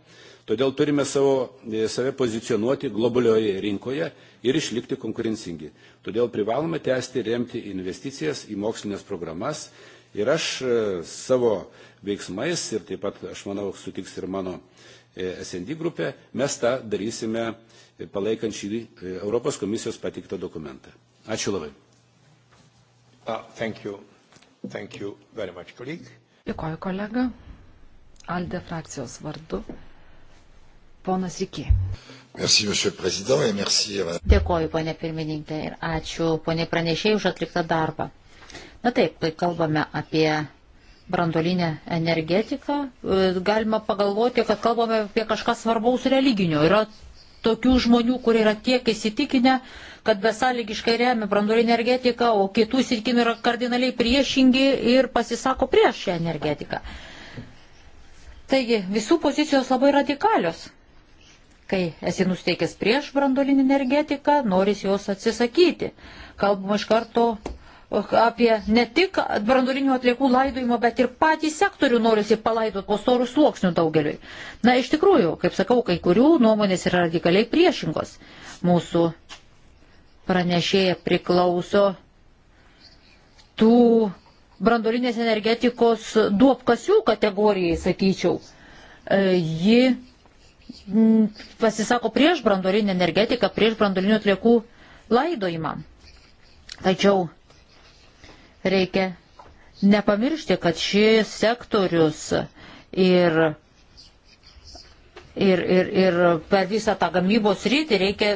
Todėl turime savo, e, save pozicionuoti globalioje rinkoje ir išlikti konkurencingi. Todėl privalome tęsti remti investicijas į mokslinės programas. Ir aš e, savo veiksmais, ir taip pat, aš manau, sutiks ir mano e, SND grupė, mes tą darysime palaikant šį Europos komisijos patiktą dokumentą. Ačiū labai. Uh, thank you. Thank you very much, colleague. Dėkoju kolega. Alde frakcijos vardu. Ponas Rikė. Merci, monsieur président, et merci. Euh, Dėkoju, ponė pirmininkė, ir ačiū, ponė pranešėjai, už atliktą darbą. Na taip, kai kalbame apie brandolinę energetiką, e, galima pagalvoti, kad kalbame apie kažką svarbaus religinio. Yra tokių žmonių, kurie yra tiek įsitikinę, kad besąlygiškai remia branduolinę energetiką, o kitų įsitikinimai yra kardinaliai priešingi ir pasisako prieš šią energetiką. Taigi visų pozicijos labai radikalios. Kai esi nusteikęs prieš brandolinį energetiką, noris jos atsisakyti. Kalbama iš karto apie ne tik brandurinių atliekų laidojimo, bet ir patį sektorių norisi palaidoti po storų sluoksnių daugeliui. Na, iš tikrųjų, kaip sakau, kai kurių nuomonės yra radikaliai priešingos. Mūsų pranešėja priklauso tų brandolinės energetikos duopkasių kategorijai, sakyčiau. E, ji pasisako prieš brandolinę energetiką, prieš brandolinių atliekų laidojimą. Tačiau Reikia nepamiršti, kad šis sektorius ir, ir, ir, ir per visą tą gamybos rytį reikia,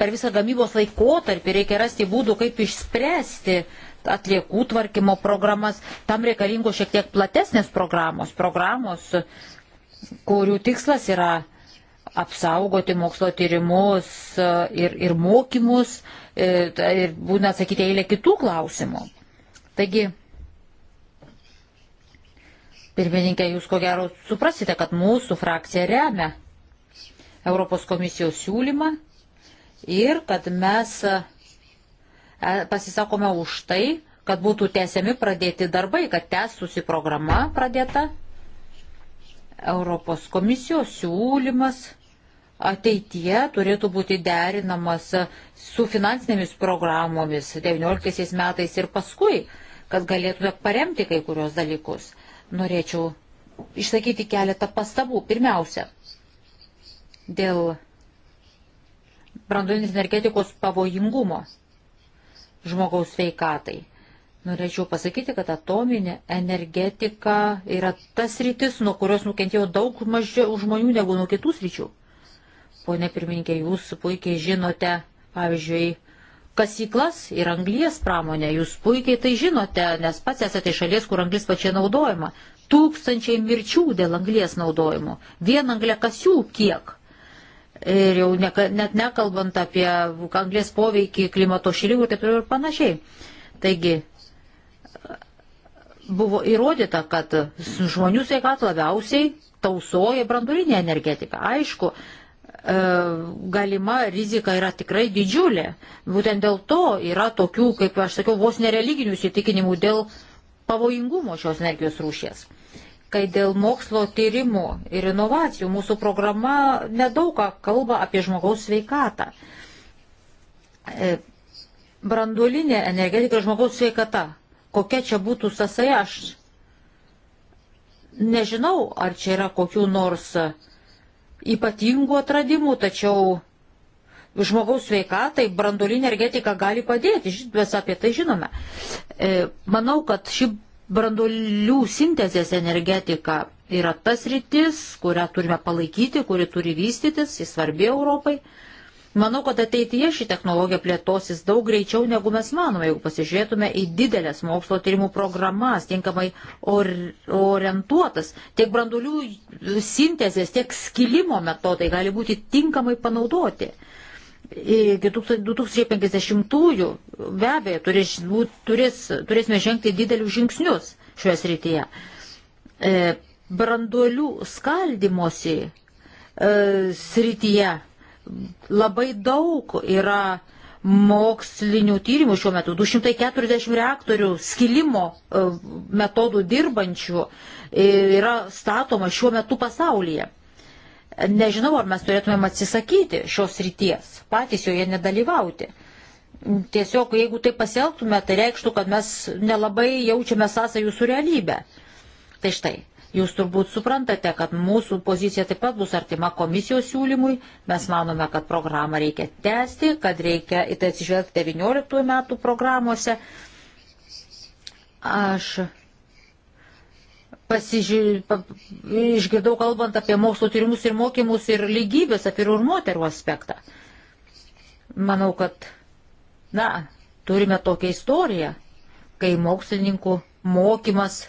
per visą gamybos laikotarpį reikia rasti būdų, kaip išspręsti atliekų tvarkymo programas. Tam reikalingos šiek tiek platesnės programos, programos, kurių tikslas yra apsaugoti mokslo tyrimus e, ir, ir mokymus ir, e, ir būna atsakyti eilę kitų klausimų. Taigi, pirmininkė, jūs ko gero suprasite, kad mūsų frakcija remia Europos komisijos siūlymą ir kad mes e, pasisakome už tai, kad būtų tęsiami pradėti darbai, kad tęstųsi programa pradėta. Europos komisijos siūlymas ateityje turėtų būti derinamas su finansinėmis programomis 19 metais ir paskui, kad galėtume paremti kai kurios dalykus. Norėčiau išsakyti keletą pastabų. Pirmiausia, dėl branduolinės energetikos pavojingumo žmogaus veikatai. Norėčiau pasakyti, kad atominė energetika yra tas rytis, nuo kurios nukentėjo daug mažiau žmonių negu nuo kitų sričių. Pone pirmininkė, jūs puikiai žinote, pavyzdžiui, kasyklas ir anglies pramonę. Jūs puikiai tai žinote, nes pats esate iš šalies, kur anglis pačia naudojama. Tūkstančiai mirčių dėl anglies naudojimo. Vien anglė kasių kiek. Ir jau ne, net nekalbant apie anglės poveikį klimato šilimų ir taip ir panašiai. Taigi, buvo įrodyta, kad žmonių sveikatą labiausiai tausoja brandulinė energetika. Aišku, E, galima rizika yra tikrai didžiulė. Būtent dėl to yra tokių, kaip aš sakiau, vos nereliginių įsitikinimų dėl pavojingumo šios energijos rūšies. Kai dėl mokslo tyrimų ir inovacijų mūsų programa nedaug kalba apie žmogaus sveikatą. E, branduolinė energetika ir žmogaus sveikata. Kokia čia būtų sąsaja, aš nežinau, ar čia yra kokių nors uh, ypatingų atradimų, tačiau žmogaus sveikatai branduolinė energetika gali padėti, mes apie tai žinome. E, manau, kad ši branduolių sintezės energetika yra tas rytis, kurią turime palaikyti, kuri turi vystytis, jis svarbi Europai. Manau, kad ateityje ši technologija plėtosis daug greičiau, negu mes manome, jeigu pasižiūrėtume į didelės mokslo tyrimų programas, tinkamai or orientuotas. Tiek branduolių sintezės, tiek skilimo metodai gali būti tinkamai panaudoti. Iki 2050-ųjų be abejo turės, turės, turėsime žengti didelius žingsnius šioje srityje. E, branduolių skaldimosi e, srityje labai daug yra mokslinių tyrimų šiuo metu, 240 reaktorių skilimo e, metodų dirbančių e, yra statoma šiuo metu pasaulyje. Nežinau, ar mes turėtumėm atsisakyti šios ryties, patys joje nedalyvauti. Tiesiog, jeigu tai pasielgtume, tai reikštų, kad mes nelabai jaučiame sąsajų su realybė. Tai štai, Jūs turbūt suprantate, kad mūsų pozicija taip pat bus artima komisijos siūlymui. Mes manome, kad programą reikia tęsti, kad reikia į tai atsižvelgti 19 metų programuose. Aš pasiži... pa... išgirdau kalbant apie mokslo tyrimus ir mokymus ir lygybės, apie ir moterų aspektą. Manau, kad, na, turime tokią istoriją, kai mokslininkų mokymas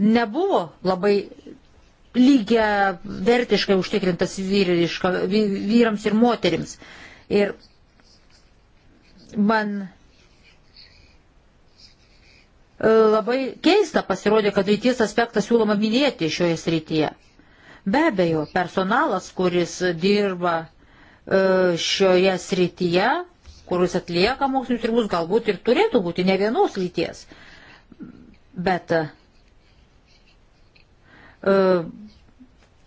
nebuvo labai lygia vertiškai užtikrintas vyriška, vyrams ir moterims. Ir man e, labai keista pasirodė, kad lyties aspektą siūloma minėti šioje srityje. Be abejo, personalas, kuris dirba e, šioje srityje, kuris atlieka mokslinius tyrimus, galbūt ir turėtų būti ne vienos lyties. Bet E,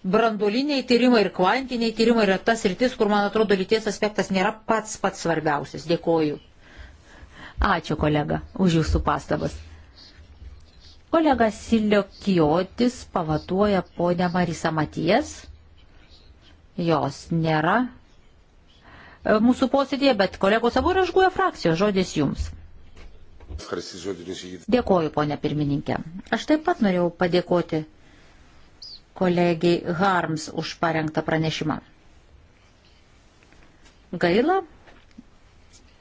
brandoliniai tyrimai ir kvantiniai tyrimai yra tas rytis, kur, man atrodo, lyties aspektas nėra pats pats svarbiausias. Dėkoju. Ačiū, kolega, už jūsų pastabas. Kolega Silio Kijotis pavaduoja ponę Marisą Matijas. Jos nėra e, mūsų posėdėje, bet kolegos abu yra žguoja frakcijos. Žodis jums. Dėkoju, ponė pirmininkė. Aš taip pat norėjau padėkoti kolegiai Harms už parengtą pranešimą. Gaila,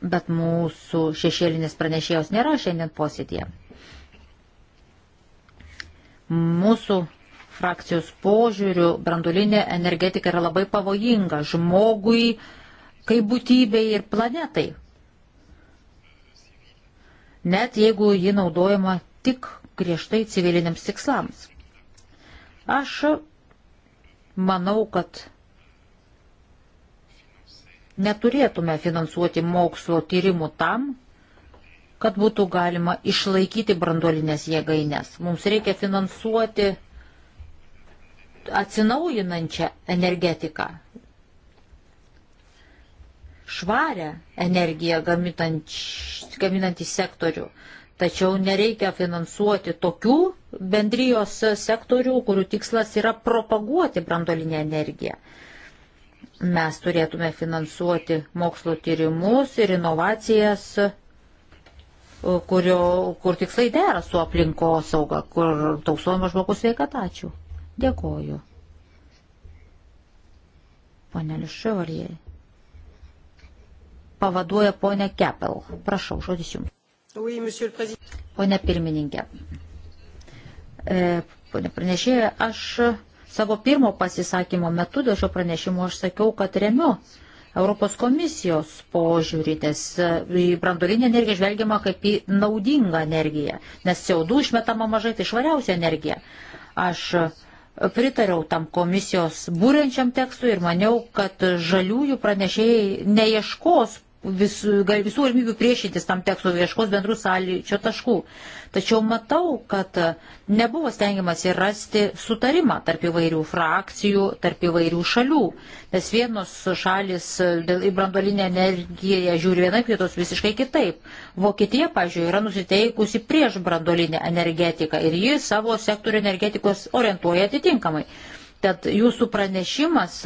bet mūsų šešėlinės pranešėjos nėra šiandien posėdėje. Mūsų frakcijos požiūrių brandulinė energetika yra labai pavojinga žmogui, kaip būtybei ir planetai. Net jeigu ji naudojama tik griežtai civiliniams tikslams. Aš manau, kad neturėtume finansuoti mokslo tyrimų tam, kad būtų galima išlaikyti branduolinės jėgainės. Mums reikia finansuoti atsinaujinančią energetiką, švarę energiją gaminantį sektorių. Tačiau nereikia finansuoti tokių bendrijos sektorių, kurių tikslas yra propaguoti brandolinę energiją. Mes turėtume finansuoti mokslo tyrimus ir inovacijas, kurio, kur tikslai dera su aplinkosauga, kur tausojama žmogus sveikata. Ačiū. Dėkoju. Pane Liševarijai. Pavaduoja ponė Kepel. Prašau, žodis jums. Pone pirmininkė, e, pone pranešėja, aš savo pirmo pasisakymo metu dėl šio pranešimo aš sakiau, kad remiu Europos komisijos požiūrį, nes į brandolinę energiją žvelgiama kaip į naudingą energiją, nes CO2 išmetama mažai, tai švariausia energija. Aš pritariau tam komisijos būrenčiam tekstui ir maniau, kad žaliųjų pranešėjai neieškos visų, visų galimybių priešintis tam tekstui, ieškos bendrų sąlyčio taškų. Tačiau matau, kad nebuvo stengiamasi rasti sutarimą tarp įvairių frakcijų, tarp įvairių šalių, nes vienos šalis į brandolinę energiją žiūri vienaip, kitos visiškai kitaip. Vokietija, pažiūrėjau, yra nusiteikusi prieš brandolinę energetiką ir ji savo sektorių energetikos orientuoja atitinkamai. Tad jūsų pranešimas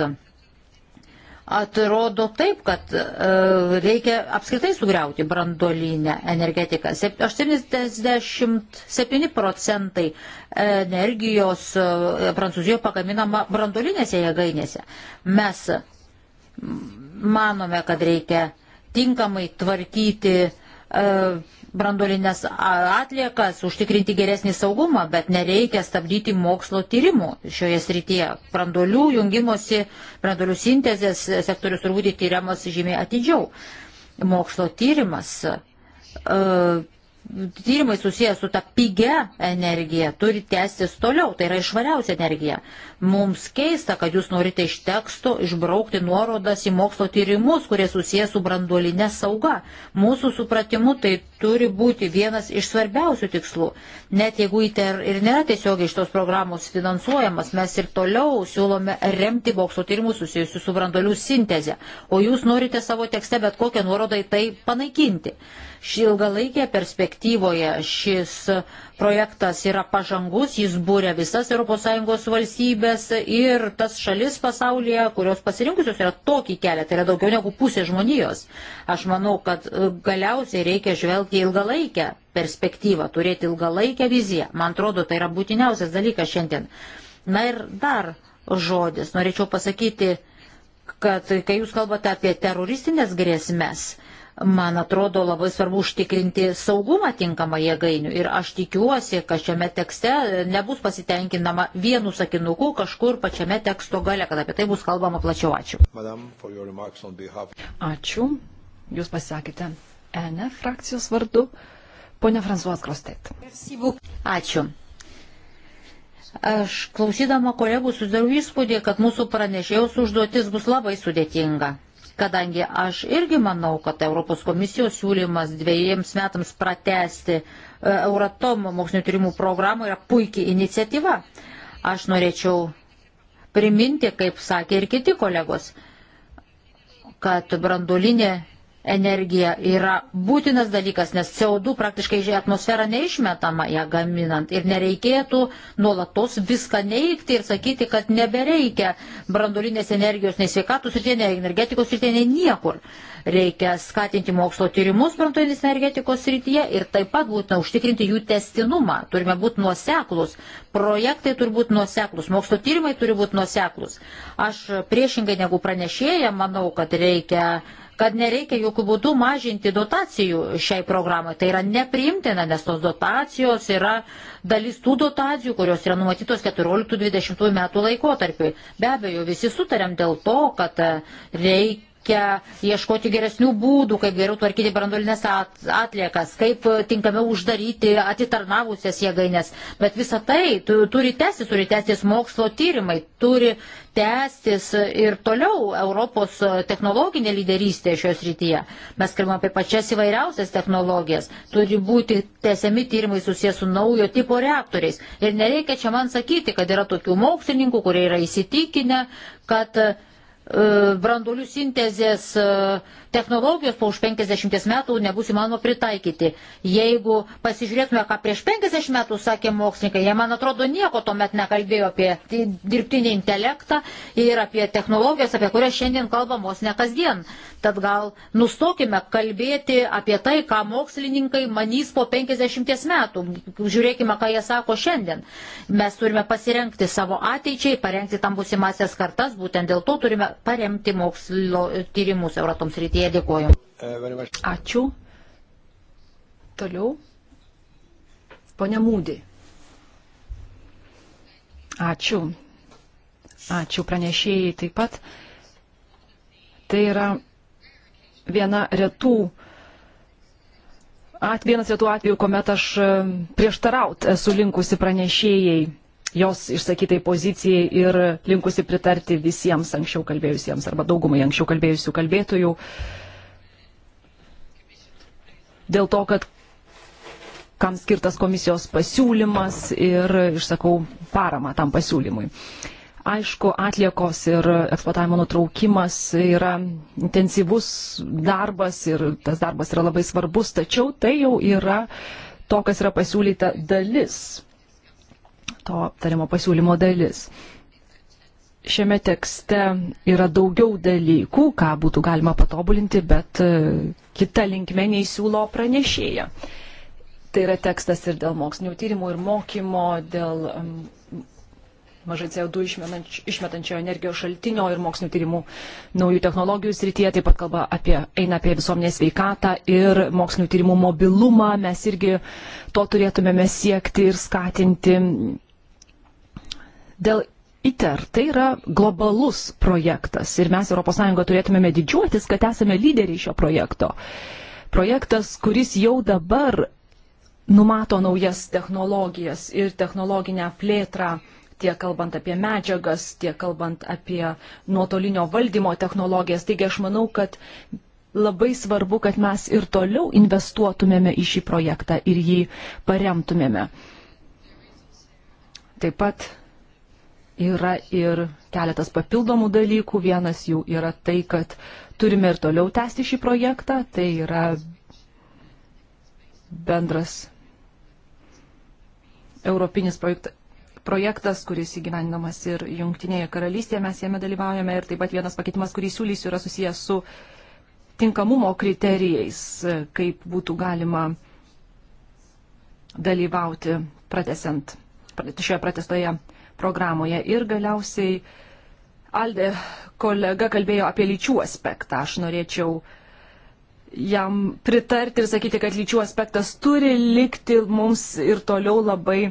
atrodo taip, kad e, reikia apskritai sugriauti brandolinę energetiką. 87 procentai energijos e, Prancūzijoje pagaminama brandolinėse jėgainėse. Mes manome, kad reikia tinkamai tvarkyti e, brandolinės atliekas, užtikrinti geresnį saugumą, bet nereikia stabdyti mokslo tyrimų šioje srityje. Brandolių jungimosi, brandolių sintezės sektorius turbūt tyriamas žymiai atidžiau. Mokslo tyrimas e, tyrimai susijęs su ta pigia energija turi tęstis toliau, tai yra išvariausia energija. Mums keista, kad jūs norite iš teksto išbraukti nuorodas į mokslo tyrimus, kurie susijęs su branduolinė sauga. Mūsų supratimu tai turi būti vienas iš svarbiausių tikslų. Net jeigu ITER ir nėra tiesiog iš tos programos finansuojamas, mes ir toliau siūlome remti mokslo tyrimus susijusius su branduolių sintezė, o jūs norite savo tekste bet kokią nuorodą į tai panaikinti. Ši ilgalaikė perspektyva perspektyvoje šis projektas yra pažangus, jis būrė visas ES valstybės ir tas šalis pasaulyje, kurios pasirinkusios yra tokį kelią, tai yra daugiau negu pusė žmonijos. Aš manau, kad e, galiausiai reikia žvelgti ilgalaikę perspektyvą, turėti ilgalaikę viziją. Man atrodo, tai yra būtiniausias dalykas šiandien. Na ir dar žodis, norėčiau pasakyti, kad kai jūs kalbate apie teroristinės grėsmės, man atrodo, labai svarbu užtikrinti saugumą tinkamą jėgainių. Ir aš tikiuosi, kad šiame tekste nebus pasitenkinama vienu sakinuku kažkur pačiame teksto gale, kad apie tai bus kalbama plačiau. Ačiū. Madame, Ačiū. Jūs pasisakėte ENF frakcijos vardu. Pone Fransuas Krostet. Ačiū. Aš klausydama kolegų susidariu įspūdį, kad mūsų pranešėjos užduotis bus labai sudėtinga kadangi aš irgi manau, kad Europos komisijos siūlymas dviejiems metams pratesti e, Euratomo mokslinio tyrimų programą yra puikiai iniciatyva. Aš norėčiau priminti, kaip sakė ir kiti kolegos, kad brandolinė energija yra būtinas dalykas, nes CO2 praktiškai į atmosferą neišmetama ją gaminant ir nereikėtų nuolatos viską neikti ir sakyti, kad nebereikia brandulinės energijos nei sveikatos srityje, nei energetikos srityje, nei niekur. Reikia skatinti mokslo tyrimus brandulinės energetikos srityje ir taip pat būtina užtikrinti jų testinumą. Turime būti nuoseklus, projektai turi būti nuoseklus, mokslo tyrimai turi būti nuoseklus. Aš priešingai negu pranešėja manau, kad reikia kad nereikia jokių būdų mažinti dotacijų šiai programai. Tai yra nepriimtina, nes tos dotacijos yra dalis tų dotacijų, kurios yra numatytos 14-20 metų laikotarpiui. Be abejo, visi sutarėm dėl to, kad reikia reikia ieškoti geresnių būdų, kaip geriau tvarkyti brandolinės atliekas, kaip tinkamiau uždaryti atitarnavusias jėgainės. Bet visa tai turi tęstis, turi tęstis mokslo tyrimai, turi tęstis ir toliau Europos technologinė lyderystė šios rytyje. Mes kalbame apie pačias įvairiausias technologijas. Turi būti tęsiami tyrimai susijęs su naujo tipo reaktoriais. Ir nereikia čia man sakyti, kad yra tokių mokslininkų, kurie yra įsitikinę, kad E, brandolių sintezės e, technologijos po už 50 metų nebus įmanoma pritaikyti. Jeigu pasižiūrėtume, ką prieš 50 metų sakė mokslininkai, jie, man atrodo, nieko tuomet nekalbėjo apie dirbtinį intelektą ir apie technologijas, apie kurias šiandien kalbamos ne kasdien. Tad gal nustokime kalbėti apie tai, ką mokslininkai manys po 50 metų. Žiūrėkime, ką jie sako šiandien. Mes turime pasirenkti savo ateičiai, parengti tam busimasias kartas, būtent dėl to turime paremti mokslo tyrimus Euratoms rytyje. Dėkuoju. Uh, Ačiū. Toliau. Pone Mūdį. Ačiū. Ačiū pranešėjai taip pat. Tai yra viena retų at, vienas retų atvejų, kuomet aš e, prieštaraut esu linkusi pranešėjai jos išsakytai pozicijai ir linkusi pritarti visiems anksčiau kalbėjusiems arba daugumai anksčiau kalbėjusių kalbėtojų. Dėl to, kad kam skirtas komisijos pasiūlymas ir išsakau paramą tam pasiūlymui. Aišku, atliekos ir eksploatavimo nutraukimas yra intensyvus darbas ir tas darbas yra labai svarbus, tačiau tai jau yra to, kas yra pasiūlyta dalis to tariamo pasiūlymo dalis. Šiame tekste yra daugiau dalykų, ką būtų galima patobulinti, bet e, kita linkme nei siūlo pranešėja. Tai yra tekstas ir dėl mokslinių tyrimų, ir mokymo, dėl mažai CO2 išmetančio energijos šaltinio ir mokslinio tyrimų naujų technologijų srityje, taip pat kalba apie, eina apie visuomenės veikatą ir mokslinio tyrimų mobilumą. Mes irgi to turėtumėme siekti ir skatinti. Dėl ITER tai yra globalus projektas ir mes ES turėtumėme didžiuotis, kad esame lyderiai šio projekto. Projektas, kuris jau dabar numato naujas technologijas ir technologinę plėtrą tiek kalbant apie medžiagas, tiek kalbant apie nuotolinio valdymo technologijas. Taigi aš manau, kad labai svarbu, kad mes ir toliau investuotumėme į šį projektą ir jį paremtumėme. Taip pat yra ir keletas papildomų dalykų. Vienas jų yra tai, kad turime ir toliau tęsti šį projektą. Tai yra bendras europinis projektas projektas, kuris įgyvendinamas ir Junktinėje karalystėje, mes jame dalyvaujame ir taip pat vienas pakeitimas, kurį siūlysiu, yra susijęs su tinkamumo kriterijais, kaip būtų galima dalyvauti pratesant šioje pratestoje programoje. Ir galiausiai Alde kolega kalbėjo apie lyčių aspektą. Aš norėčiau jam pritarti ir sakyti, kad lyčių aspektas turi likti mums ir toliau labai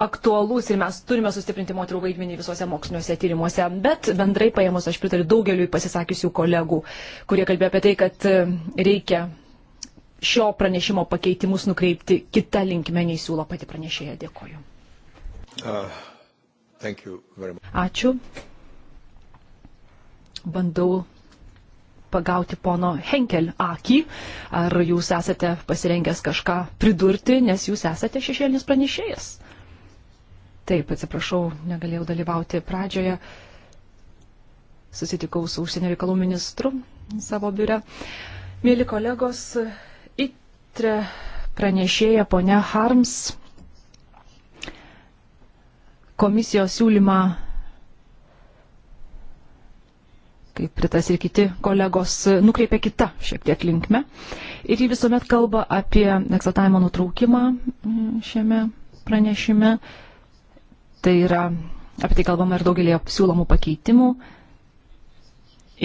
aktualus ir mes turime sustiprinti moterų vaidmenį visuose moksliniuose tyrimuose. Bet bendrai paėmus aš pritariu daugeliu pasisakiusių kolegų, kurie kalbėjo apie tai, kad e, reikia šio pranešimo pakeitimus nukreipti kitą linkmę nei siūlo pati pranešėja. Dėkoju. Uh, Ačiū. Bandau pagauti pono Henkel akį. Ar jūs esate pasirengęs kažką pridurti, nes jūs esate šešėlinis pranešėjas? Taip, atsiprašau, negalėjau dalyvauti pradžioje. Susitikau su užsienio reikalų ministru savo biure. Mėly kolegos, itre pranešėja ponia Harms komisijos siūlymą, kaip pritas ir kiti kolegos, nukreipia kita šiek tiek linkme. Ir jį visuomet kalba apie eksploatavimo nutraukimą šiame pranešime Tai yra, apie tai kalbama ir daugelį siūlomų pakeitimų.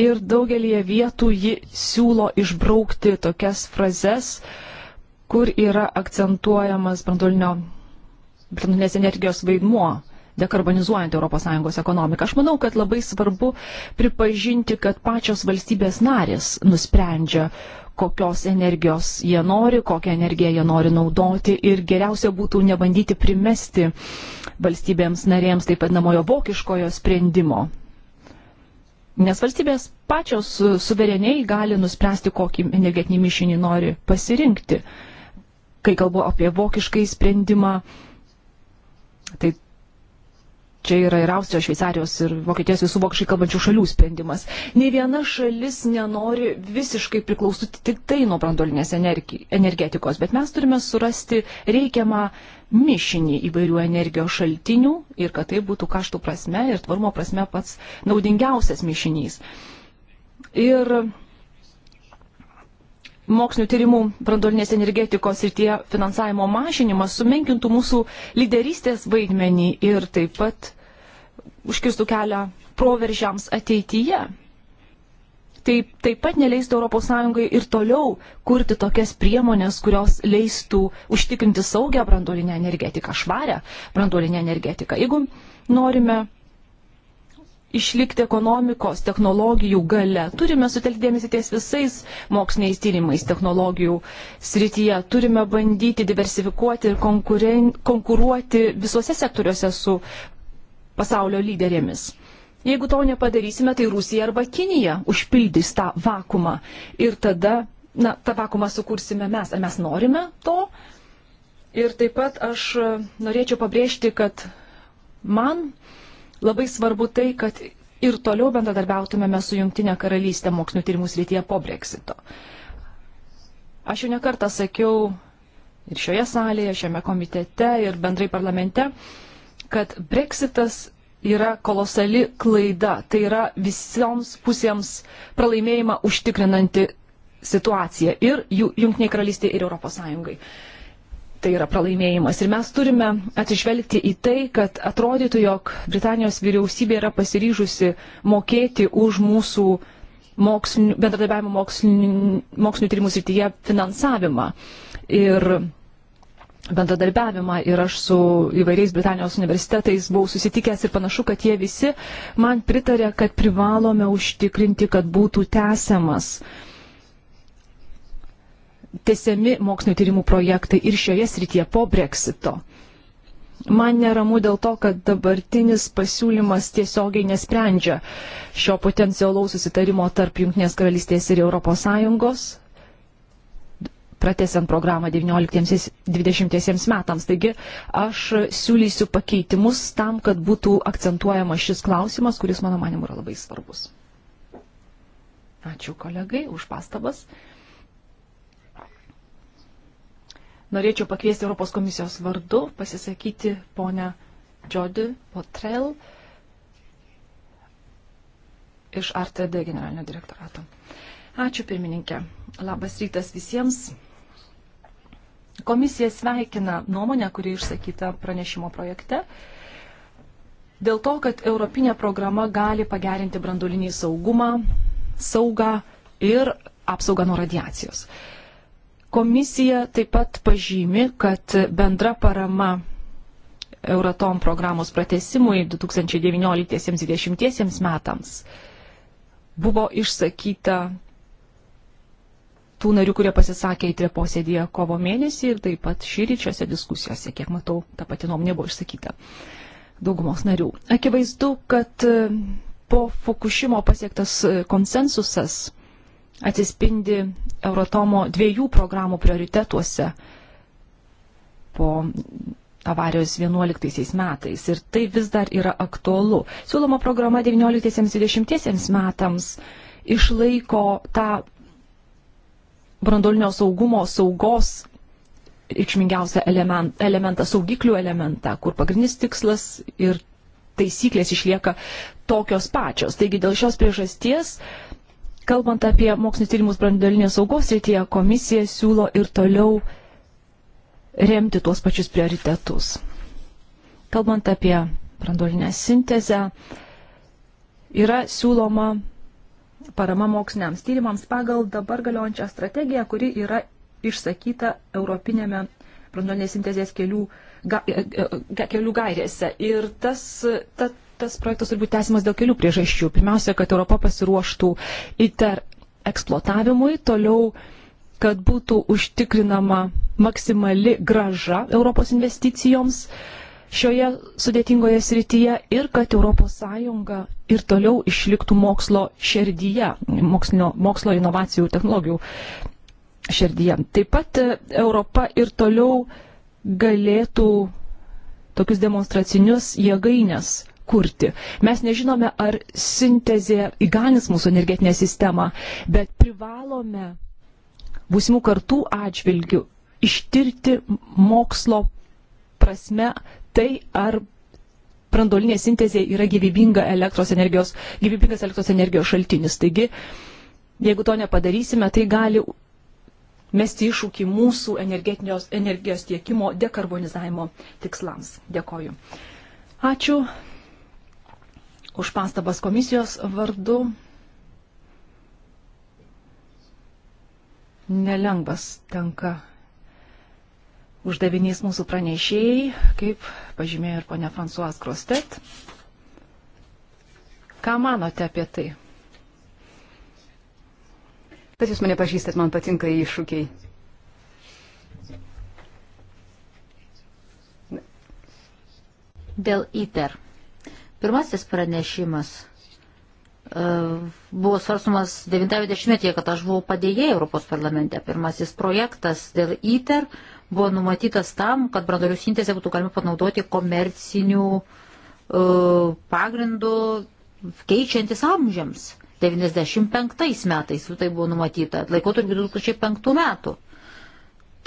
Ir daugelį vietų ji siūlo išbraukti tokias frazes, kur yra akcentuojamas branduolinės energijos vaidmuo dekarbonizuojant ES ekonomiką. Aš manau, kad labai svarbu pripažinti, kad pačios valstybės narės nusprendžia, kokios energijos jie nori, kokią energiją jie nori naudoti ir geriausia būtų nebandyti primesti valstybėms narėms taip vadinamojo vokiškojo sprendimo. Nes valstybės pačios suvereniai gali nuspręsti, kokį energetinį mišinį nori pasirinkti. Kai kalbu apie vokiškai sprendimą, tai čia yra ir Austrijos, Šveicarijos ir Vokietijos visų vokšai kalbančių šalių sprendimas. Ne viena šalis nenori visiškai priklausyti tik tai nuo brandolinės energetikos, bet mes turime surasti reikiamą mišinį įvairių energijos šaltinių ir kad tai būtų kaštų prasme ir tvarumo prasme pats naudingiausias mišinys. Ir mokslinių tyrimų brandolinės energetikos ir tie finansavimo mažinimas sumenkintų mūsų lyderystės vaidmenį ir taip pat užkirstų kelią proveržiams ateityje. Tai taip pat neleistų ES ir toliau kurti tokias priemonės, kurios leistų užtikrinti saugią branduolinę energetiką, švarę branduolinę energetiką. Jeigu norime išlikti ekonomikos, technologijų gale. Turime sutelkdėmėsi ties visais moksliniais tyrimais technologijų srityje. Turime bandyti diversifikuoti ir konkuruoti visuose sektoriuose su pasaulio lyderėmis. Jeigu to nepadarysime, tai Rusija arba Kinija užpildys tą vakumą ir tada, na, tą vakumą sukursime mes. Ar mes norime to? Ir taip pat aš e, norėčiau pabrėžti, kad man labai svarbu tai, kad ir toliau bendradarbiautumėme su Junktinė karalystė mokslinio tyrimų srityje po breksito. Aš jau nekartą sakiau ir šioje salėje, šiame komitete, ir bendrai parlamente, kad breksitas yra kolosali klaida, tai yra visoms pusėms pralaimėjimą užtikrinanti situacija ir Junktiniai karalystė ir Europos Sąjungai. Tai yra pralaimėjimas. Ir mes turime atsižvelgti į tai, kad atrodytų, jog Britanijos vyriausybė yra pasiryžusi mokėti už mūsų mokslinių, bendradarbiavimo mokslinių, mokslinių tyrimų srityje finansavimą. Ir bendradarbiavimą ir aš su įvairiais Britanijos universitetais buvau susitikęs ir panašu, kad jie visi man pritarė, kad privalome užtikrinti, kad būtų tęsiamas tesiami mokslinio tyrimų projektai ir šioje srityje po breksito. Man neramu dėl to, kad dabartinis pasiūlymas tiesiogiai nesprendžia šio potencialaus susitarimo tarp Junktinės karalystės ir ES, pratesiant programą 19-20 metams. Taigi aš siūlysiu pakeitimus tam, kad būtų akcentuojama šis klausimas, kuris mano manimu yra labai svarbus. Ačiū kolegai už pastabas. Norėčiau pakviesti Europos komisijos vardu pasisakyti ponę Jody Potrel iš RTD generalinio direktorato. Ačiū pirmininkė. Labas rytas visiems. Komisija sveikina nuomonę, kuri išsakyta pranešimo projekte. Dėl to, kad Europinė programa gali pagerinti brandulinį saugumą, saugą ir apsaugą nuo radiacijos. Komisija taip pat pažymi, kad bendra parama Euratom programos pratesimui 2019-2020 metams buvo išsakyta tų narių, kurie pasisakė į treposėdėje kovo mėnesį ir taip pat šį ryčiose diskusijose, kiek matau, ta pati nuomonė buvo išsakyta daugumos narių. Akivaizdu, kad e, po Fukushimo pasiektas e, konsensusas atsispindi Euratomo dviejų programų prioritetuose po avarijos 11 metais ir tai vis dar yra aktualu. Siūloma programa 19-20 metams išlaiko tą brandolinio saugumo saugos reikšmingiausią elementą, elementą, saugiklių elementą, kur pagrindinis tikslas ir taisyklės išlieka tokios pačios. Taigi dėl šios priežasties, kalbant apie mokslinio tyrimus brandolinės saugos rytyje, komisija siūlo ir toliau remti tuos pačius prioritetus. Kalbant apie brandolinę sintezę, yra siūloma parama moksliniams tyrimams pagal dabar galiojančią strategiją, kuri yra išsakyta Europinėme branduolinės sintezės kelių, ga, e, e, e, kelių gairėse. Ir tas, ta, tas projektas turi būti tęsimas dėl kelių priežasčių. Pirmiausia, kad Europa pasiruoštų ITER eksploatavimui, toliau, kad būtų užtikrinama maksimali graža Europos investicijoms. Uh, šioje sudėtingoje srityje ir kad ES ir toliau išliktų mokslo šerdyje, mokslinio, mokslo inovacijų technologijų šerdyje. Taip pat e, Europa ir toliau galėtų tokius demonstracinius jėgainės kurti. Mes nežinome, ar sintezė įganis mūsų energetinę sistemą, bet privalome būsimų kartų atžvilgių ištirti mokslo prasme tai, ar brandolinė sintezė yra gyvybinga elektros energijos, gyvybingas elektros energijos šaltinis. Taigi, jeigu to nepadarysime, tai gali mesti iššūkį mūsų energijos tiekimo dekarbonizavimo tikslams. Dėkoju. Ačiū už pastabas komisijos vardu. Nelengvas tenka uždavinys mūsų pranešėjai, kaip pažymėjo ir ponia Fransuas Krostet. Ką manote apie tai? Bet jūs mane pažįstat, man patinka iššūkiai. Dėl ITER. Pirmasis pranešimas uh, buvo svarstumas 90-metyje, kad aš buvau padėjėjai Europos parlamente. Pirmasis projektas dėl ITER buvo numatytas tam, kad brandolių sintezę būtų galima panaudoti komercinių e, pagrindų keičiantis amžiams. 95 metais tai buvo numatyta, laikotarpiu 2005 metų.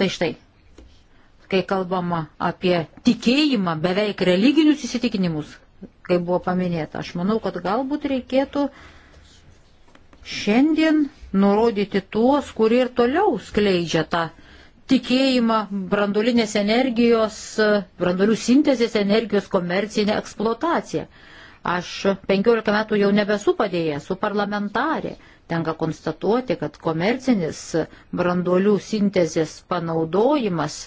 Tai štai, kai kalbama apie tikėjimą, beveik religinius įsitikinimus, kai buvo paminėta, aš manau, kad galbūt reikėtų šiandien nurodyti tuos, kurie ir toliau skleidžia tą tikėjimą brandulinės energijos, branduolių sintezės energijos komercinę eksploataciją. Aš 15 metų jau nebesu padėjęs, su parlamentarė. Tenka konstatuoti, kad komercinis branduolių sintezės panaudojimas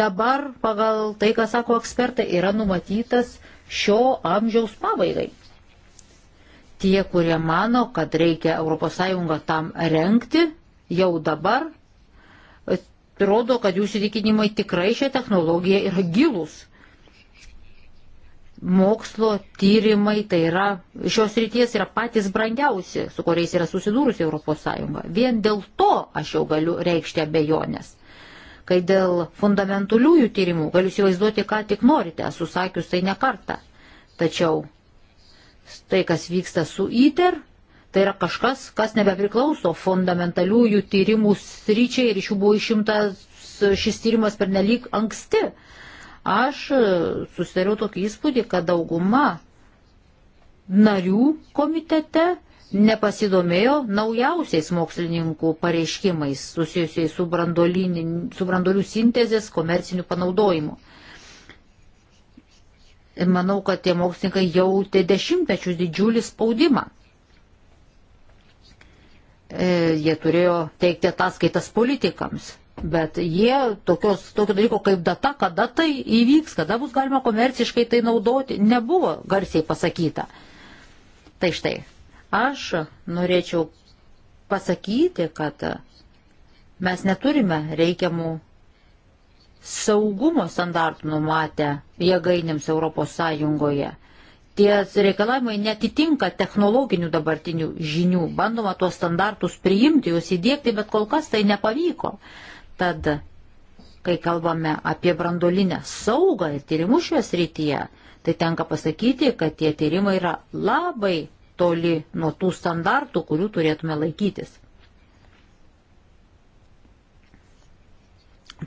dabar pagal tai, ką sako ekspertai, yra numatytas šio amžiaus pabaigai tie, kurie mano, kad reikia ES tam renkti, jau dabar e, rodo, kad jų įsitikinimai tikrai šią technologiją yra gilus. Mokslo tyrimai tai yra, šios ryties yra patys brangiausi, su kuriais yra susidūrusi ES. Vien dėl to aš jau galiu reikšti abejonės. Kai dėl fundamentaliųjų tyrimų galiu įsivaizduoti, ką tik norite, esu sakius tai ne kartą. Tačiau tai, kas vyksta su ITER, Tai yra kažkas, kas nebepriklauso fundamentaliųjų tyrimų sryčiai ir iš jų buvo išimtas šis tyrimas per nelik anksti. Aš susidariau tokį įspūdį, kad dauguma narių komitete nepasidomėjo naujausiais mokslininkų pareiškimais susijusiais su, su brandolių sintezės komerciniu panaudojimu. Ir manau, kad tie mokslininkai jautė dešimtmečius didžiulį spaudimą. E, jie turėjo teikti ataskaitas politikams. Bet jie tokios, tokio dalyko kaip data, kada tai įvyks, kada bus galima komerciškai tai naudoti, nebuvo garsiai pasakyta. Tai štai, aš norėčiau pasakyti, kad mes neturime reikiamų saugumo standartų numatę jėgainėms Europos Sąjungoje tie reikalavimai netitinka technologinių dabartinių žinių. Bandoma tuos standartus priimti, juos įdėkti, bet kol kas tai nepavyko. Tad, kai kalbame apie brandolinę saugą ir tyrimus šioje srityje, tai tenka pasakyti, kad tie tyrimai yra labai toli nuo tų standartų, kurių turėtume laikytis.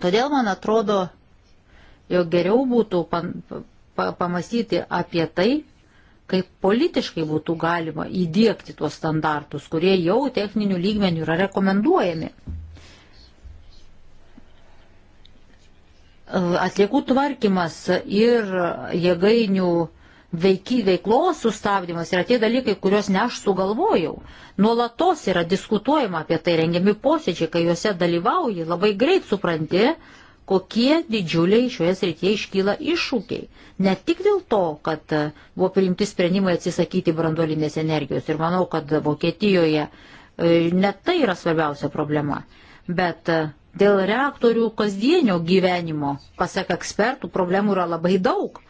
Todėl, man atrodo, jog geriau būtų pamastyti apie tai, kaip politiškai būtų galima įdėkti tuos standartus, kurie jau techninių lygmenių yra rekomenduojami. Atliekų tvarkymas ir jėgainių veiky, veiklos sustabdymas yra tie dalykai, kuriuos ne aš sugalvojau. Nuolatos yra diskutuojama apie tai, rengiami posėdžiai, kai juose dalyvauji, labai greit supranti, kokie didžiuliai šioje srityje iškyla iššūkiai. Ne tik dėl to, kad e, buvo priimti sprendimai atsisakyti branduolinės energijos ir manau, kad Vokietijoje e, net tai yra svarbiausia problema, bet e, dėl reaktorių kasdienio gyvenimo, pasak ekspertų, problemų yra labai daug.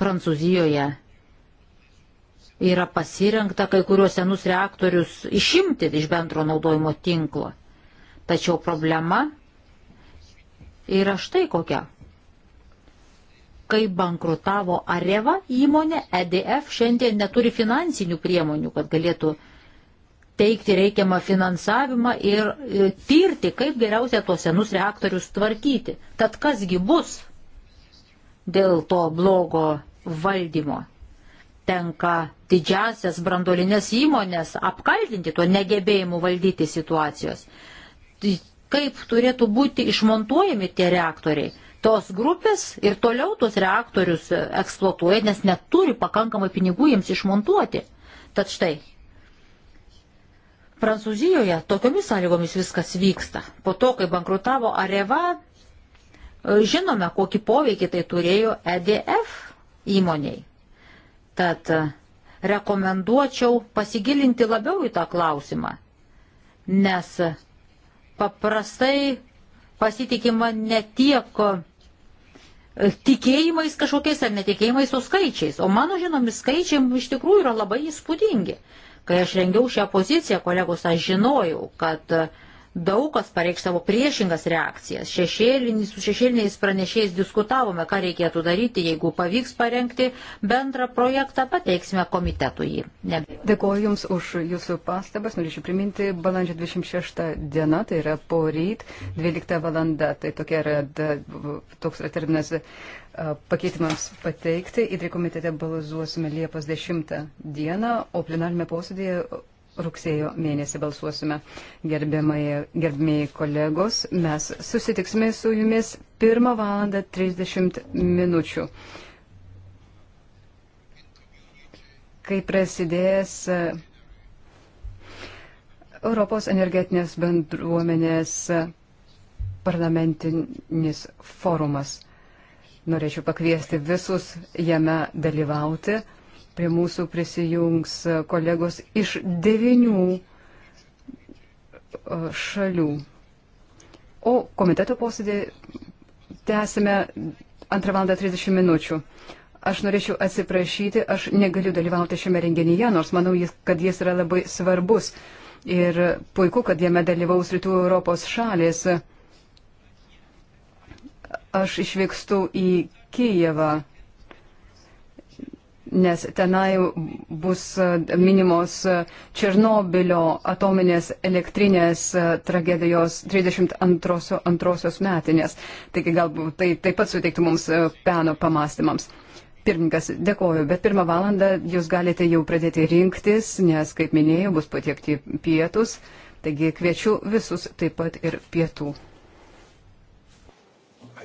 Prancūzijoje yra pasirinkta kai kuriuos senus reaktorius išimti iš bendro naudojimo tinklo. Tačiau problema yra štai kokia. Kai bankrutavo Areva įmonė, EDF šiandien neturi finansinių priemonių, kad galėtų teikti reikiamą finansavimą ir, ir tirti, kaip geriausia tuos senus reaktorius tvarkyti. Tad kasgi bus dėl to blogo valdymo? Tenka didžiasias brandolinės įmonės apkaltinti tuo negebėjimu valdyti situacijos. Tai kaip turėtų būti išmontuojami tie reaktoriai. Tos grupės ir toliau tos reaktorius e, eksploatuoja, nes neturi pakankamai pinigų jiems išmontuoti. Tad štai, Prancūzijoje tokiomis sąlygomis viskas vyksta. Po to, kai bankrutavo Areva, e, žinome, kokį poveikį tai turėjo EDF įmoniai. Tad e, rekomenduočiau pasigilinti labiau į tą klausimą, nes paprastai pasitikima ne tiek e, tikėjimais kažkokiais ar netikėjimais, o skaičiais. O mano žinomi skaičiai iš tikrųjų yra labai įspūdingi. Kai aš rengiau šią poziciją, kolegos, aš žinojau, kad uh, daug kas pareikš savo priešingas reakcijas. Šešėlinį, su šešėliniais pranešėjais diskutavome, ką reikėtų daryti, jeigu pavyks parengti bendrą projektą, pateiksime komitetui jį. Ne. Dėkuoju Jums už Jūsų pastabas. Norėčiau priminti, balandžio 26 diena, tai yra poryt, 12 valanda, tai tokia yra, toks yra terminas pakeitimams pateikti. Įdri komitete balzuosime Liepos 10 dieną, o plenarime posėdėje rugsėjo mėnesį balsuosime. Gerbimiai kolegos, mes susitiksime su jumis 1 val. 30 minučių. Kai prasidės e, Europos energetinės bendruomenės e, parlamentinis forumas. Norėčiau pakviesti visus jame dalyvauti. Prie mūsų prisijungs kolegos iš devinių e, šalių. O komiteto posėdį tęsime 2.30 minučių. Aš norėčiau atsiprašyti, aš negaliu dalyvauti šiame renginyje, nors manau, kad jis yra labai svarbus. Ir puiku, kad jame dalyvaus Rytų Europos šalis. Aš išvykstu į Kijevą nes tenai bus e, minimos e, Černobilio atominės elektrinės e, tragedijos 32 metinės. Taigi galbūt tai taip pat suteiktų mums peno pamastymams. Pirmininkas, dėkoju, bet pirmą valandą jūs galite jau pradėti rinktis, nes, kaip minėjau, bus patiekti pietus. Taigi kviečiu visus taip pat ir pietų.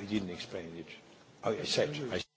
I didn't explain it. Oh, except I